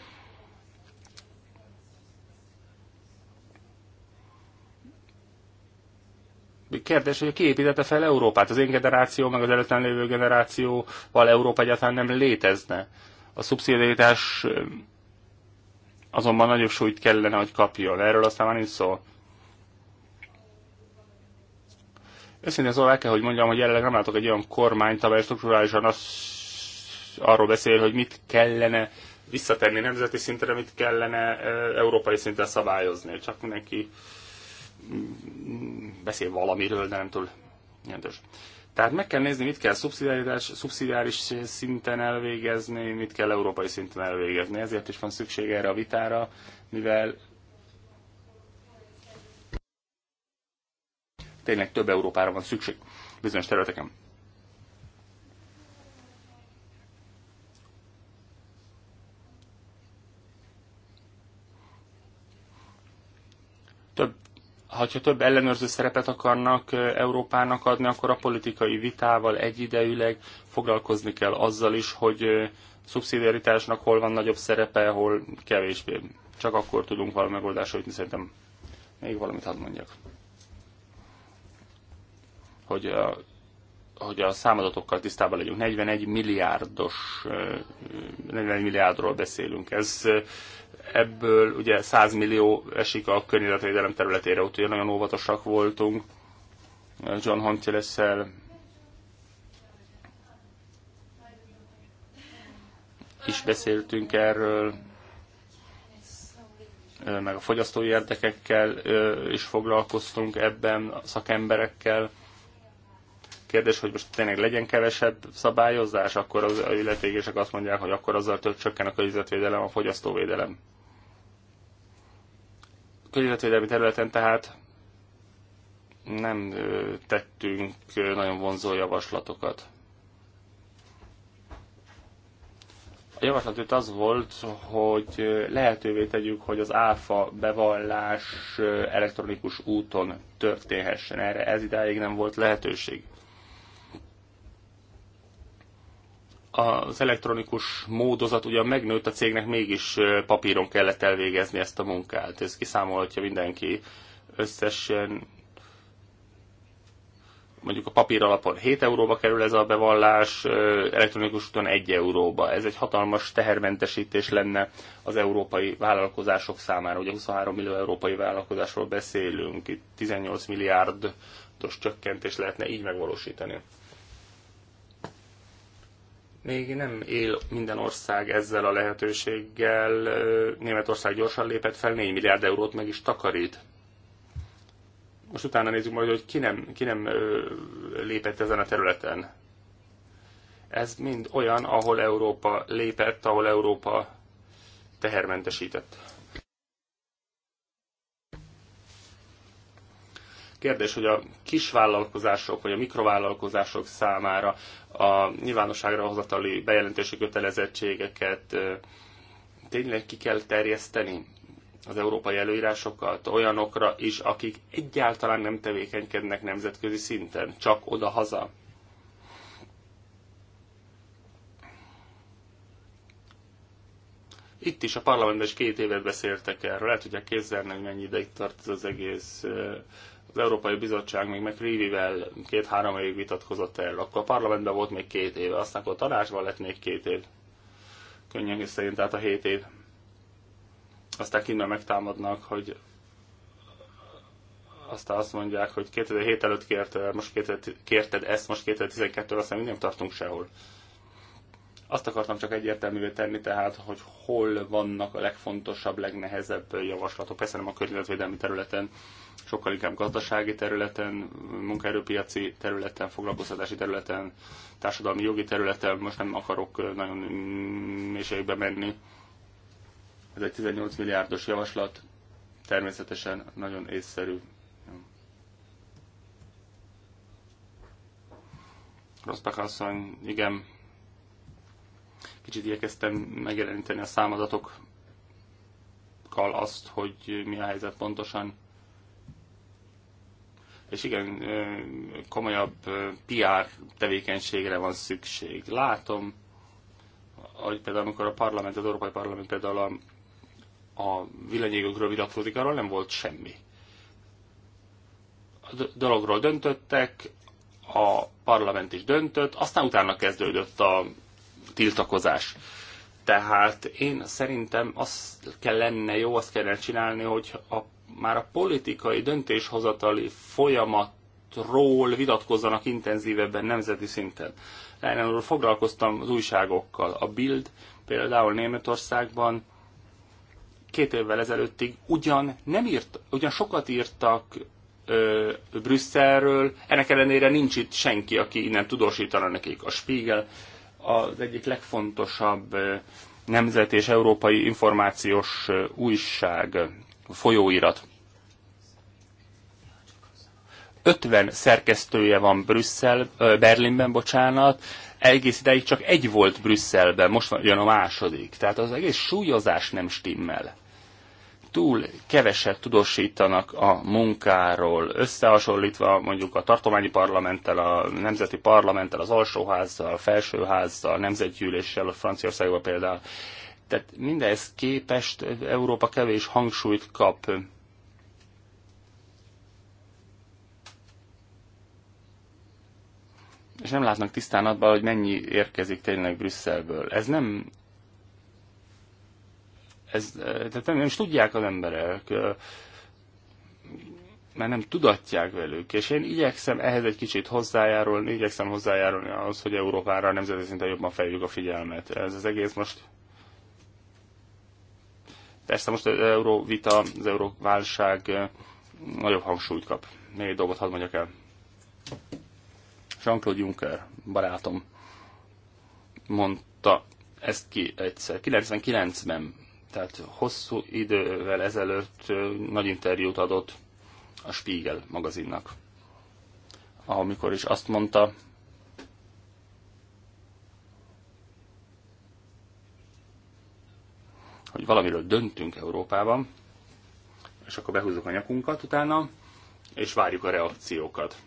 kérdés, hogy ki építette fel Európát. Az én generáció, meg az előttem lévő generációval Európa egyáltalán nem létezne. A szubszidiaritás azonban nagyobb súlyt kellene, hogy kapjon. Erről aztán már nincs szó. Őszintén szóval el kell, hogy mondjam, hogy jelenleg nem látok egy olyan kormányt, amely strukturálisan az, arról beszél, hogy mit kellene visszatenni nemzeti szintre, mit kellene európai szinten szabályozni. Csak mindenki beszél valamiről, de nem túl jelentős. Tehát meg kell nézni, mit kell szubszidiáris, szubszidiáris szinten elvégezni, mit kell európai szinten elvégezni. Ezért is van szükség erre a vitára, mivel tényleg több Európára van szükség bizonyos területeken. ha több ellenőrző szerepet akarnak Európának adni, akkor a politikai vitával egyidejűleg foglalkozni kell azzal is, hogy szubszidiaritásnak hol van nagyobb szerepe, hol kevésbé. Csak akkor tudunk valami megoldásra jutni, szerintem még valamit hadd mondjak. Hogy a hogy a számadatokkal tisztában legyünk, 41 milliárdos, 41 milliárdról beszélünk. Ez ebből ugye 100 millió esik a környezetvédelem területére, úgyhogy nagyon óvatosak voltunk John leszel. is beszéltünk erről, meg a fogyasztói érdekekkel is foglalkoztunk ebben, a szakemberekkel kérdés, hogy most tényleg legyen kevesebb szabályozás, akkor az illetékések azt mondják, hogy akkor azzal csökken a környezetvédelem, a fogyasztóvédelem. A környezetvédelmi területen tehát nem tettünk nagyon vonzó javaslatokat. A javaslat itt az volt, hogy lehetővé tegyük, hogy az áfa bevallás elektronikus úton történhessen. Erre ez idáig nem volt lehetőség. az elektronikus módozat ugyan megnőtt, a cégnek mégis papíron kellett elvégezni ezt a munkát. Ez kiszámolhatja mindenki összesen mondjuk a papír alapon 7 euróba kerül ez a bevallás, elektronikus úton 1 euróba. Ez egy hatalmas tehermentesítés lenne az európai vállalkozások számára. Ugye 23 millió európai vállalkozásról beszélünk, itt 18 milliárdos csökkentés lehetne így megvalósítani még nem él minden ország ezzel a lehetőséggel. Németország gyorsan lépett fel, 4 milliárd eurót meg is takarít. Most utána nézzük majd, hogy ki nem, ki nem lépett ezen a területen. Ez mind olyan, ahol Európa lépett, ahol Európa tehermentesített. Kérdés, hogy a kisvállalkozások vagy a mikrovállalkozások számára a nyilvánosságra hozatali bejelentési kötelezettségeket tényleg ki kell terjeszteni az európai előírásokat olyanokra is, akik egyáltalán nem tevékenykednek nemzetközi szinten, csak oda-haza. Itt is a parlamentben is két évet beszéltek erről, lehet hogy kézzel nem mennyi ideig tart ez az egész az Európai Bizottság még McReevy-vel két-három évig vitatkozott erről. Akkor a parlamentben volt még két év, aztán akkor a tanácsban lett még két év. Könnyen szerint, tehát a hét év. Aztán kinnben megtámadnak, hogy aztán azt mondják, hogy 2007 előtt kérted, most kérted ezt, most 2012-ben, aztán mi nem tartunk sehol. Azt akartam csak egyértelművé tenni, tehát, hogy hol vannak a legfontosabb, legnehezebb javaslatok. Persze nem a környezetvédelmi területen, sokkal inkább gazdasági területen, munkaerőpiaci területen, foglalkoztatási területen, társadalmi jogi területen. Most nem akarok nagyon mélységbe menni. Ez egy 18 milliárdos javaslat, természetesen nagyon észszerű. Rosszbek asszony, igen, Kicsit igyekeztem megjeleníteni a számadatokkal azt, hogy mi a helyzet pontosan. És igen, komolyabb PR tevékenységre van szükség. Látom, hogy például amikor a parlament, az Európai Parlament például a, a villanyégokról vitatkozik, arról nem volt semmi. A dologról döntöttek, a parlament is döntött, aztán utána kezdődött a tiltakozás. Tehát én szerintem azt kell lenne jó, azt kellene csinálni, hogy a, már a politikai döntéshozatali folyamatról vitatkozzanak intenzívebben nemzeti szinten. Lányáról foglalkoztam az újságokkal. A Bild például Németországban két évvel ezelőttig ugyan nem írt, ugyan sokat írtak ö, Brüsszelről, ennek ellenére nincs itt senki, aki innen tudósítana nekik. A Spiegel az egyik legfontosabb nemzet és európai információs újság, folyóirat. 50 szerkesztője van Brüsszel, Berlinben, bocsánat, egész ideig csak egy volt Brüsszelben, most jön a második. Tehát az egész súlyozás nem stimmel túl keveset tudósítanak a munkáról, összehasonlítva mondjuk a tartományi parlamenttel, a nemzeti parlamenttel, az alsóházzal, a felsőházzal, a nemzetgyűléssel, a Franciaországban például. Tehát mindez képest Európa kevés hangsúlyt kap. És nem látnak tisztán abban, hogy mennyi érkezik tényleg Brüsszelből. Ez nem ez, tehát nem is tudják az emberek, mert nem tudatják velük, és én igyekszem ehhez egy kicsit hozzájárulni, igyekszem hozzájárulni ahhoz, hogy Európára nemzeti szinten jobban fejlődjük a figyelmet. Ez az egész most Persze most az euróvita, az euróválság nagyobb hangsúlyt kap. Még egy dolgot hadd mondjak el. Jean-Claude Juncker, barátom, mondta ezt ki egyszer. 99-ben tehát hosszú idővel ezelőtt nagy interjút adott a Spiegel magazinnak, amikor is azt mondta, hogy valamiről döntünk Európában, és akkor behúzzuk a nyakunkat utána, és várjuk a reakciókat.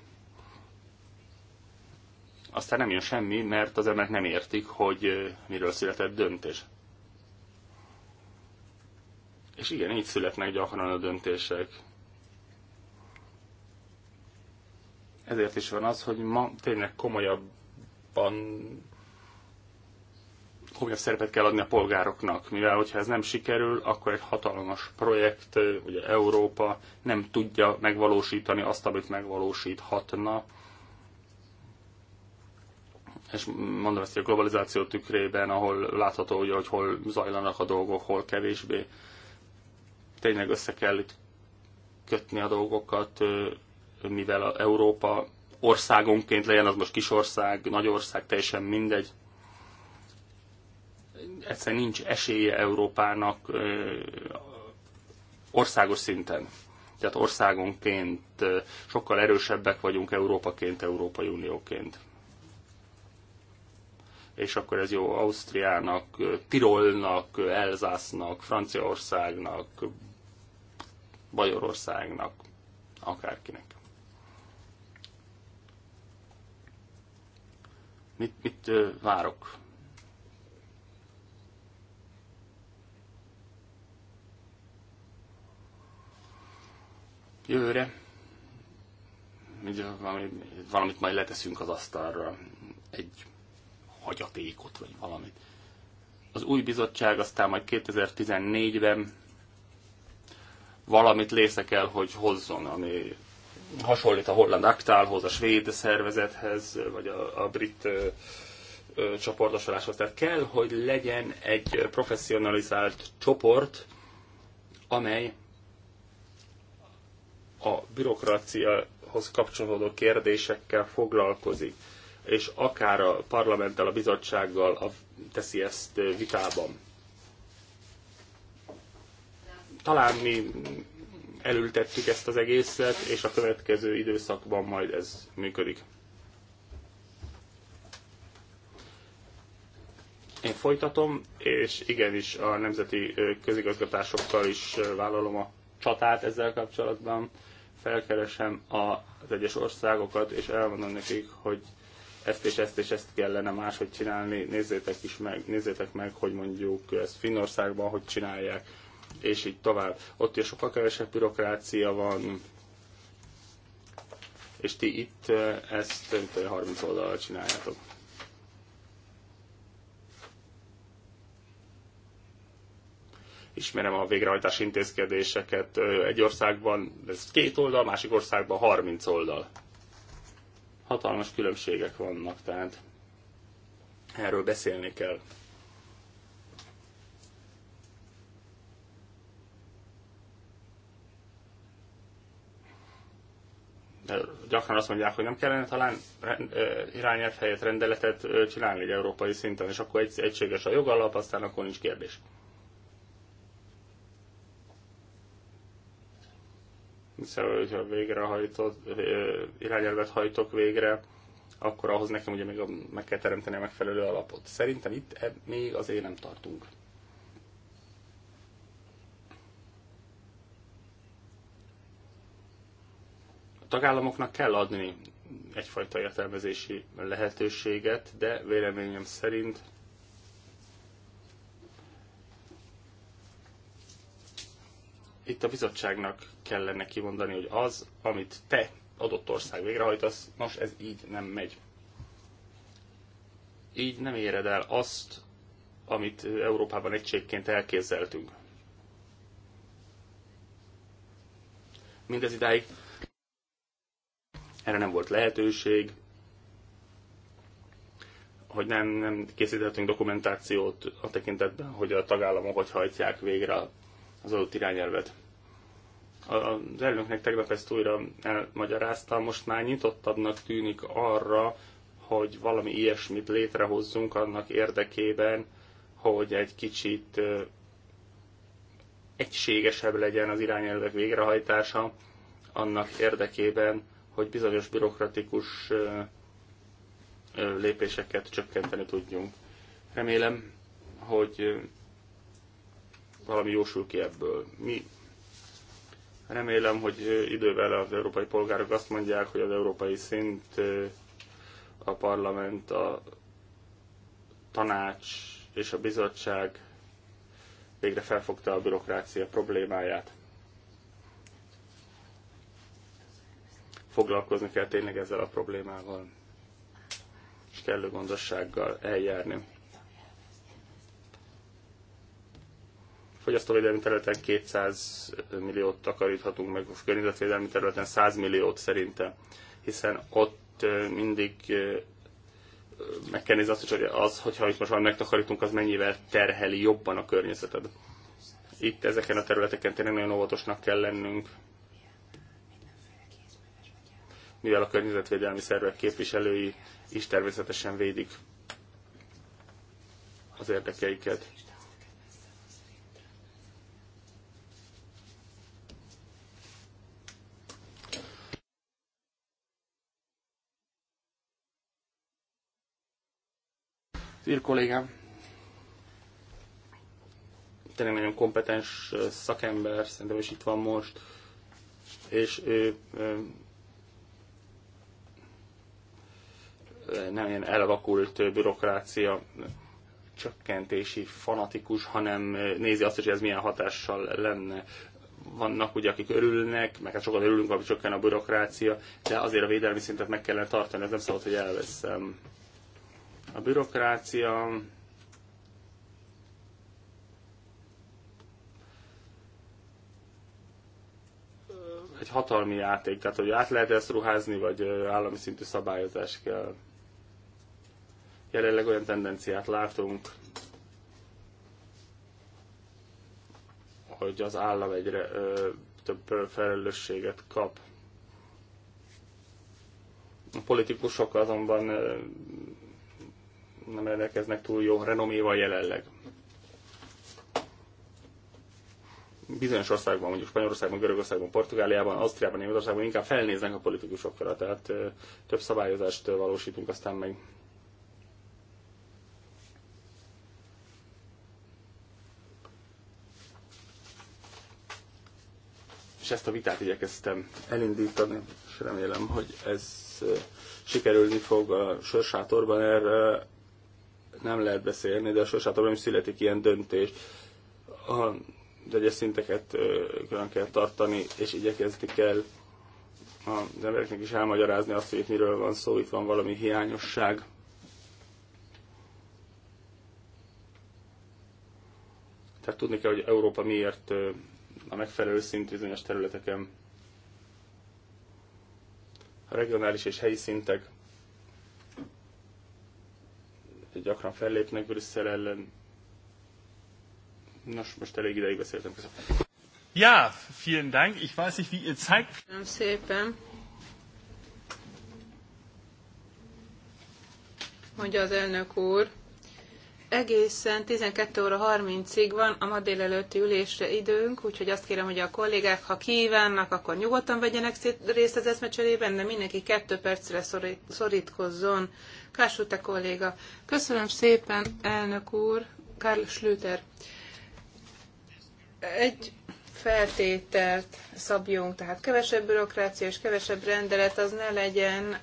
Aztán nem jön semmi, mert az emberek nem értik, hogy miről született döntés. És igen, így születnek gyakran a döntések. Ezért is van az, hogy ma tényleg komolyabban komolyabb szerepet kell adni a polgároknak, mivel hogyha ez nem sikerül, akkor egy hatalmas projekt, ugye Európa nem tudja megvalósítani azt, amit megvalósíthatna. És mondom ezt, hogy a globalizáció tükrében, ahol látható, ugye, hogy hol zajlanak a dolgok, hol kevésbé tényleg össze kell kötni a dolgokat, mivel a Európa országonként legyen, az most kis ország, nagy ország, teljesen mindegy. Egyszerűen nincs esélye Európának országos szinten. Tehát országonként sokkal erősebbek vagyunk Európaként, Európai Unióként. És akkor ez jó Ausztriának, Tirolnak, Elzásznak, Franciaországnak, Bajorországnak, akárkinek. Mit, mit ö, várok? Jövőre valamit, valamit majd leteszünk az asztalra, egy hagyatékot, vagy valamit. Az új bizottság aztán majd 2014-ben valamit létre kell, hogy hozzon, ami hasonlít a holland aktálhoz, a svéd szervezethez, vagy a, a brit ö, ö, csoportosuláshoz. Tehát kell, hogy legyen egy professzionalizált csoport, amely a bürokráciahoz kapcsolódó kérdésekkel foglalkozik, és akár a parlamenttel, a bizottsággal a, teszi ezt vitában talán mi elültettük ezt az egészet, és a következő időszakban majd ez működik. Én folytatom, és igenis a nemzeti közigazgatásokkal is vállalom a csatát ezzel kapcsolatban. Felkeresem az egyes országokat, és elmondom nekik, hogy ezt és ezt és ezt kellene máshogy csinálni, nézzétek is meg, nézzétek meg, hogy mondjuk ezt Finnországban hogy csinálják, és így tovább. Ott is sokkal kevesebb bürokrácia van, és ti itt ezt mint 30 oldalra csináljátok. Ismerem a végrehajtás intézkedéseket egy országban, ez két oldal, másik országban 30 oldal. Hatalmas különbségek vannak, tehát erről beszélni kell. gyakran azt mondják, hogy nem kellene talán irányelv helyett rendeletet csinálni egy európai szinten, és akkor egy, egységes a jogalap, aztán akkor nincs kérdés. Szóval, hogyha végrehajtott, irányelvet hajtok végre, akkor ahhoz nekem ugye még meg kell teremteni a megfelelő alapot. Szerintem itt e- még azért nem tartunk. tagállamoknak kell adni egyfajta értelmezési lehetőséget, de véleményem szerint itt a bizottságnak kellene kimondani, hogy az, amit te adott ország végrehajtasz, most ez így nem megy. Így nem éred el azt, amit Európában egységként elképzeltünk. Mindez idáig erre nem volt lehetőség, hogy nem, nem készítettünk dokumentációt a tekintetben, hogy a tagállamok hogy hajtják végre az adott irányelvet. Az elnöknek tegnap ezt újra elmagyarázta, most már nyitottabbnak tűnik arra, hogy valami ilyesmit létrehozzunk annak érdekében, hogy egy kicsit egységesebb legyen az irányelvek végrehajtása, annak érdekében, hogy bizonyos bürokratikus lépéseket csökkenteni tudjunk. Remélem, hogy valami jósul ki ebből. Mi remélem, hogy idővel az európai polgárok azt mondják, hogy az európai szint, a parlament, a tanács és a bizottság végre felfogta a bürokrácia problémáját. foglalkozni kell tényleg ezzel a problémával, és kellő gondossággal eljárni. fogyasztóvédelmi területen 200 milliót takaríthatunk meg, a környezetvédelmi területen 100 milliót szerintem, hiszen ott mindig meg kell nézni azt, hogy az, hogyha itt most már megtakarítunk, az mennyivel terheli jobban a környezeted. Itt ezeken a területeken tényleg nagyon óvatosnak kell lennünk, mivel a környezetvédelmi szervek képviselői is természetesen védik az érdekeiket. ír kollégám. Tényleg nagyon kompetens szakember, szerintem is itt van most, és ő, ő nem ilyen elvakult bürokrácia csökkentési fanatikus, hanem nézi azt hogy ez milyen hatással lenne. Vannak ugye, akik örülnek, meg hát sokan örülünk, hogy csökken a bürokrácia, de azért a védelmi szintet meg kellene tartani, ez nem szabad, hogy elveszem. A bürokrácia egy hatalmi játék, tehát hogy át lehet ezt ruházni, vagy állami szintű szabályozás kell. Jelenleg olyan tendenciát látunk, hogy az állam egyre ö, több felelősséget kap. A politikusok azonban ö, nem rendelkeznek túl jó renoméval jelenleg. Bizonyos országban, mondjuk Spanyolországban, Görögországban, Portugáliában, Ausztriában, Németországban inkább felnéznek a politikusokra, tehát ö, több szabályozást valósítunk aztán meg és ezt a vitát igyekeztem elindítani, és remélem, hogy ez sikerülni fog a sorsátorban, erre nem lehet beszélni, de a sorsátorban is születik ilyen döntés. A egyes szinteket külön kell tartani, és igyekezni kell az embereknek is elmagyarázni azt, hogy itt miről van szó, itt van valami hiányosság. Tehát tudni kell, hogy Európa miért a megfelelő szint bizonyos területeken. A regionális és helyi szintek gyakran fellépnek Brüsszel ellen. Nos, most elég ideig beszéltem. Köszönöm.
Ja, vielen Dank. Ich weiß nicht, wie ihr zeigt. Köszönöm
szépen. Mondja az elnök úr egészen 12 óra 30-ig van a ma délelőtti ülésre időnk, úgyhogy azt kérem, hogy a kollégák, ha kívánnak, akkor nyugodtan vegyenek részt az eszmecserében, de mindenki kettő percre szorítkozzon. Kásute kolléga. Köszönöm szépen, elnök úr, Karl Schlüter. Egy feltételt szabjunk, tehát kevesebb bürokrácia és kevesebb rendelet, az ne legyen,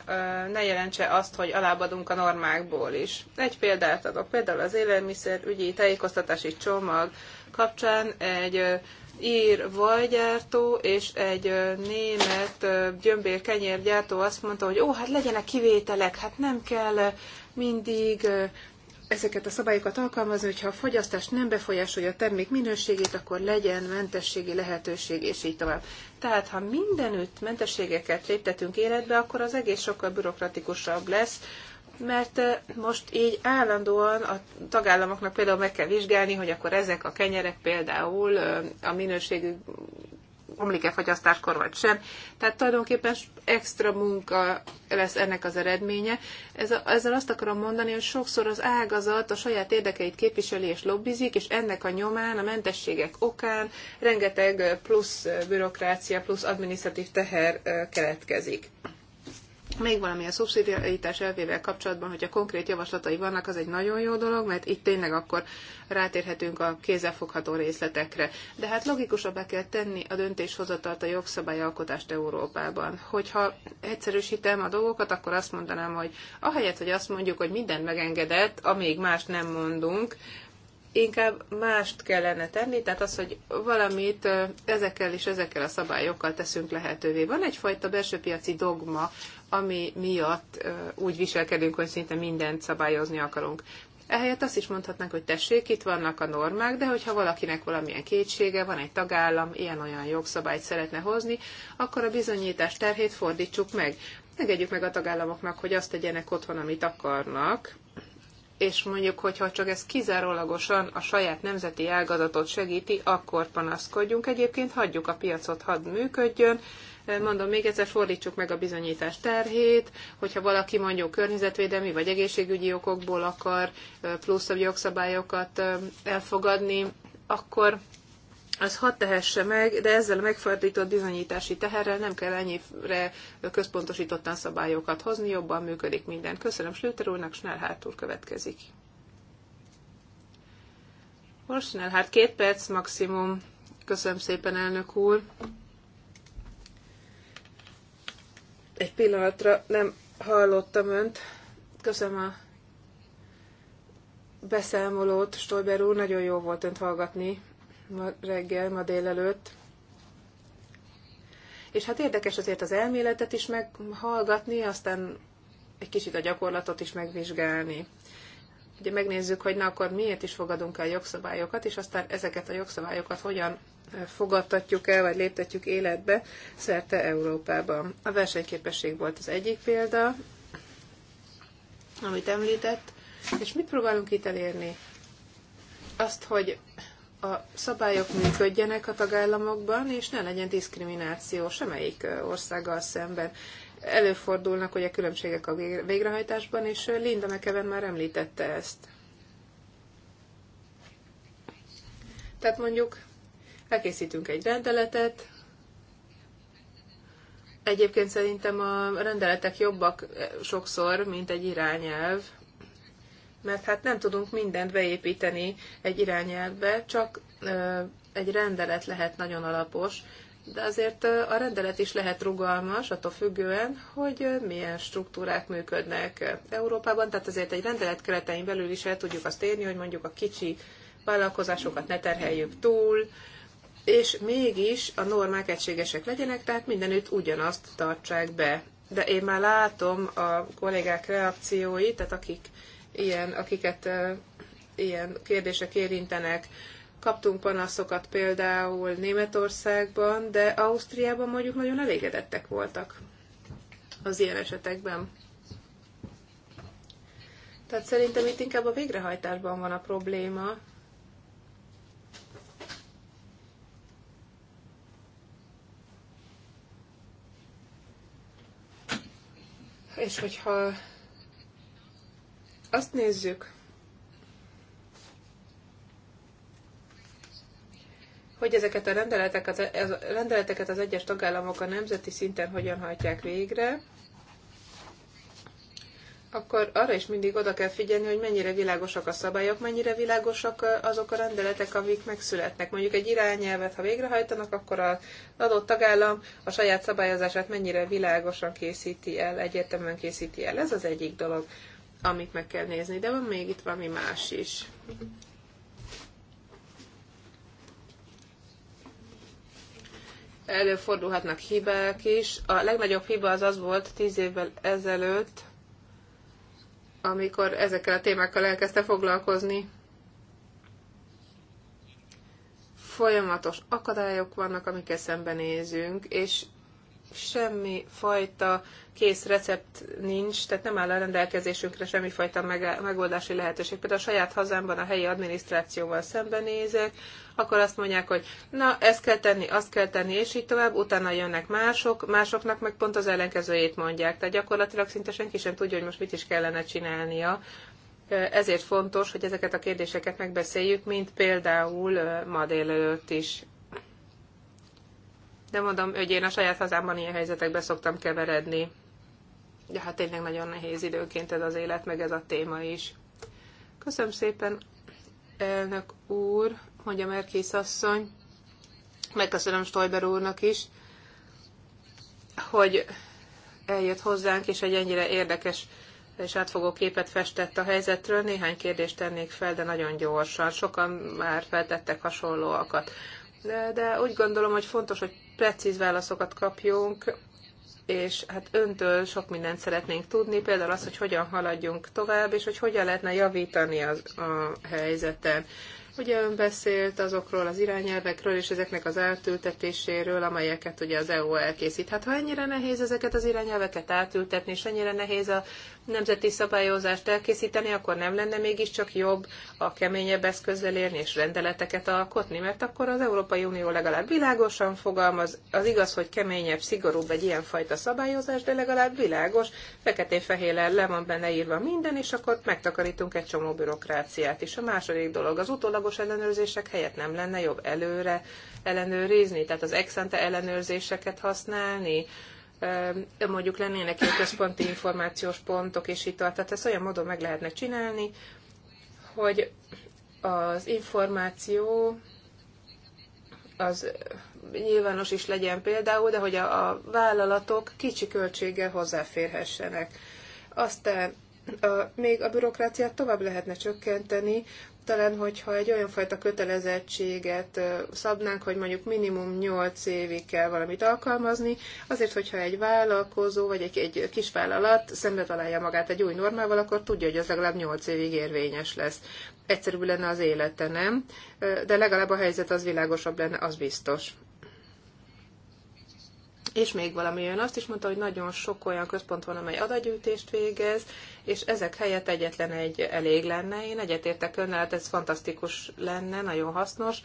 ne jelentse azt, hogy alábadunk a normákból is. Egy példát adok, például az élelmiszer, ügyi tájékoztatási csomag kapcsán egy ír vajgyártó és egy német gyömbér-kenyérgyártó azt mondta, hogy ó, hát legyenek kivételek, hát nem kell mindig ezeket a szabályokat alkalmazni, hogyha a fogyasztás nem befolyásolja a termék minőségét, akkor legyen mentességi lehetőség, és így tovább. Tehát, ha mindenütt mentességeket léptetünk életbe, akkor az egész sokkal bürokratikusabb lesz, mert most így állandóan a tagállamoknak például meg kell vizsgálni, hogy akkor ezek a kenyerek például a minőségük omlik-e fogyasztáskor vagy sem. Tehát tulajdonképpen extra munka lesz ennek az eredménye. Ez a, ezzel azt akarom mondani, hogy sokszor az ágazat a saját érdekeit képviseli és lobbizik, és ennek a nyomán, a mentességek okán rengeteg plusz bürokrácia, plusz adminisztratív teher keletkezik. Még valami a szubszidiaitás elvével kapcsolatban, hogyha konkrét javaslatai vannak, az egy nagyon jó dolog, mert itt tényleg akkor rátérhetünk a kézzelfogható részletekre. De hát logikusabbá kell tenni a döntéshozatalt a jogszabályalkotást Európában. Hogyha egyszerűsítem a dolgokat, akkor azt mondanám, hogy ahelyett, hogy azt mondjuk, hogy mindent megengedett, amíg más nem mondunk, inkább mást kellene tenni, tehát az, hogy valamit ezekkel és ezekkel a szabályokkal teszünk lehetővé. Van egyfajta belső piaci dogma ami miatt úgy viselkedünk, hogy szinte mindent szabályozni akarunk. Ehelyett azt is mondhatnánk, hogy tessék, itt vannak a normák, de hogyha valakinek valamilyen kétsége van, egy tagállam ilyen-olyan jogszabályt szeretne hozni, akkor a bizonyítás terhét fordítsuk meg. Megegyük meg a tagállamoknak, hogy azt tegyenek otthon, amit akarnak, és mondjuk, hogyha csak ez kizárólagosan a saját nemzeti ágazatot segíti, akkor panaszkodjunk. Egyébként hagyjuk a piacot, hadd működjön, mondom még egyszer, fordítsuk meg a bizonyítás terhét, hogyha valaki mondjuk környezetvédelmi vagy egészségügyi okokból akar pluszabb jogszabályokat elfogadni, akkor az hat tehesse meg, de ezzel a megfordított bizonyítási teherrel nem kell ennyire központosítottan szabályokat hozni, jobban működik minden. Köszönöm Slüter úrnak, Snellhárt úr következik. Most Snellhárt két perc maximum. Köszönöm szépen, elnök úr. Egy pillanatra nem hallottam önt. Köszönöm a beszámolót, Stolber úr. Nagyon jó volt önt hallgatni ma reggel, ma délelőtt. És hát érdekes azért az elméletet is meghallgatni, aztán egy kicsit a gyakorlatot is megvizsgálni. Ugye megnézzük, hogy na akkor miért is fogadunk el jogszabályokat, és aztán ezeket a jogszabályokat hogyan fogadtatjuk el, vagy léptetjük életbe szerte Európában. A versenyképesség volt az egyik példa, amit említett, és mit próbálunk itt elérni? Azt, hogy a szabályok működjenek a tagállamokban, és ne legyen diszkrimináció semmelyik országgal szemben. Előfordulnak hogy a különbségek a végrehajtásban, és Linda McEwen már említette ezt. Tehát mondjuk elkészítünk egy rendeletet, Egyébként szerintem a rendeletek jobbak eh, sokszor, mint egy irányelv, mert hát nem tudunk mindent beépíteni egy irányelvbe, csak eh, egy rendelet lehet nagyon alapos, de azért eh, a rendelet is lehet rugalmas, attól függően, hogy milyen struktúrák működnek Európában, tehát azért egy rendelet keretein belül is el tudjuk azt érni, hogy mondjuk a kicsi vállalkozásokat ne terheljük túl, és mégis a normák egységesek legyenek, tehát mindenütt ugyanazt tartsák be. De én már látom a kollégák reakcióit, tehát akik ilyen, akiket uh, ilyen kérdések érintenek, kaptunk panaszokat például Németországban, de Ausztriában mondjuk nagyon elégedettek voltak az ilyen esetekben. Tehát szerintem itt inkább a végrehajtásban van a probléma, És hogyha azt nézzük, hogy ezeket a rendeleteket, a rendeleteket az egyes tagállamok a nemzeti szinten hogyan hajtják végre, akkor arra is mindig oda kell figyelni, hogy mennyire világosak a szabályok, mennyire világosak azok a rendeletek, amik megszületnek. Mondjuk egy irányelvet, ha végrehajtanak, akkor az adott tagállam a saját szabályozását mennyire világosan készíti el, egyértelműen készíti el. Ez az egyik dolog, amit meg kell nézni. De van még itt valami más is. Előfordulhatnak hibák is. A legnagyobb hiba az az volt tíz évvel ezelőtt, amikor ezekkel a témákkal elkezdte foglalkozni. Folyamatos akadályok vannak, amikkel szembenézünk, és semmi fajta kész recept nincs, tehát nem áll a rendelkezésünkre fajta megoldási lehetőség. Például a saját hazámban a helyi adminisztrációval szembenézek, akkor azt mondják, hogy na, ezt kell tenni, azt kell tenni, és így tovább, utána jönnek mások, másoknak meg pont az ellenkezőjét mondják. Tehát gyakorlatilag szinte senki sem tudja, hogy most mit is kellene csinálnia. Ezért fontos, hogy ezeket a kérdéseket megbeszéljük, mint például ma délelőtt is de mondom, hogy én a saját hazámban ilyen helyzetekbe szoktam keveredni. De hát tényleg nagyon nehéz időként ez az élet, meg ez a téma is. Köszönöm szépen, elnök úr, mondja Merkész asszony. Megköszönöm Stoiber úrnak is, hogy eljött hozzánk, és egy ennyire érdekes és átfogó képet festett a helyzetről. Néhány kérdést tennék fel, de nagyon gyorsan. Sokan már feltettek hasonlóakat. De, de úgy gondolom, hogy fontos, hogy precíz válaszokat kapjunk, és hát öntől sok mindent szeretnénk tudni, például az, hogy hogyan haladjunk tovább, és hogy hogyan lehetne javítani az, a helyzeten. Ugye ön beszélt azokról az irányelvekről és ezeknek az átültetéséről, amelyeket ugye az EU elkészít. Hát ha ennyire nehéz ezeket az irányelveket átültetni, és ennyire nehéz a nemzeti szabályozást elkészíteni, akkor nem lenne mégiscsak jobb a keményebb eszközzel érni és rendeleteket alkotni, mert akkor az Európai Unió legalább világosan fogalmaz, az igaz, hogy keményebb, szigorúbb egy ilyenfajta szabályozás, de legalább világos, feketén-fehéren le van benne írva minden, és akkor megtakarítunk egy csomó bürokráciát is. A második dolog, az utólagos ellenőrzések helyett nem lenne jobb előre ellenőrizni, tehát az ex ante ellenőrzéseket használni, mondjuk lennének ilyen központi információs pontok, és itt tehát ezt olyan módon meg lehetne csinálni, hogy az információ az nyilvános is legyen például, de hogy a, a vállalatok kicsi költséggel hozzáférhessenek. Aztán a, még a bürokráciát tovább lehetne csökkenteni, talán, hogyha egy olyan fajta kötelezettséget szabnánk, hogy mondjuk minimum 8 évig kell valamit alkalmazni, azért, hogyha egy vállalkozó vagy egy, egy vállalat szembe találja magát egy új normával, akkor tudja, hogy az legalább 8 évig érvényes lesz. Egyszerűbb lenne az élete, nem? De legalább a helyzet az világosabb lenne, az biztos. És még valami jön, azt is mondta, hogy nagyon sok olyan központ van, amely adagyűjtést végez, és ezek helyett egyetlen egy elég lenne. Én egyetértek önnel, hát ez fantasztikus lenne, nagyon hasznos,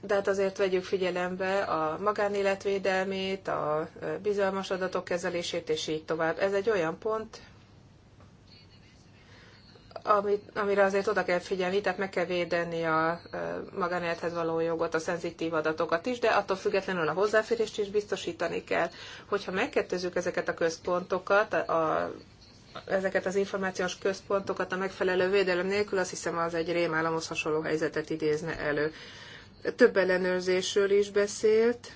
de hát azért vegyük figyelembe a magánéletvédelmét, a bizalmas adatok kezelését, és így tovább. Ez egy olyan pont, amit, amire azért oda kell figyelni, tehát meg kell védeni a magánélethez való jogot, a szenzitív adatokat is, de attól függetlenül a hozzáférést is biztosítani kell. Hogyha megkettőzzük ezeket a központokat, a, ezeket az információs központokat a megfelelő védelem nélkül, azt hiszem az egy rémálomhoz hasonló helyzetet idézne elő. Több ellenőrzésről is beszélt,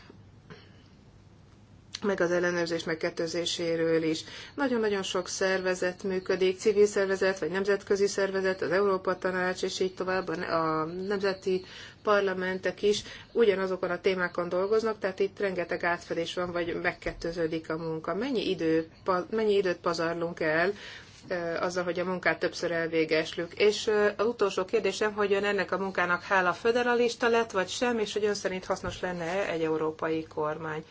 meg az ellenőrzés megkettőzéséről is. Nagyon-nagyon sok szervezet működik, civil szervezet, vagy nemzetközi szervezet, az Európa Tanács, és így tovább, a nemzeti parlamentek is ugyanazokon a témákon dolgoznak, tehát itt rengeteg átfedés van, vagy megkettőződik a munka. Mennyi, idő, mennyi időt pazarlunk el, azzal, hogy a munkát többször elvégeslük. És az utolsó kérdésem, hogy ön ennek a munkának hála föderalista lett, vagy sem, és hogy ön szerint hasznos lenne -e egy európai kormány.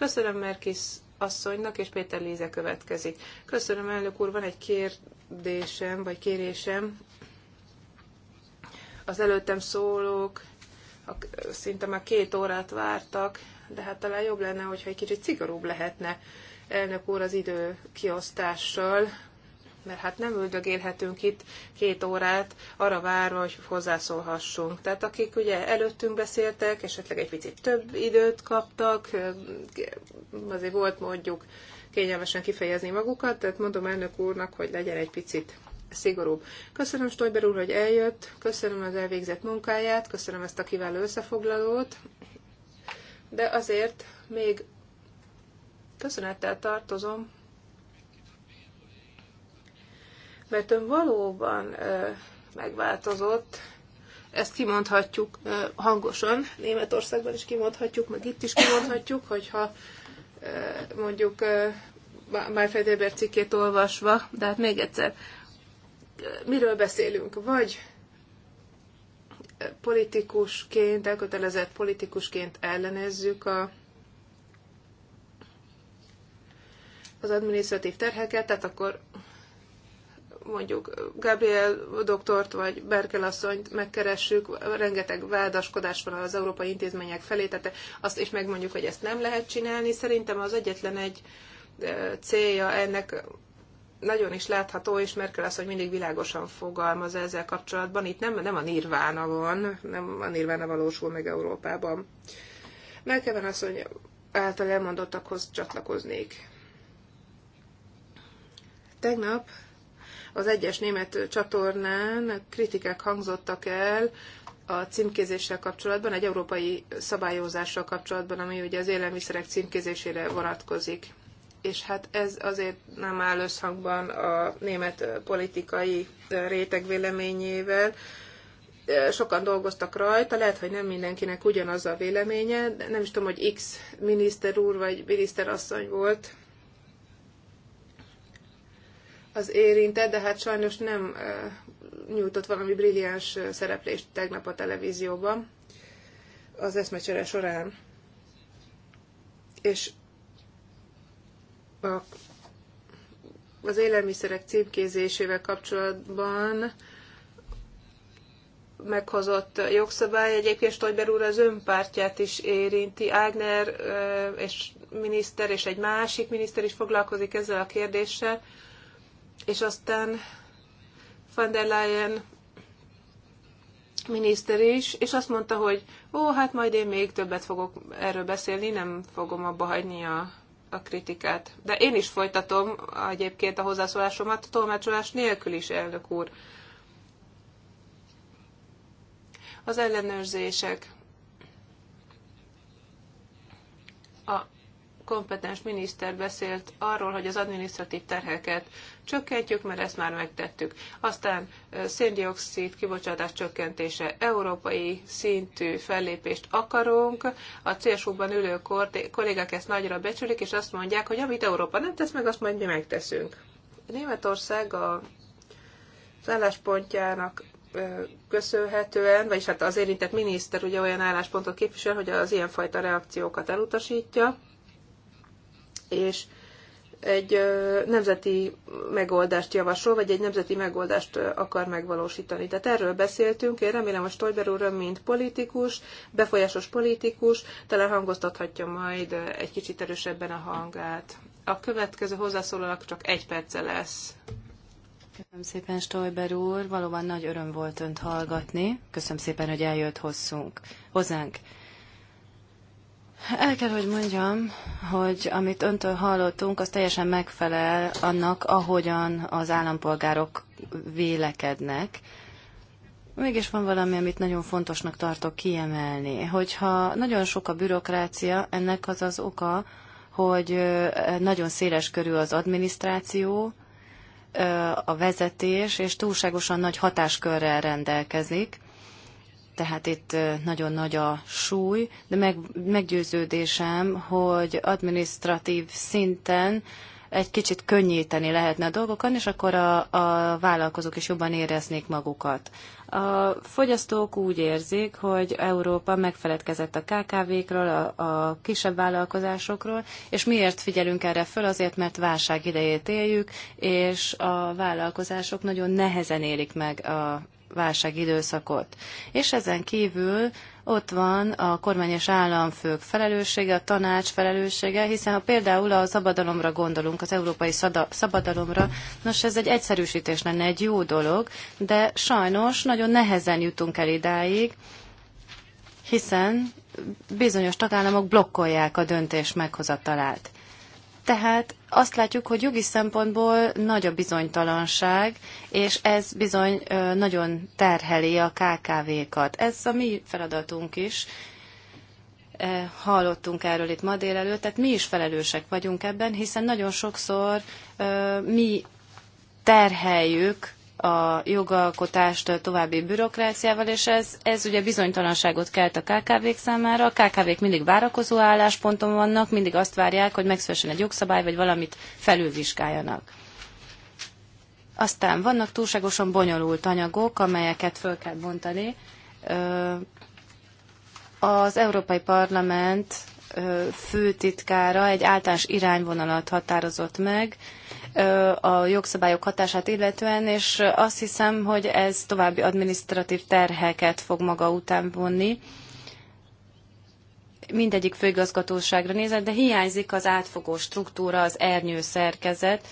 Köszönöm Merkis asszonynak, és Péter Líze következik. Köszönöm, elnök úr, van egy kérdésem, vagy kérésem. Az előttem szólók a, szinte már két órát vártak, de hát talán jobb lenne, hogyha egy kicsit szigorúbb lehetne elnök úr az idő kiosztással, mert hát nem üldögélhetünk itt két órát arra várva, hogy hozzászólhassunk. Tehát akik ugye előttünk beszéltek, esetleg egy picit több időt kaptak, azért volt mondjuk kényelmesen kifejezni magukat, tehát mondom elnök úrnak, hogy legyen egy picit szigorúbb. Köszönöm Stoiber úr, hogy eljött, köszönöm az elvégzett munkáját, köszönöm ezt a kiváló összefoglalót, de azért még köszönettel tartozom mert ön valóban megváltozott, ezt kimondhatjuk hangosan, Németországban is kimondhatjuk, meg itt is kimondhatjuk, hogyha mondjuk Májfeld Eber cikkét olvasva, de hát még egyszer, miről beszélünk? Vagy politikusként, elkötelezett politikusként ellenezzük a, az adminisztratív terheket, tehát akkor mondjuk Gabriel doktort vagy Berkel asszonyt megkeressük, rengeteg vádaskodás van az európai intézmények felé, tehát azt is megmondjuk, hogy ezt nem lehet csinálni. Szerintem az egyetlen egy célja ennek nagyon is látható, és Merkel az, hogy mindig világosan fogalmaz ezzel kapcsolatban. Itt nem, nem a nirvána van, nem a nirvána valósul meg Európában. Merkel asszony által elmondottakhoz csatlakoznék. Tegnap az egyes német csatornán kritikák hangzottak el a címkézéssel kapcsolatban, egy európai szabályozással kapcsolatban, ami ugye az élelmiszerek címkézésére vonatkozik. És hát ez azért nem áll összhangban a német politikai réteg véleményével, sokan dolgoztak rajta, lehet, hogy nem mindenkinek ugyanaz a véleménye, de nem is tudom, hogy X miniszter úr vagy miniszterasszony volt, az érintett, de hát sajnos nem nyújtott valami brilliáns szereplést tegnap a televízióban az eszmecsere során. És a, az élelmiszerek címkézésével kapcsolatban meghozott jogszabály egyébként Stoiber úr az önpártját is érinti. Ágner és miniszter és egy másik miniszter is foglalkozik ezzel a kérdéssel és aztán van der Leyen miniszter is, és azt mondta, hogy ó, hát majd én még többet fogok erről beszélni, nem fogom abba hagyni a, a kritikát. De én is folytatom egyébként a hozzászólásomat tolmácsolás nélkül is, elnök úr. Az ellenőrzések. kompetens miniszter beszélt arról, hogy az adminisztratív terheket csökkentjük, mert ezt már megtettük. Aztán széndiokszid kibocsátás csökkentése, európai szintű fellépést akarunk. A CSU-ban ülő kollégák ezt nagyra becsülik, és azt mondják, hogy amit Európa nem tesz meg, azt majd mi megteszünk. Németország a álláspontjának köszönhetően, vagyis hát az érintett miniszter ugye olyan álláspontot képvisel, hogy az ilyenfajta reakciókat elutasítja, és egy nemzeti megoldást javasol, vagy egy nemzeti megoldást akar megvalósítani. Tehát erről beszéltünk, én remélem, hogy Stolber úr, mint politikus, befolyásos politikus, talán hangoztathatja majd egy kicsit erősebben a hangát. A következő hozzászólalak csak egy perce lesz.
Köszönöm szépen, Stolber úr, valóban nagy öröm volt önt hallgatni. Köszönöm szépen, hogy eljött hosszunk, hozzánk. El kell, hogy mondjam, hogy amit öntől hallottunk, az teljesen megfelel annak, ahogyan az állampolgárok vélekednek. Mégis van valami, amit nagyon fontosnak tartok kiemelni, hogyha nagyon sok a bürokrácia, ennek az az oka, hogy nagyon széles körül az adminisztráció, a vezetés, és túlságosan nagy hatáskörrel rendelkezik tehát itt nagyon nagy a súly, de meg, meggyőződésem, hogy administratív szinten egy kicsit könnyíteni lehetne a dolgokat, és akkor a, a vállalkozók is jobban éreznék magukat. A fogyasztók úgy érzik, hogy Európa megfeledkezett a KKV-kről, a, a kisebb vállalkozásokról, és miért figyelünk erre föl? Azért, mert válság idejét éljük, és a vállalkozások nagyon nehezen élik meg a válságidőszakot. És ezen kívül ott van a kormány és államfők felelőssége, a tanács felelőssége, hiszen ha például a szabadalomra gondolunk, az európai szabadalomra, nos ez egy egyszerűsítés lenne, egy jó dolog, de sajnos nagyon nehezen jutunk el idáig, hiszen bizonyos tagállamok blokkolják a döntés meghozatalát. Tehát azt látjuk, hogy jogi szempontból nagy a bizonytalanság, és ez bizony nagyon terheli a KKV-kat. Ez a mi feladatunk is. Hallottunk erről itt ma délelőtt, tehát mi is felelősek vagyunk ebben, hiszen nagyon sokszor mi terheljük a jogalkotást további bürokráciával, és ez, ez ugye bizonytalanságot kelt a KKV-k számára. A KKV-k mindig várakozó állásponton vannak, mindig azt várják, hogy megszülessen egy jogszabály, vagy valamit felülvizsgáljanak. Aztán vannak túlságosan bonyolult anyagok, amelyeket föl kell bontani. Az Európai Parlament főtitkára egy általános irányvonalat határozott meg, a jogszabályok hatását illetően, és azt hiszem, hogy ez további administratív terheket fog maga után vonni mindegyik főigazgatóságra nézett, de hiányzik az átfogó struktúra, az ernyő szerkezet,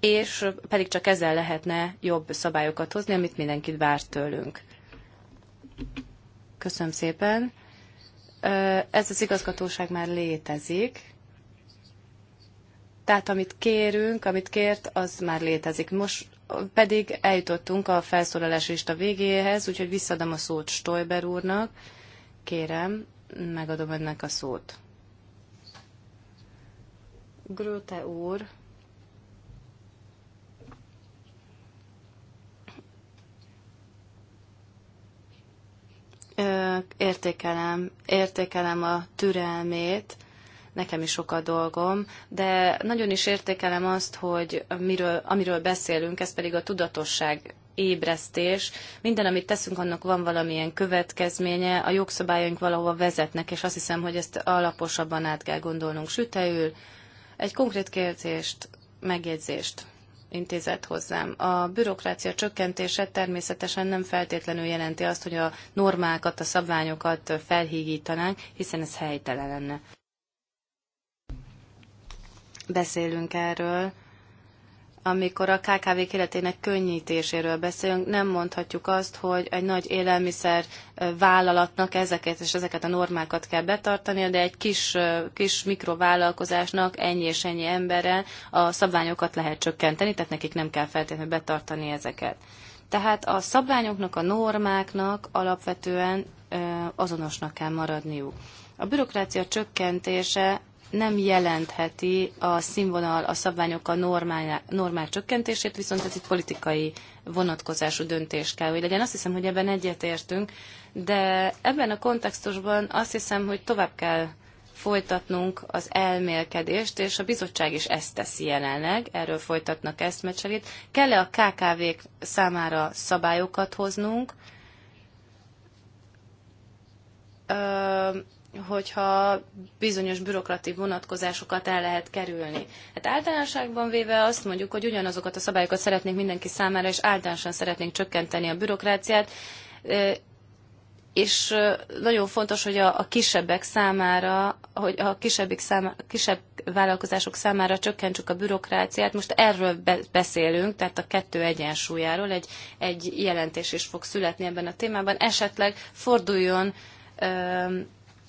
és pedig csak ezzel lehetne jobb szabályokat hozni, amit mindenkit vár tőlünk. Köszönöm szépen. Ez az igazgatóság már létezik. Tehát amit kérünk, amit kért, az már létezik. Most pedig eljutottunk a felszólalás lista végéhez, úgyhogy visszadom a szót Stoiber úrnak. Kérem, megadom ennek a szót. Gröte úr, értékelem, értékelem a türelmét, nekem is sok a dolgom, de nagyon is értékelem azt, hogy miről, amiről beszélünk, ez pedig a tudatosság ébresztés. Minden, amit teszünk, annak van valamilyen következménye, a jogszabályunk valahova vezetnek, és azt hiszem, hogy ezt alaposabban át kell gondolnunk. Süteül egy konkrét kérdést, megjegyzést intézett hozzám. A bürokrácia csökkentése természetesen nem feltétlenül jelenti azt, hogy a normákat, a szabványokat felhígítanánk, hiszen ez helytelen lenne beszélünk erről, amikor a KKV életének könnyítéséről beszélünk, nem mondhatjuk azt, hogy egy nagy élelmiszer vállalatnak ezeket és ezeket a normákat kell betartania, de egy kis, kis mikrovállalkozásnak ennyi és ennyi embere a szabványokat lehet csökkenteni, tehát nekik nem kell feltétlenül betartani ezeket. Tehát a szabványoknak, a normáknak alapvetően azonosnak kell maradniuk. A bürokrácia csökkentése nem jelentheti a színvonal, a szabványok a normál, normál csökkentését, viszont ez itt politikai vonatkozású döntés kell, hogy legyen. Azt hiszem, hogy ebben egyetértünk, de ebben a kontextusban azt hiszem, hogy tovább kell folytatnunk az elmélkedést, és a bizottság is ezt teszi jelenleg, erről folytatnak eszmecserét. Kell-e a KKV-k számára szabályokat hoznunk? Ö hogyha bizonyos bürokratív vonatkozásokat el lehet kerülni. Hát általánosságban véve azt mondjuk, hogy ugyanazokat a szabályokat szeretnénk mindenki számára, és általánosan szeretnénk csökkenteni a bürokráciát, és nagyon fontos, hogy a, a kisebbek számára, hogy a kisebbik száma, kisebb vállalkozások számára csökkentsük a bürokráciát. Most erről be, beszélünk, tehát a kettő egyensúlyáról egy, egy jelentés is fog születni ebben a témában. Esetleg forduljon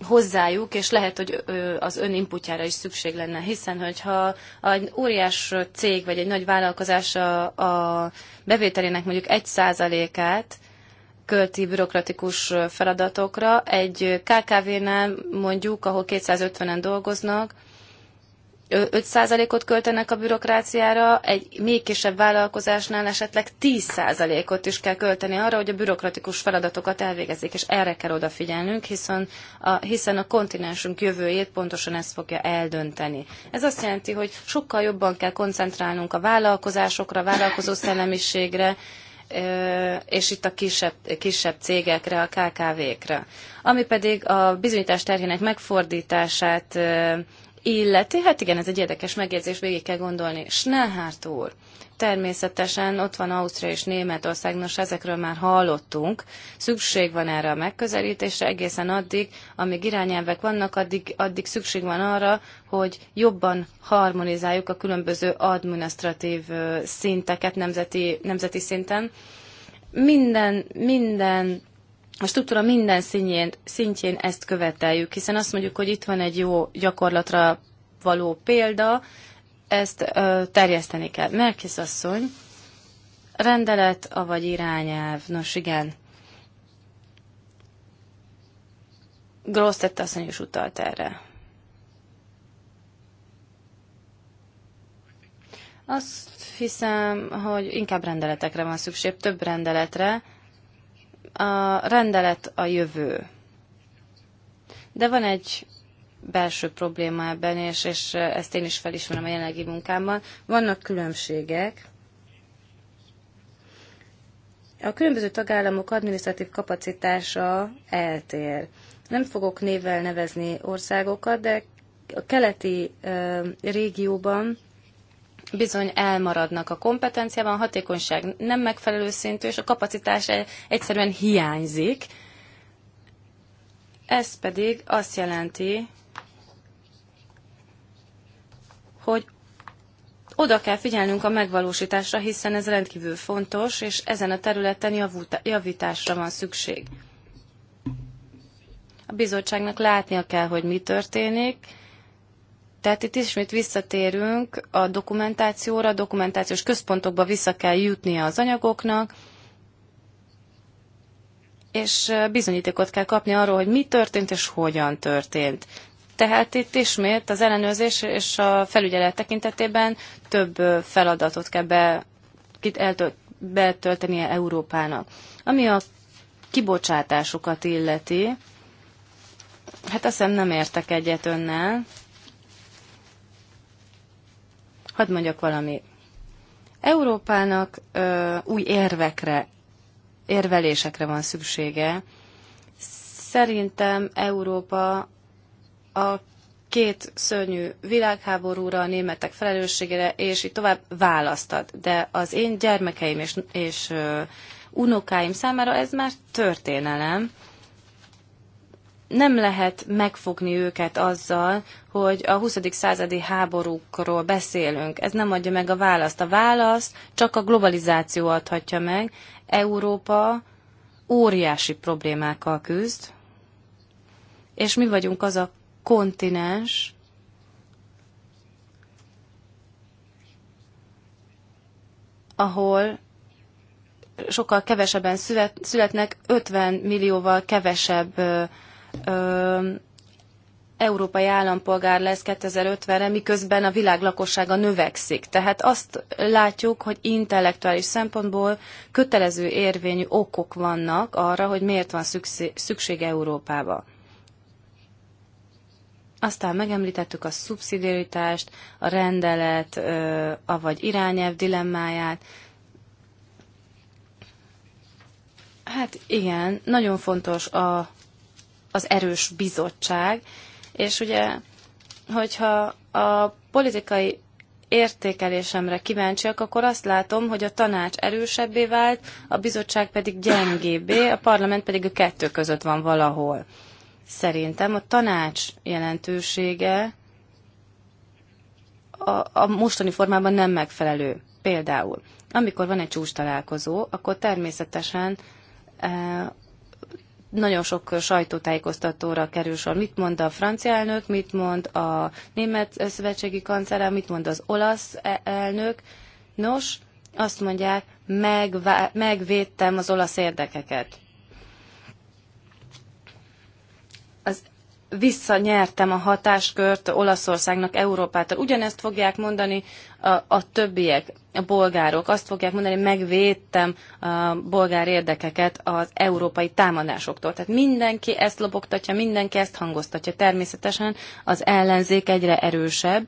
hozzájuk, és lehet, hogy az ön inputjára is szükség lenne, hiszen hogyha egy óriás cég vagy egy nagy vállalkozás a, a bevételének mondjuk egy százalékát költi bürokratikus feladatokra, egy KKV-nál mondjuk, ahol 250-en dolgoznak, 5%-ot költenek a bürokráciára, egy még kisebb vállalkozásnál esetleg 10%-ot is kell költeni arra, hogy a bürokratikus feladatokat elvégezzék, és erre kell odafigyelnünk, hiszen a, hiszen a kontinensünk jövőjét pontosan ezt fogja eldönteni. Ez azt jelenti, hogy sokkal jobban kell koncentrálnunk a vállalkozásokra, a vállalkozó szellemiségre, és itt a kisebb, kisebb cégekre, a KKV-kre. Ami pedig a bizonyítás terhének megfordítását illeti. Hát igen, ez egy érdekes megjegyzés, végig kell gondolni. Schnellhárt úr, természetesen ott van Ausztria és Németország, nos ezekről már hallottunk. Szükség van erre a megközelítésre egészen addig, amíg irányelvek vannak, addig, addig szükség van arra, hogy jobban harmonizáljuk a különböző administratív szinteket nemzeti, nemzeti szinten. Minden, minden a struktúra minden szintjén, szintjén ezt követeljük, hiszen azt mondjuk, hogy itt van egy jó gyakorlatra való példa, ezt ö, terjeszteni kell. Merkis asszony, rendelet, avagy irányelv. Nos, igen. Grossz tette asszony is utalt erre. Azt hiszem, hogy inkább rendeletekre van szükség, több rendeletre, a rendelet a jövő. De van egy belső probléma ebben, és, és ezt én is felismerem a jelenlegi munkámban. Vannak különbségek. A különböző tagállamok adminisztratív kapacitása eltér. Nem fogok névvel nevezni országokat, de a keleti ö, régióban bizony elmaradnak a kompetenciában, a hatékonyság nem megfelelő szintű, és a kapacitás e- egyszerűen hiányzik. Ez pedig azt jelenti, hogy oda kell figyelnünk a megvalósításra, hiszen ez rendkívül fontos, és ezen a területen javításra van szükség. A bizottságnak látnia kell, hogy mi történik, tehát itt ismét visszatérünk a dokumentációra, a dokumentációs központokba vissza kell jutnia az anyagoknak, és bizonyítékot kell kapni arról, hogy mi történt és hogyan történt. Tehát itt ismét az ellenőrzés és a felügyelet tekintetében több feladatot kell be, eltölt, betöltenie Európának. Ami a kibocsátásokat illeti, hát azt hiszem nem értek egyet önnel. Hadd mondjak valami. Európának ö, új érvekre, érvelésekre van szüksége. Szerintem Európa a két szörnyű világháborúra, a németek felelősségére, és így tovább választad. De az én gyermekeim és, és ö, unokáim számára ez már történelem nem lehet megfogni őket azzal, hogy a 20. századi háborúkról beszélünk. Ez nem adja meg a választ. A választ csak a globalizáció adhatja meg. Európa óriási problémákkal küzd, és mi vagyunk az a kontinens, ahol sokkal kevesebben születnek, 50 millióval kevesebb ö, európai állampolgár lesz 2050-re, miközben a világ lakossága növekszik. Tehát azt látjuk, hogy intellektuális szempontból kötelező érvényű okok vannak arra, hogy miért van szükség, szükség Európába. Aztán megemlítettük a szubszidiaritást, a rendelet, avagy irányelv dilemmáját. Hát igen, nagyon fontos a az erős bizottság, és ugye, hogyha a politikai értékelésemre kíváncsiak, akkor azt látom, hogy a tanács erősebbé vált, a bizottság pedig gyengébbé, a parlament pedig a kettő között van valahol. Szerintem a tanács jelentősége a, a mostani formában nem megfelelő. Például, amikor van egy csúcs találkozó, akkor természetesen eh, nagyon sok sajtótájékoztatóra kerül sor. Mit mond a francia elnök, mit mond a német szövetségi kancellár, mit mond az olasz e- elnök. Nos, azt mondják, megvá- megvédtem az olasz érdekeket. Az visszanyertem a hatáskört Olaszországnak Európától. Ugyanezt fogják mondani a, a többiek, a bolgárok azt fogják mondani, hogy megvédtem a bolgár érdekeket az európai támadásoktól. Tehát mindenki ezt lobogtatja, mindenki ezt hangoztatja. Természetesen az ellenzék egyre erősebb,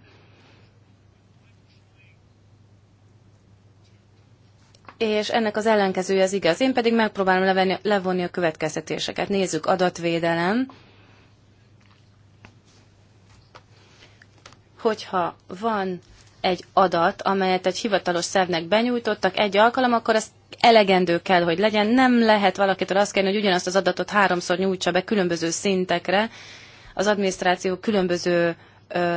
és ennek az ellenkezője az igaz. Én pedig megpróbálom levenni, levonni a következtetéseket. Nézzük, adatvédelem. Hogyha van egy adat, amelyet egy hivatalos szervnek benyújtottak egy alkalom, akkor ez elegendő kell, hogy legyen. Nem lehet valakitől azt kérni, hogy ugyanazt az adatot háromszor nyújtsa be különböző szintekre, az adminisztráció különböző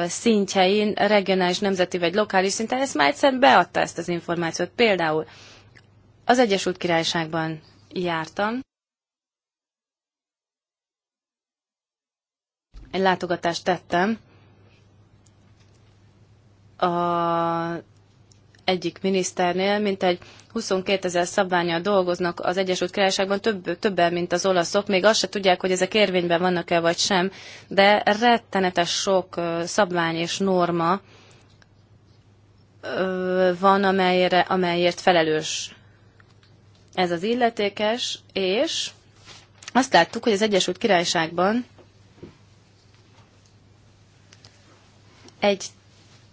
szintjein, regionális, nemzeti vagy lokális szinten, ezt már egyszer beadta ezt az információt. Például az Egyesült Királyságban jártam, egy látogatást tettem, a egyik miniszternél, mint egy 22 ezer szabványal dolgoznak az Egyesült Királyságban, több, többen, mint az olaszok. Még azt se tudják, hogy ezek érvényben vannak-e vagy sem, de rettenetes sok szabvány és norma van, amelyre, amelyért felelős ez az illetékes, és azt láttuk, hogy az Egyesült Királyságban egy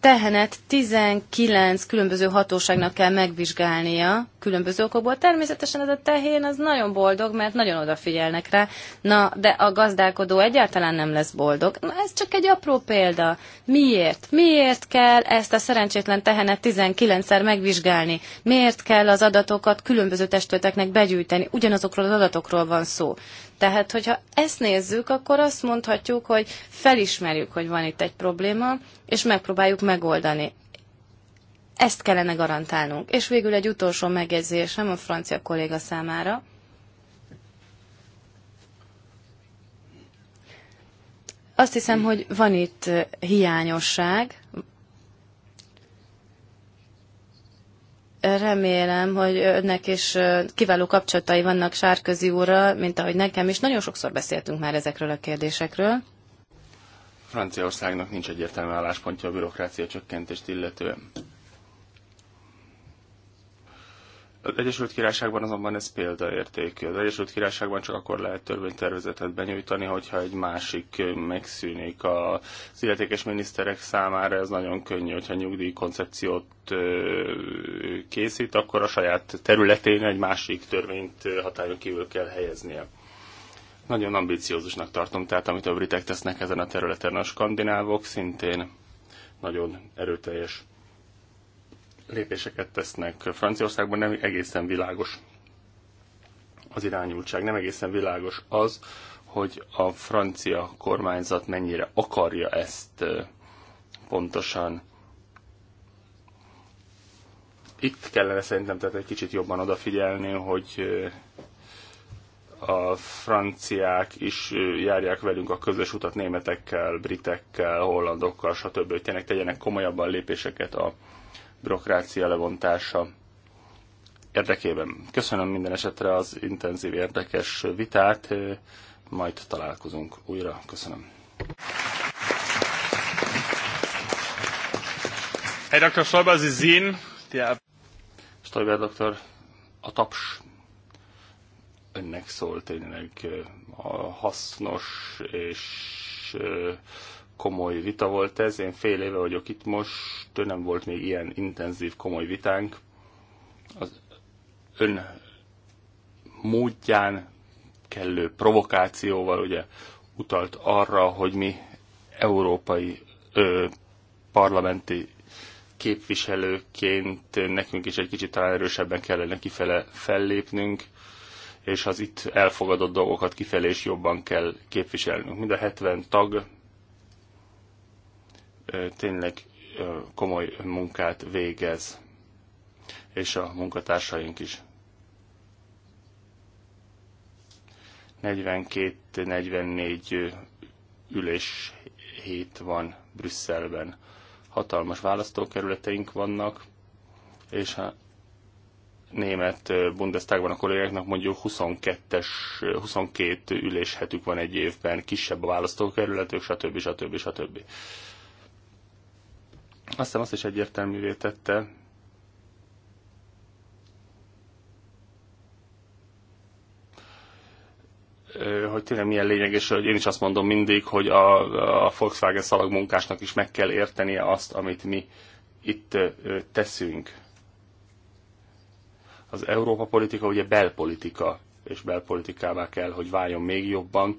tehenet 19 különböző hatóságnak kell megvizsgálnia különböző okokból. Természetesen ez a tehén az nagyon boldog, mert nagyon odafigyelnek rá. Na, de a gazdálkodó egyáltalán nem lesz boldog. Na, ez csak egy apró példa. Miért? Miért kell ezt a szerencsétlen tehenet 19-szer megvizsgálni? Miért kell az adatokat különböző testületeknek begyűjteni? Ugyanazokról az adatokról van szó. Tehát, hogyha ezt nézzük, akkor azt mondhatjuk, hogy felismerjük, hogy van itt egy probléma, és megpróbáljuk megoldani. Ezt kellene garantálnunk. És végül egy utolsó megjegyzésem a francia kolléga számára. Azt hiszem, hogy van itt hiányosság, remélem, hogy önnek is kiváló kapcsolatai vannak Sárközi úrral, mint ahogy nekem is. Nagyon sokszor beszéltünk már ezekről a kérdésekről.
Franciaországnak nincs egyértelmű álláspontja a bürokrácia csökkentést illetően. Az Egyesült Királyságban azonban ez példaértékű. Az Egyesült Királyságban csak akkor lehet törvénytervezetet benyújtani, hogyha egy másik megszűnik. Az illetékes miniszterek számára ez nagyon könnyű, hogyha nyugdíjkoncepciót készít, akkor a saját területén egy másik törvényt hatályon kívül kell helyeznie. Nagyon ambiciózusnak tartom, tehát amit a britek tesznek ezen a területen, a skandinávok szintén nagyon erőteljes lépéseket tesznek Franciaországban, nem egészen világos az irányultság, nem egészen világos az, hogy a francia kormányzat mennyire akarja ezt pontosan. Itt kellene szerintem tehát egy kicsit jobban odafigyelni, hogy a franciák is járják velünk a közös utat németekkel, britekkel, hollandokkal, stb. hogy tényleg tegyenek komolyabban lépéseket a bürokrácia levontása érdekében. Köszönöm minden esetre az intenzív, érdekes vitát, majd találkozunk újra. Köszönöm.
Hey, Dr. Stoiber, Sie sehen, der...
Stoiber Dr. Atapsch, önnek szól tényleg a hasznos és komoly vita volt ez. Én fél éve vagyok itt most, nem volt még ilyen intenzív, komoly vitánk. Az ön módján kellő provokációval ugye utalt arra, hogy mi európai ö, parlamenti képviselőként nekünk is egy kicsit talán erősebben kellene kifele fellépnünk, és az itt elfogadott dolgokat kifelé is jobban kell képviselnünk. Mind a 70 tag tényleg komoly munkát végez, és a munkatársaink is. 42-44 ülés hét van Brüsszelben. Hatalmas választókerületeink vannak, és a német Bundestagban a kollégáknak mondjuk 22-es, 22 üléshetük van egy évben, kisebb a választókerületük, stb. stb. stb. stb hiszem azt is egyértelművé tette, hogy tényleg milyen lényeges, hogy én is azt mondom mindig, hogy a, a Volkswagen szalagmunkásnak is meg kell értenie azt, amit mi itt teszünk. Az Európa politika ugye belpolitika, és belpolitikává kell, hogy váljon még jobban,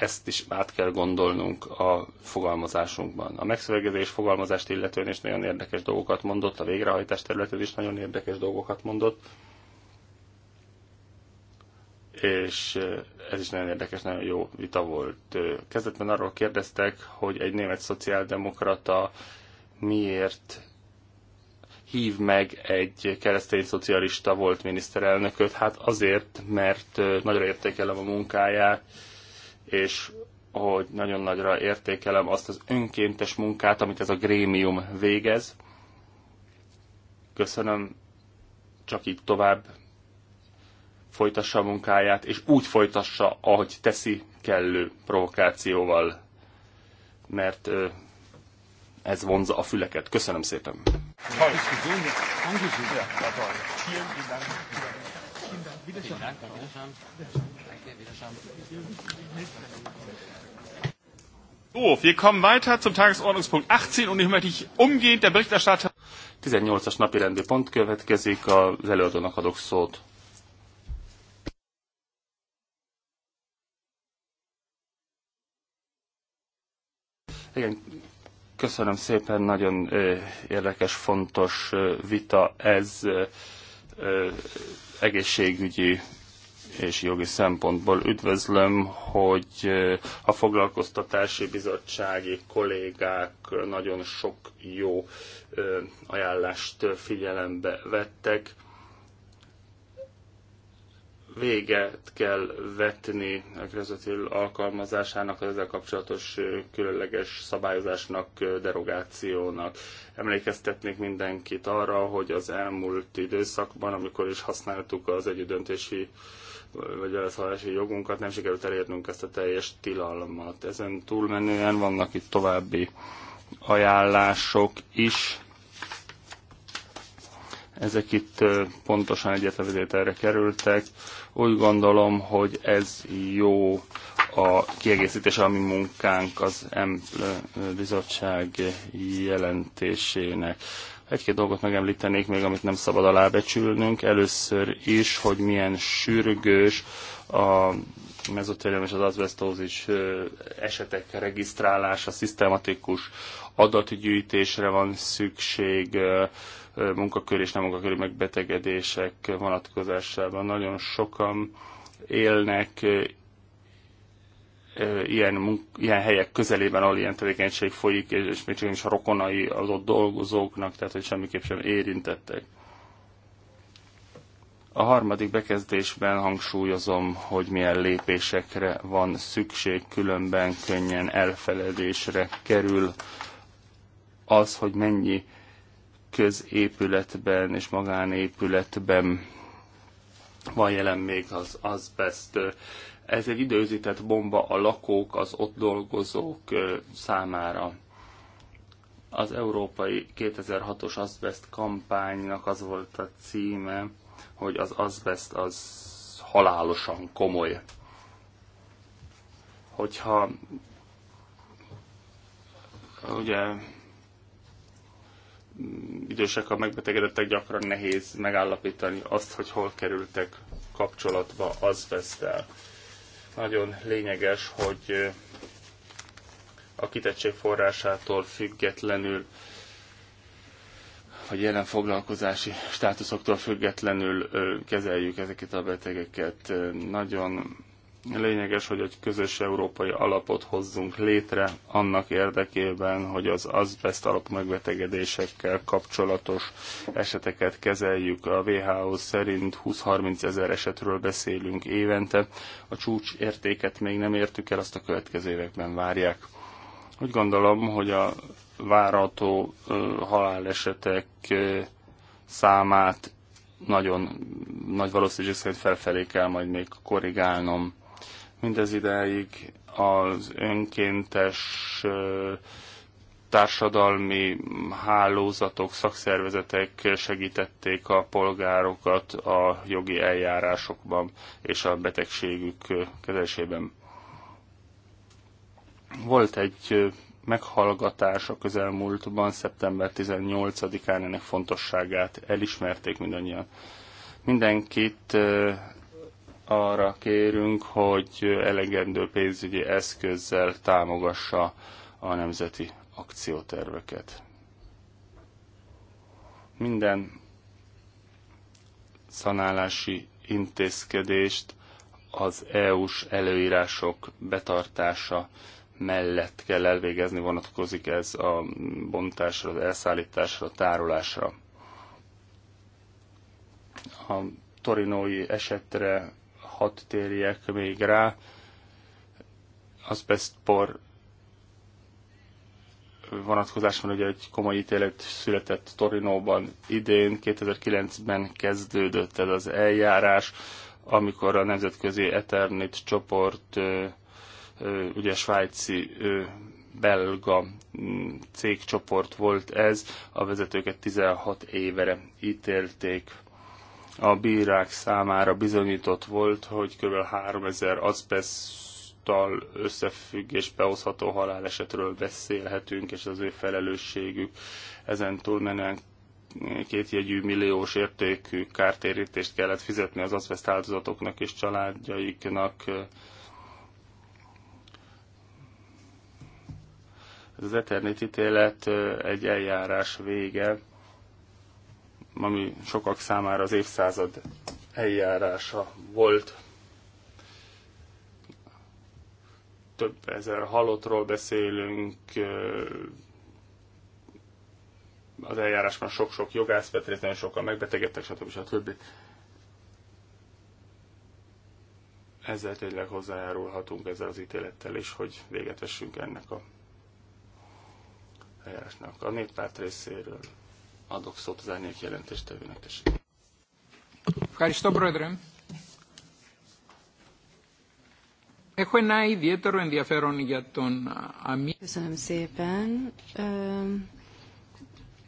ezt is át kell gondolnunk a fogalmazásunkban. A megszövegezés fogalmazást illetően is nagyon érdekes dolgokat mondott, a végrehajtás területén is nagyon érdekes dolgokat mondott, és eh, ez is nagyon érdekes, nagyon jó vita volt. Eh, kezdetben arról kérdeztek, hogy egy német szociáldemokrata miért hív meg egy keresztény szocialista volt miniszterelnököt. Hát azért, mert eh, nagyra értékelem a munkáját, és hogy nagyon nagyra értékelem azt az önkéntes munkát, amit ez a grémium végez. Köszönöm, csak így tovább folytassa a munkáját, és úgy folytassa, ahogy teszi kellő provokációval, mert ez vonza a füleket. Köszönöm
szépen! Köszönöm. So, wir kommen weiter zum Tagesordnungspunkt 18 und ich möchte ich umgehend
der Berichterstatter... 18-as napi rendi pont következik, az előadónak adok szót. Igen, köszönöm szépen, nagyon érdekes, fontos vita ez egészségügyi és jogi szempontból. Üdvözlöm, hogy a foglalkoztatási bizottsági kollégák nagyon sok jó ajánlást figyelembe vettek. Véget kell vetni a közvetül alkalmazásának, az ezzel kapcsolatos különleges szabályozásnak, derogációnak. Emlékeztetnék mindenkit arra, hogy az elmúlt időszakban, amikor is használtuk az együttdöntési vagy elszállási jogunkat, nem sikerült elérnünk ezt a teljes tilalmat. Ezen túlmenően vannak itt további ajánlások is. Ezek itt pontosan erre kerültek. Úgy gondolom, hogy ez jó a kiegészítés ami munkánk az M bizottság jelentésének. Egy-két dolgot megemlítenék még, amit nem szabad alábecsülnünk. Először is, hogy milyen sürgős a mezotérium és az azbestózis esetek regisztrálása, szisztematikus adatgyűjtésre van szükség, munkakör és nem munkakörű megbetegedések vonatkozásában. Nagyon sokan élnek ilyen, munk, ilyen helyek közelében, ahol ilyen tevékenység folyik, és, és még csak is a rokonai az ott dolgozóknak, tehát hogy semmiképp sem érintettek. A harmadik bekezdésben hangsúlyozom, hogy milyen lépésekre van szükség, különben könnyen elfeledésre kerül az, hogy mennyi középületben és magánépületben van jelen még az azbest ez egy időzített bomba a lakók, az ott dolgozók számára. Az európai 2006-os azbest kampánynak az volt a címe, hogy az azbest az halálosan komoly. Hogyha ugye idősek a megbetegedettek gyakran nehéz megállapítani azt, hogy hol kerültek kapcsolatba az vesztel. Nagyon lényeges, hogy a kitettség forrásától függetlenül, vagy jelen foglalkozási státuszoktól függetlenül kezeljük ezeket a betegeket. Nagyon Lényeges, hogy egy közös európai alapot hozzunk létre annak érdekében, hogy az azbest alap megbetegedésekkel kapcsolatos eseteket kezeljük. A WHO szerint 20-30 ezer esetről beszélünk évente. A csúcs értéket még nem értük el, azt a következő években várják. Úgy gondolom, hogy a várató halálesetek számát nagyon nagy valószínűség szerint felfelé kell majd még korrigálnom. Mindez ideig az önkéntes társadalmi hálózatok, szakszervezetek segítették a polgárokat a jogi eljárásokban és a betegségük kezelésében. Volt egy meghallgatás a közelmúltban, szeptember 18-án ennek fontosságát elismerték mindannyian. Mindenkit arra kérünk, hogy elegendő pénzügyi eszközzel támogassa a nemzeti akcióterveket. Minden szanálási intézkedést az EU-s előírások betartása mellett kell elvégezni, vonatkozik ez a bontásra, az elszállításra, a tárolásra. A torinói esetre hat térjek még rá. Azbestpor vonatkozásban ugye egy komoly ítélet született Torinóban idén, 2009-ben kezdődött ez az eljárás, amikor a nemzetközi Eternit csoport, ugye svájci belga mm, cégcsoport volt ez, a vezetőket 16 évre ítélték a bírák számára bizonyított volt, hogy kb. 3000 azbesztal összefüggésbe hozható halálesetről beszélhetünk, és az ő felelősségük ezen túlmenően kétjegyű milliós értékű kártérítést kellett fizetni az azbeszt áldozatoknak és családjaiknak. Ez az Eternit ítélet egy eljárás vége, ami sokak számára az évszázad eljárása volt. Több ezer halottról beszélünk, az eljárásban sok-sok jogász vett részt, nagyon sokan megbetegedtek, stb. stb. Ezzel tényleg hozzájárulhatunk ezzel az ítélettel is, hogy véget vessünk ennek a eljárásnak. A néppárt részéről adok szót az árnyék jelentéstevőnek. Tessék.
Ευχαριστώ, Πρόεδρε. Έχω ένα ιδιαίτερο ενδιαφέρον για
τον αμύ... Köszönöm
szépen.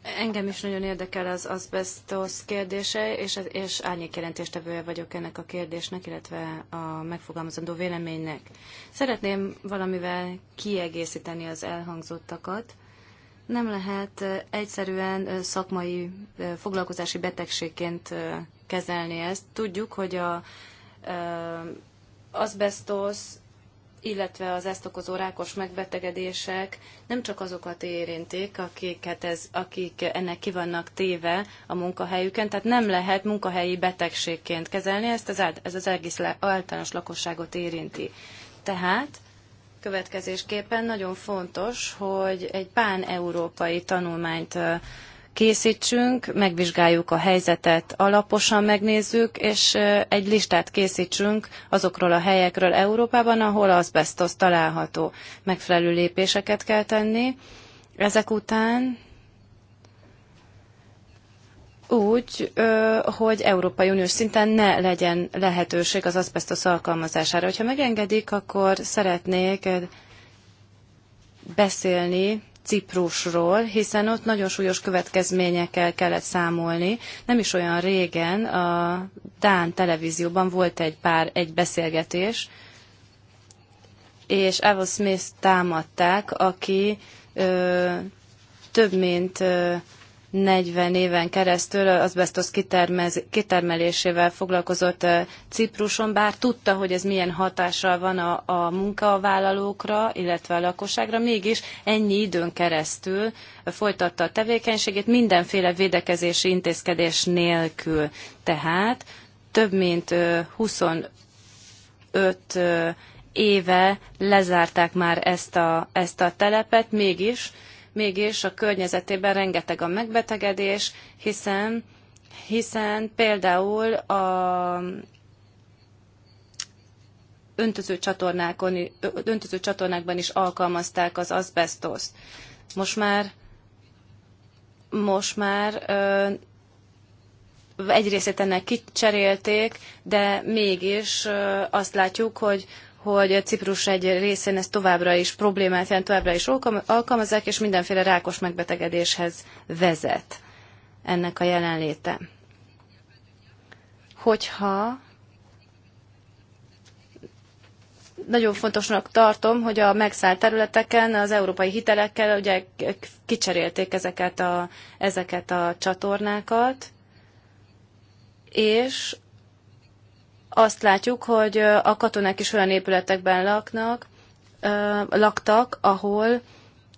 Engem is nagyon érdekel az azbestos kérdése, és, és árnyékjelentéstevője vagyok ennek a kérdésnek, illetve a megfogalmazandó véleménynek. Szeretném valamivel kiegészíteni az elhangzottakat nem lehet egyszerűen szakmai foglalkozási betegségként kezelni ezt. Tudjuk, hogy a azbestos, illetve az ezt okozó rákos megbetegedések nem csak azokat érintik, akiket ez, akik ennek ki vannak téve a munkahelyüken, tehát nem lehet munkahelyi betegségként kezelni, ezt az, ez az egész általános lakosságot érinti. Tehát Következésképpen nagyon fontos, hogy egy pán-európai tanulmányt készítsünk, megvizsgáljuk a helyzetet, alaposan megnézzük, és egy listát készítsünk azokról a helyekről Európában, ahol azbestos található. Megfelelő lépéseket kell tenni. Ezek után úgy, hogy Európai Uniós szinten ne legyen lehetőség az aszbesztosz alkalmazására. Hogyha megengedik, akkor szeretnék beszélni Ciprusról, hiszen ott nagyon súlyos következményekkel kellett számolni. Nem is olyan régen a Dán televízióban volt egy pár, egy beszélgetés, és Evo Smith támadták, aki ö, több mint ö, 40 éven keresztül azbestos kitermez, kitermelésével foglalkozott eh, Cipruson, bár tudta, hogy ez milyen hatással van a, a munkavállalókra, illetve a lakosságra, mégis ennyi időn keresztül folytatta a tevékenységét mindenféle védekezési intézkedés nélkül. Tehát több mint 25 eh, eh, éve lezárták már ezt a, ezt a telepet, mégis mégis a környezetében rengeteg a megbetegedés, hiszen, hiszen például a öntöző, csatornákon, öntöző csatornákban is alkalmazták az azbestoszt. Most már most már ö, egy részét ennek kicserélték, de mégis azt látjuk, hogy hogy Ciprus egy részén ez továbbra is problémát jelent, továbbra is alkalmazzák, és mindenféle rákos megbetegedéshez vezet ennek a jelenléte. Hogyha nagyon fontosnak tartom, hogy a megszállt területeken az európai hitelekkel ugye kicserélték ezeket a, ezeket a csatornákat, és azt látjuk, hogy a katonák is olyan épületekben laknak, laktak, ahol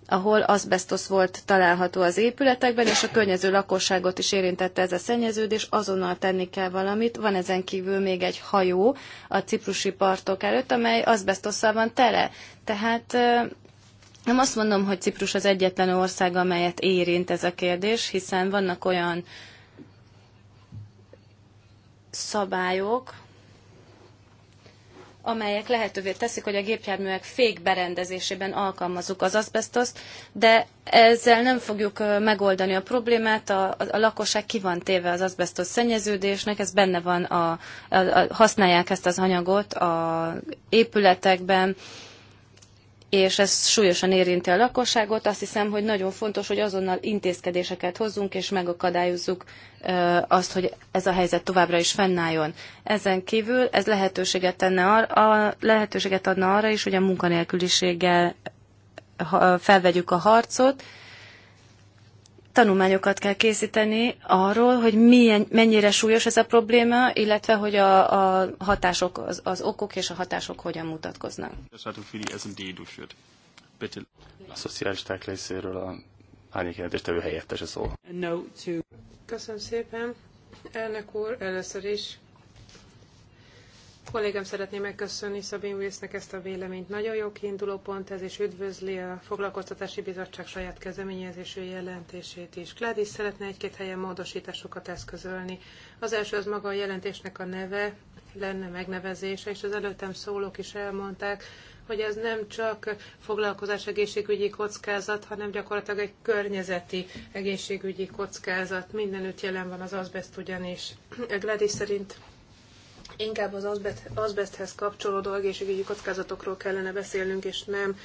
ahol azbestos volt található az épületekben, és a környező lakosságot is érintette ez a szennyeződés, azonnal tenni kell valamit. Van ezen kívül még egy hajó a ciprusi partok előtt, amely azbestosszal van tele. Tehát nem azt mondom, hogy Ciprus az egyetlen ország, amelyet érint ez a kérdés, hiszen vannak olyan szabályok, amelyek lehetővé teszik, hogy a gépjárművek fékberendezésében alkalmazzuk az azbestoszt, de ezzel nem fogjuk megoldani a problémát, a, a, a lakosság ki van téve az azbestos szennyeződésnek, ez benne van, a, a, a, használják ezt az anyagot a épületekben, és ez súlyosan érinti a lakosságot. Azt hiszem, hogy nagyon fontos, hogy azonnal intézkedéseket hozzunk, és megakadályozzuk azt, hogy ez a helyzet továbbra is fennálljon. Ezen kívül ez lehetőséget, tenne arra, a lehetőséget adna arra is, hogy a munkanélküliséggel felvegyük a harcot, tanulmányokat kell készíteni arról, hogy milyen, mennyire súlyos ez a probléma, illetve hogy a, a hatások, az, az okok és a hatások hogyan mutatkoznak.
A szocialisták részéről a árnyékjelentéstevő helyettese szól.
Köszönöm szépen. Elnök úr, először is kollégám szeretné megköszönni Szabin Wilsnek ezt a véleményt. Nagyon jó kiinduló pont ez, és üdvözli a Foglalkoztatási Bizottság saját kezdeményezésű jelentését is. Gladys szeretne egy-két helyen módosításokat eszközölni. Az első az maga a jelentésnek a neve, lenne megnevezése, és az előttem szólók is elmondták, hogy ez nem csak foglalkozás egészségügyi kockázat, hanem gyakorlatilag egy környezeti egészségügyi kockázat. Mindenütt jelen van az azbest ugyanis. Gladys szerint Inkább az azbesthez kapcsolódó egészségügyi kockázatokról kellene beszélnünk, és nem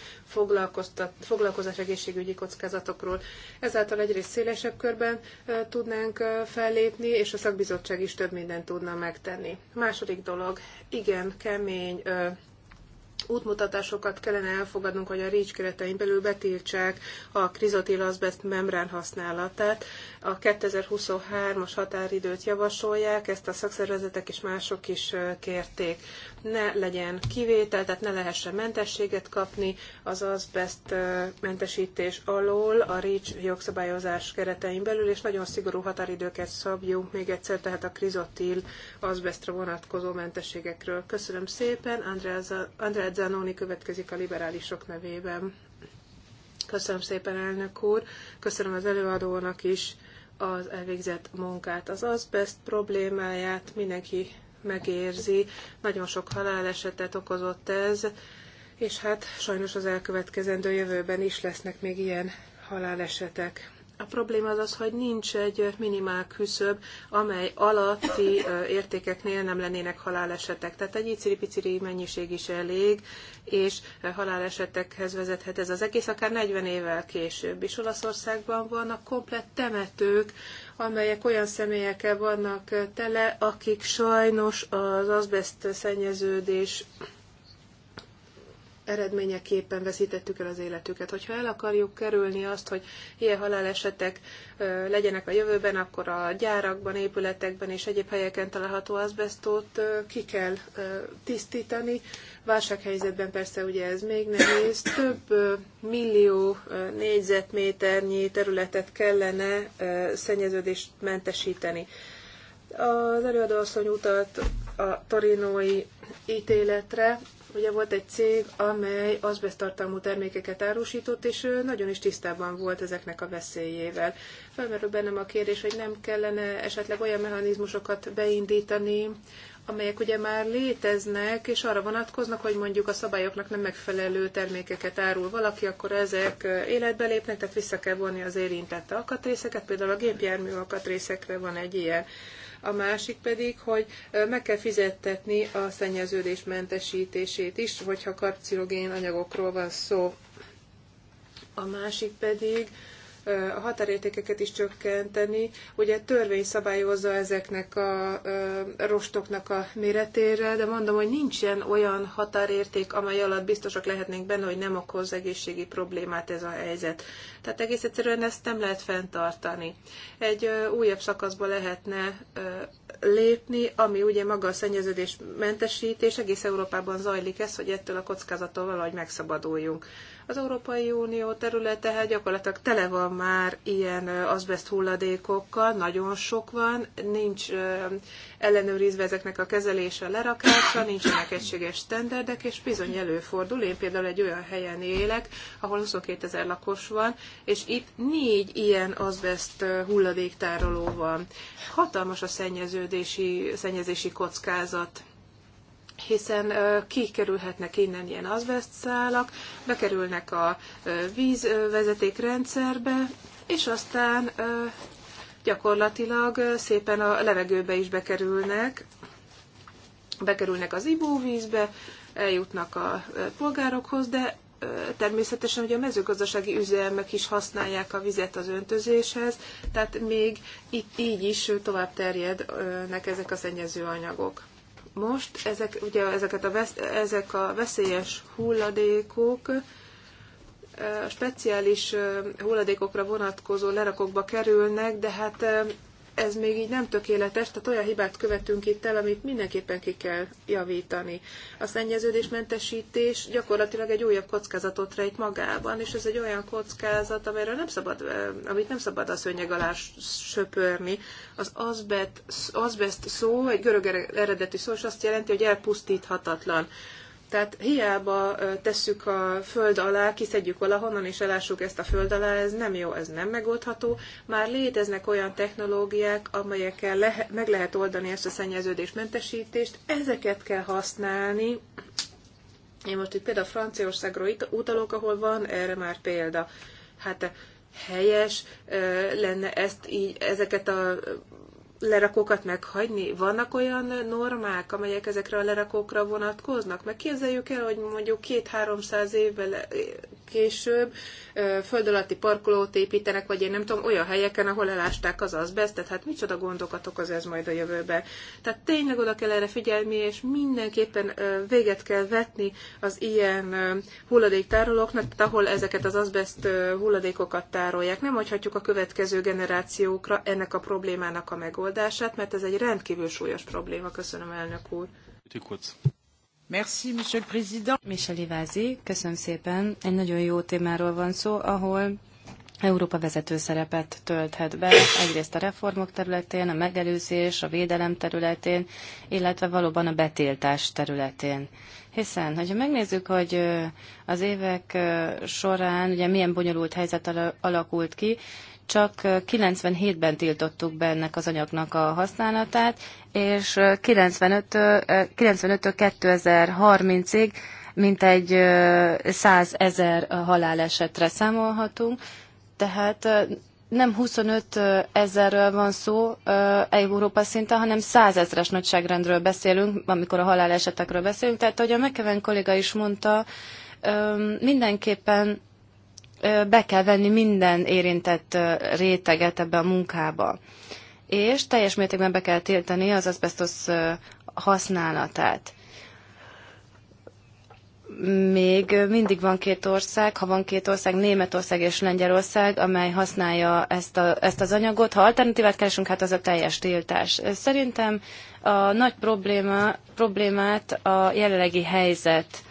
foglalkozás egészségügyi kockázatokról. Ezáltal egyrészt szélesebb körben tudnánk fellépni, és a szakbizottság is több mindent tudna megtenni. Második dolog, igen, kemény útmutatásokat kellene elfogadnunk, hogy a REACH keretein belül betiltsák a krizotil membrán használatát. A 2023-as határidőt javasolják, ezt a szakszervezetek és mások is kérték ne legyen kivétel, tehát ne lehessen mentességet kapni azaz best mentesítés alól a REACH jogszabályozás keretein belül, és nagyon szigorú határidőket szabjunk még egyszer, tehát a krizotil azbestra vonatkozó mentességekről. Köszönöm szépen, Andrea Zanoni következik a liberálisok nevében. Köszönöm szépen, elnök úr, köszönöm az előadónak is az elvégzett munkát. Az azbest problémáját mindenki megérzi. Nagyon sok halálesetet okozott ez, és hát sajnos az elkövetkezendő jövőben is lesznek még ilyen halálesetek. A probléma az az, hogy nincs egy minimál küszöb, amely alatti értékeknél nem lennének halálesetek. Tehát egy iciri-piciri mennyiség is elég, és halálesetekhez vezethet ez az egész, akár 40 évvel később is. Olaszországban vannak komplett temetők, amelyek olyan személyekkel vannak tele, akik sajnos az azbest szennyeződés eredményeképpen veszítettük el az életüket. Hogyha el akarjuk kerülni azt, hogy ilyen halálesetek legyenek a jövőben, akkor a gyárakban, épületekben és egyéb helyeken található azbestót ki kell tisztítani. Válsághelyzetben persze ugye ez még nehéz. Több millió négyzetméternyi területet kellene szennyeződést mentesíteni. Az előadóasszony utalt a torinói ítéletre, Ugye volt egy cég, amely azbesztartalmú termékeket árusított, és ő nagyon is tisztában volt ezeknek a veszélyével. Felmerül bennem a kérdés, hogy nem kellene esetleg olyan mechanizmusokat beindítani, amelyek ugye már léteznek, és arra vonatkoznak, hogy mondjuk a szabályoknak nem megfelelő termékeket árul valaki, akkor ezek életbe lépnek, tehát vissza kell vonni az érintett alkatrészeket. Például a gépjármű alkatrészekre van egy ilyen a másik pedig, hogy meg kell fizettetni a szennyeződés mentesítését is, hogyha karcinogén anyagokról van szó. A másik pedig, a határértékeket is csökkenteni. Ugye törvény szabályozza ezeknek a rostoknak a méretére, de mondom, hogy nincsen olyan határérték, amely alatt biztosak lehetnénk benne, hogy nem okoz egészségi problémát ez a helyzet. Tehát egész egyszerűen ezt nem lehet fenntartani. Egy újabb szakaszba lehetne lépni, ami ugye maga a szennyeződés mentesítés, egész Európában zajlik ez, hogy ettől a kockázattól valahogy megszabaduljunk. Az Európai Unió területe hát gyakorlatilag tele van már ilyen azbest hulladékokkal, nagyon sok van, nincs ellenőrizve ezeknek a kezelése, lerakása, nincsenek egységes standardek, és bizony előfordul. Én például egy olyan helyen élek, ahol 22 ezer lakos van, és itt négy ilyen azbest hulladéktároló van. Hatalmas a szennyeződési, szennyezési kockázat hiszen kikerülhetnek innen ilyen szálak, bekerülnek a vízvezetékrendszerbe, és aztán gyakorlatilag szépen a levegőbe is bekerülnek, bekerülnek az ivóvízbe, eljutnak a polgárokhoz, de természetesen ugye a mezőgazdasági üzemek is használják a vizet az öntözéshez, tehát még itt így is tovább terjednek ezek a szennyező anyagok most ezek, ugye ezeket a vesz, ezek a veszélyes hulladékok speciális hulladékokra vonatkozó lerakokba kerülnek, de hát ez még így nem tökéletes, tehát olyan hibát követünk itt el, amit mindenképpen ki kell javítani. A szennyeződésmentesítés gyakorlatilag egy újabb kockázatot rejt magában, és ez egy olyan kockázat, amire nem szabad, amit nem szabad a szőnyeg alá söpörni. Az azbest, azbest szó, egy görög eredetű szó, és azt jelenti, hogy elpusztíthatatlan. Tehát hiába tesszük a föld alá, kiszedjük valahonnan és elássuk ezt a föld alá, ez nem jó, ez nem megoldható. Már léteznek olyan technológiák, amelyekkel lehe, meg lehet oldani ezt a szennyeződésmentesítést, ezeket kell használni. Én most itt például Franciaországról utalok, ahol van erre már példa. Hát helyes lenne ezt így, ezeket a lerakókat meghagyni? Vannak olyan normák, amelyek ezekre a lerakókra vonatkoznak? Meg képzeljük el, hogy mondjuk két-háromszáz évvel később föld alatti parkolót építenek, vagy én nem tudom, olyan helyeken, ahol elásták az azbesztet, hát micsoda gondokat okoz ez majd a jövőben. Tehát tényleg oda kell erre figyelni, és mindenképpen véget kell vetni az ilyen hulladéktárolóknak, tehát ahol ezeket az azbest hulladékokat tárolják. Nem hagyhatjuk a következő generációkra ennek a problémának a megoldását megoldását, mert ez egy rendkívül súlyos probléma. Köszönöm, elnök úr.
Merci, Monsieur le Président. Michel Ivázi, köszönöm szépen. Egy nagyon jó témáról van szó, ahol Európa vezető szerepet tölthet be, egyrészt a reformok területén, a megelőzés, a védelem területén, illetve valóban a betiltás területén. Hiszen, hogyha megnézzük, hogy az évek során ugye milyen bonyolult helyzet alakult ki, csak 97-ben tiltottuk be ennek az anyagnak a használatát, és 95-től 95 2030-ig mintegy 100 ezer halálesetre számolhatunk, tehát nem 25 ezerről van szó Európa szinten, hanem 100 ezres nagyságrendről beszélünk, amikor a halálesetekről beszélünk. Tehát, ahogy a McKeven kolléga is mondta, mindenképpen be kell venni minden érintett réteget ebbe a munkába. És teljes mértékben be kell tiltani az azbestos használatát. Még mindig van két ország, ha van két ország, Németország és Lengyelország, amely használja ezt, a, ezt az anyagot. Ha alternatívát keresünk, hát az a teljes tiltás. Szerintem a nagy probléma, problémát a jelenlegi helyzet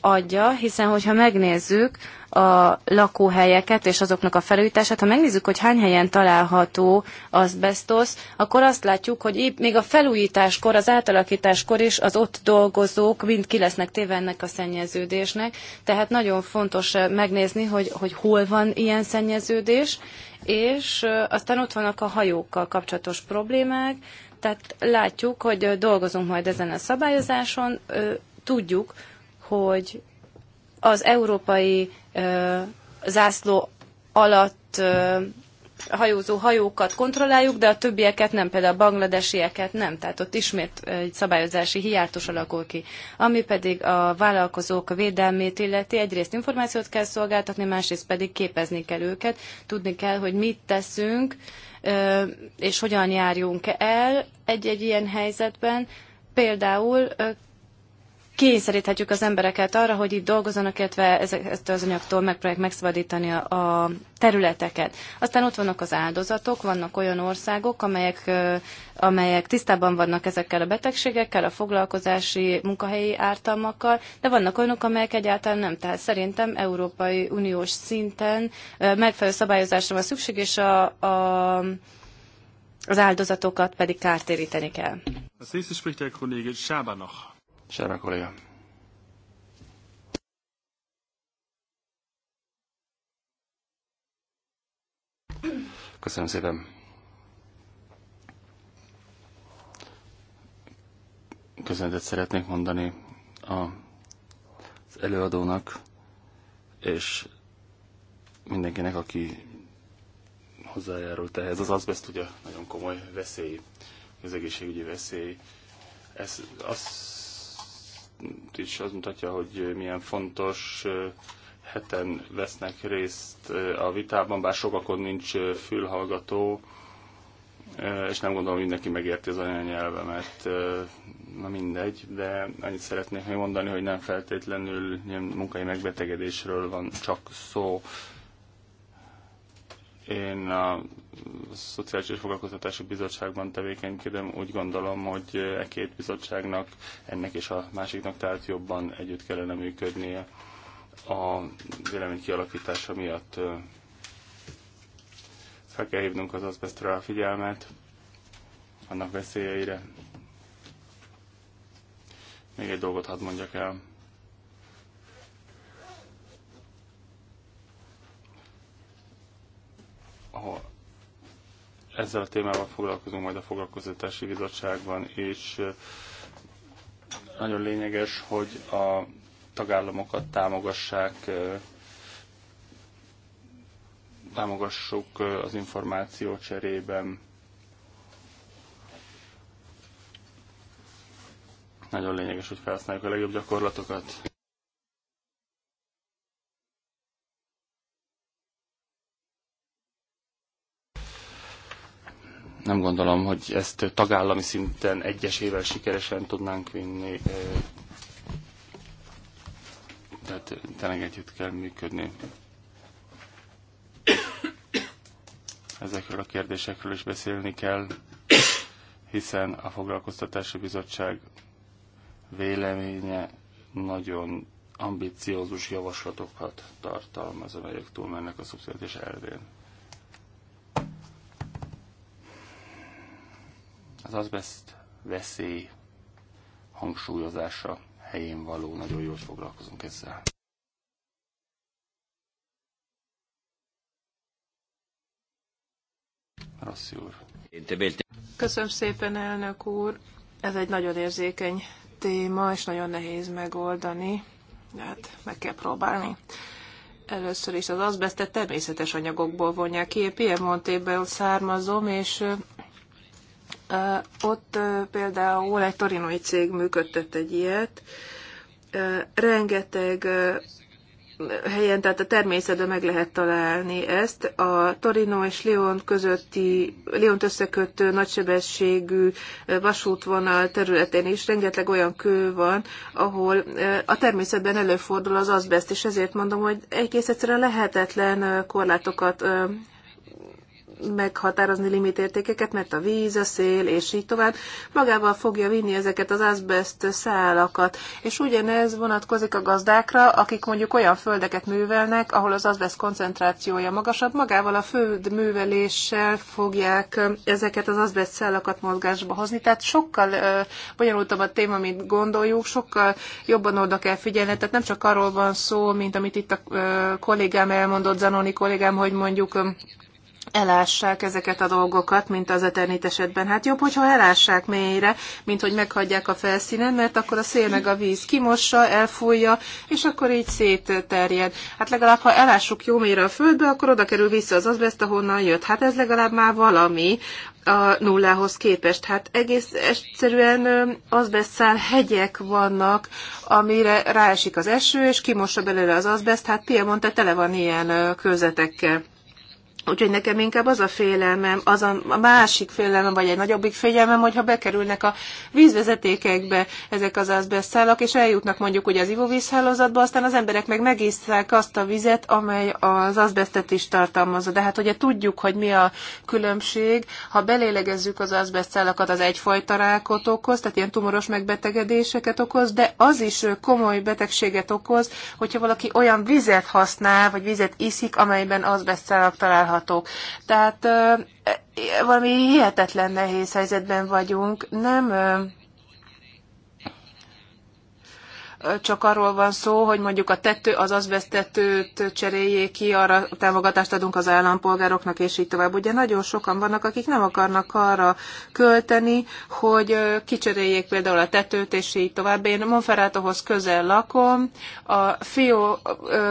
adja, hiszen hogyha megnézzük a lakóhelyeket és azoknak a felújítását. Ha megnézzük, hogy hány helyen található azbestos, akkor azt látjuk, hogy épp még a felújításkor, az átalakításkor is az ott dolgozók mind ki lesznek téve ennek a szennyeződésnek. Tehát nagyon fontos eh, megnézni, hogy, hogy hol van ilyen szennyeződés, és eh, aztán ott vannak a hajókkal kapcsolatos problémák, tehát látjuk, hogy eh, dolgozunk majd ezen a szabályozáson, tudjuk, hogy az európai zászló alatt hajózó hajókat kontrolláljuk, de a többieket nem, például a bangladesieket nem. Tehát ott ismét egy szabályozási hiátus alakul ki. Ami pedig a vállalkozók védelmét illeti, egyrészt információt kell szolgáltatni, másrészt pedig képezni kell őket, tudni kell, hogy mit teszünk, és hogyan járjunk el egy-egy ilyen helyzetben. Például kényszeríthetjük az embereket arra, hogy itt dolgozzanak, illetve ezeket az anyagtól megpróbálják megszabadítani a, a területeket. Aztán ott vannak az áldozatok, vannak olyan országok, amelyek, amelyek tisztában vannak ezekkel a betegségekkel, a foglalkozási munkahelyi ártalmakkal, de vannak olyanok, amelyek egyáltalán nem. Tehát szerintem Európai Uniós szinten megfelelő szabályozásra van szükség, és a, a az áldozatokat pedig kártéríteni kell.
Az nächste spricht der Kollege
Serbe kolléga. Köszönöm szépen. Köszönetet szeretnék mondani az előadónak, és mindenkinek, aki hozzájárult ehhez. Az azbest ugye nagyon komoly veszély, az egészségügyi veszély. Ez, az is az mutatja, hogy milyen fontos heten vesznek részt a vitában, bár sokakon nincs fülhallgató, és nem gondolom, hogy mindenki megérti az mert na mindegy, de annyit szeretnék még mondani, hogy nem feltétlenül ilyen munkai megbetegedésről van csak szó. Én a Szociális és Foglalkoztatási Bizottságban tevékenykedem, úgy gondolom, hogy e két bizottságnak, ennek és a másiknak tehát jobban együtt kellene működnie a vélemény kialakítása miatt. Fel kell hívnunk az azbesztra a figyelmet, annak veszélyeire. Még egy dolgot hadd mondjak el. ahol ezzel a témával foglalkozunk majd a foglalkoztatási bizottságban, és nagyon lényeges, hogy a tagállamokat támogassák, támogassuk az információ cserében. Nagyon lényeges, hogy felhasználjuk a legjobb gyakorlatokat. nem gondolom, hogy ezt tagállami szinten egyesével sikeresen tudnánk vinni. Tehát tényleg együtt kell működni. Ezekről a kérdésekről is beszélni kell, hiszen a Foglalkoztatási Bizottság véleménye nagyon ambiciózus javaslatokat tartalmaz, amelyek túlmennek a szubszidetes elvén. Az azbest veszély hangsúlyozása helyén való, nagyon jól foglalkozunk ezzel.
Rossz úr.
Köszönöm szépen, elnök úr. Ez egy nagyon érzékeny téma, és nagyon nehéz megoldani. Hát meg kell próbálni. Először is az azbestet természetes anyagokból vonják ki. Én Piemontéből származom, és ott például egy torinói cég működtett egy ilyet, rengeteg helyen, tehát a természetben meg lehet találni ezt. A Torino és Lyon közötti, Lyon összekötő nagysebességű vasútvonal területén is rengeteg olyan kő van, ahol a természetben előfordul az azbest, és ezért mondom, hogy egész egyszerűen lehetetlen korlátokat meghatározni limitértékeket, mert a víz, a szél és így tovább magával fogja vinni ezeket az azbest szálakat. És ugyanez vonatkozik a gazdákra, akik mondjuk olyan földeket művelnek, ahol az azbest koncentrációja magasabb, magával a földműveléssel fogják ezeket az azbest szálakat mozgásba hozni. Tehát sokkal bonyolultabb a téma, mint gondoljuk, sokkal jobban oda kell figyelni. Tehát nem csak arról van szó, mint amit itt a kollégám elmondott, Zanoni kollégám, hogy mondjuk elássák ezeket a dolgokat, mint az eternit esetben. Hát jobb, hogyha elássák mélyre, mint hogy meghagyják a felszínen, mert akkor a szél meg a víz kimossa, elfújja, és akkor így szétterjed. Hát legalább, ha elássuk jó mélyre a földbe, akkor oda kerül vissza az azbest, ahonnan jött. Hát ez legalább már valami a nullához képest. Hát egész egyszerűen azbesztszál hegyek vannak, amire ráesik az eső, és kimossa belőle az azbeszt, hát mondta, tele van ilyen körzetekkel. Úgyhogy nekem inkább az a félelmem, az a, másik félelmem, vagy egy nagyobbik félelmem, hogyha bekerülnek a vízvezetékekbe ezek az azbeszállak, és eljutnak mondjuk ugye az ivóvízhálózatba, aztán az emberek meg megisszák azt a vizet, amely az azbesztet is tartalmazza. De hát ugye tudjuk, hogy mi a különbség, ha belélegezzük az azbeszállakat, az egyfajta rákot okoz, tehát ilyen tumoros megbetegedéseket okoz, de az is komoly betegséget okoz, hogyha valaki olyan vizet használ, vagy vizet iszik, amelyben azbeszállak található használhatók. Tehát e, valami hihetetlen nehéz helyzetben vagyunk. Nem csak arról van szó, hogy mondjuk a tető, az azbesztetőt cseréljék ki, arra támogatást adunk az állampolgároknak, és így tovább. Ugye nagyon sokan vannak, akik nem akarnak arra költeni, hogy kicseréljék például a tetőt, és így tovább. Én Monferratohoz közel lakom, a fió,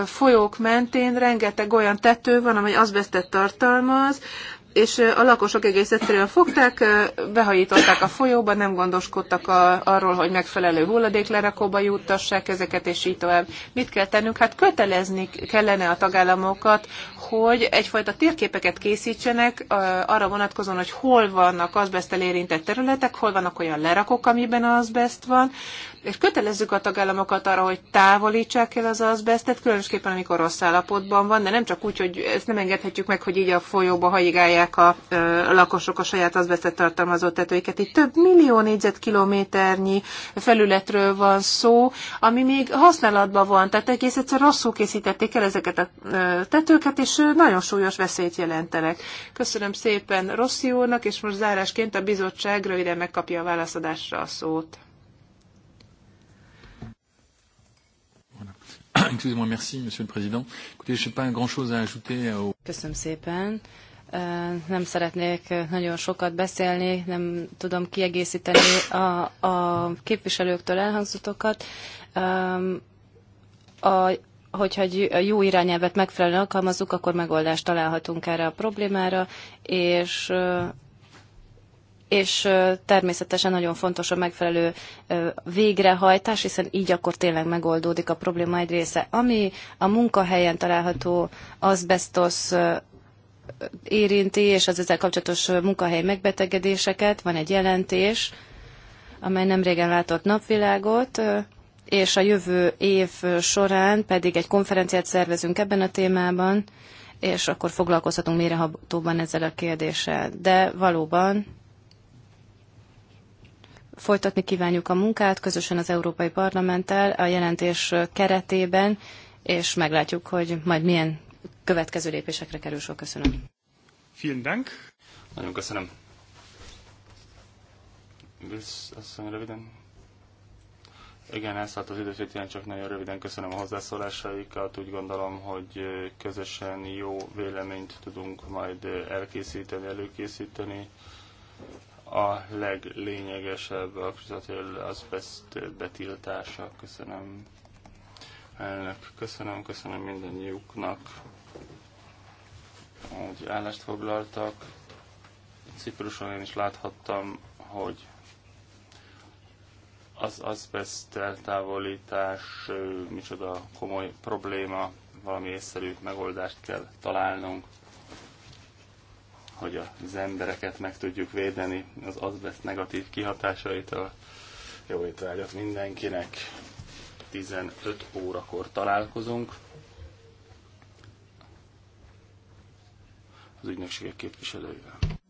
folyók mentén rengeteg olyan tető van, amely azbesztet tartalmaz, és a lakosok egész egyszerűen fogták, behajították a folyóba, nem gondoskodtak a, arról, hogy megfelelő hulladéklerakóba juttassák ezeket, és így tovább. Mit kell tennünk? Hát kötelezni kellene a tagállamokat, hogy egyfajta térképeket készítsenek arra vonatkozóan, hogy hol vannak azbesztel érintett területek, hol vannak olyan lerakók, amiben azbest van, és kötelezzük a tagállamokat arra, hogy távolítsák el az azbesztet, különösképpen amikor rossz állapotban van, de nem csak úgy, hogy ezt nem engedhetjük meg, hogy így a folyóba hajigálják a, a lakosok a saját azbesztet tartalmazó tetőiket. Itt több millió négyzetkilométernyi felületről van szó, ami még használatban van, tehát egész egyszer rosszul készítették el ezeket a tetőket, és nagyon súlyos veszélyt jelentenek. Köszönöm szépen Rossziónak, és most zárásként a bizottság röviden megkapja a válaszadásra a szót.
Excusez-moi, merci, Monsieur le Président. Écoutez, je n'ai pas grand-chose à ajouter au...
Köszönöm szépen. Nem szeretnék nagyon sokat beszélni, nem tudom kiegészíteni a, a képviselőktől elhangzottakat. A, hogyha egy jó irányelvet megfelelően alkalmazzuk, akkor megoldást találhatunk erre a problémára, és és természetesen nagyon fontos a megfelelő végrehajtás, hiszen így akkor tényleg megoldódik a probléma egy része. Ami a munkahelyen található azbestos érinti, és az ezzel kapcsolatos munkahely megbetegedéseket, van egy jelentés, amely nem régen látott napvilágot, és a jövő év során pedig egy konferenciát szervezünk ebben a témában, és akkor foglalkozhatunk mérehatóban ezzel a kérdéssel. De valóban Folytatni kívánjuk a munkát közösen az Európai Parlamenttel a jelentés keretében, és meglátjuk, hogy majd milyen következő lépésekre kerül sor. Köszönöm.
Vielen Dank.
Nagyon köszönöm. Vilsz, azt röviden. Igen, elszállt az időt, ilyen csak nagyon röviden köszönöm a hozzászólásaikat. Úgy gondolom, hogy közösen jó véleményt tudunk majd elkészíteni, előkészíteni a leglényegesebb a az azbest betiltása. Köszönöm elnök, köszönöm, köszönöm mindannyiuknak, hogy állást foglaltak. Cipruson én is láthattam, hogy az azbest eltávolítás micsoda komoly probléma, valami észszerű megoldást kell találnunk hogy az embereket meg tudjuk védeni az azbest negatív kihatásaitól. Jó étvágyat mindenkinek! 15 órakor találkozunk. Az ügynökségek képviselőivel.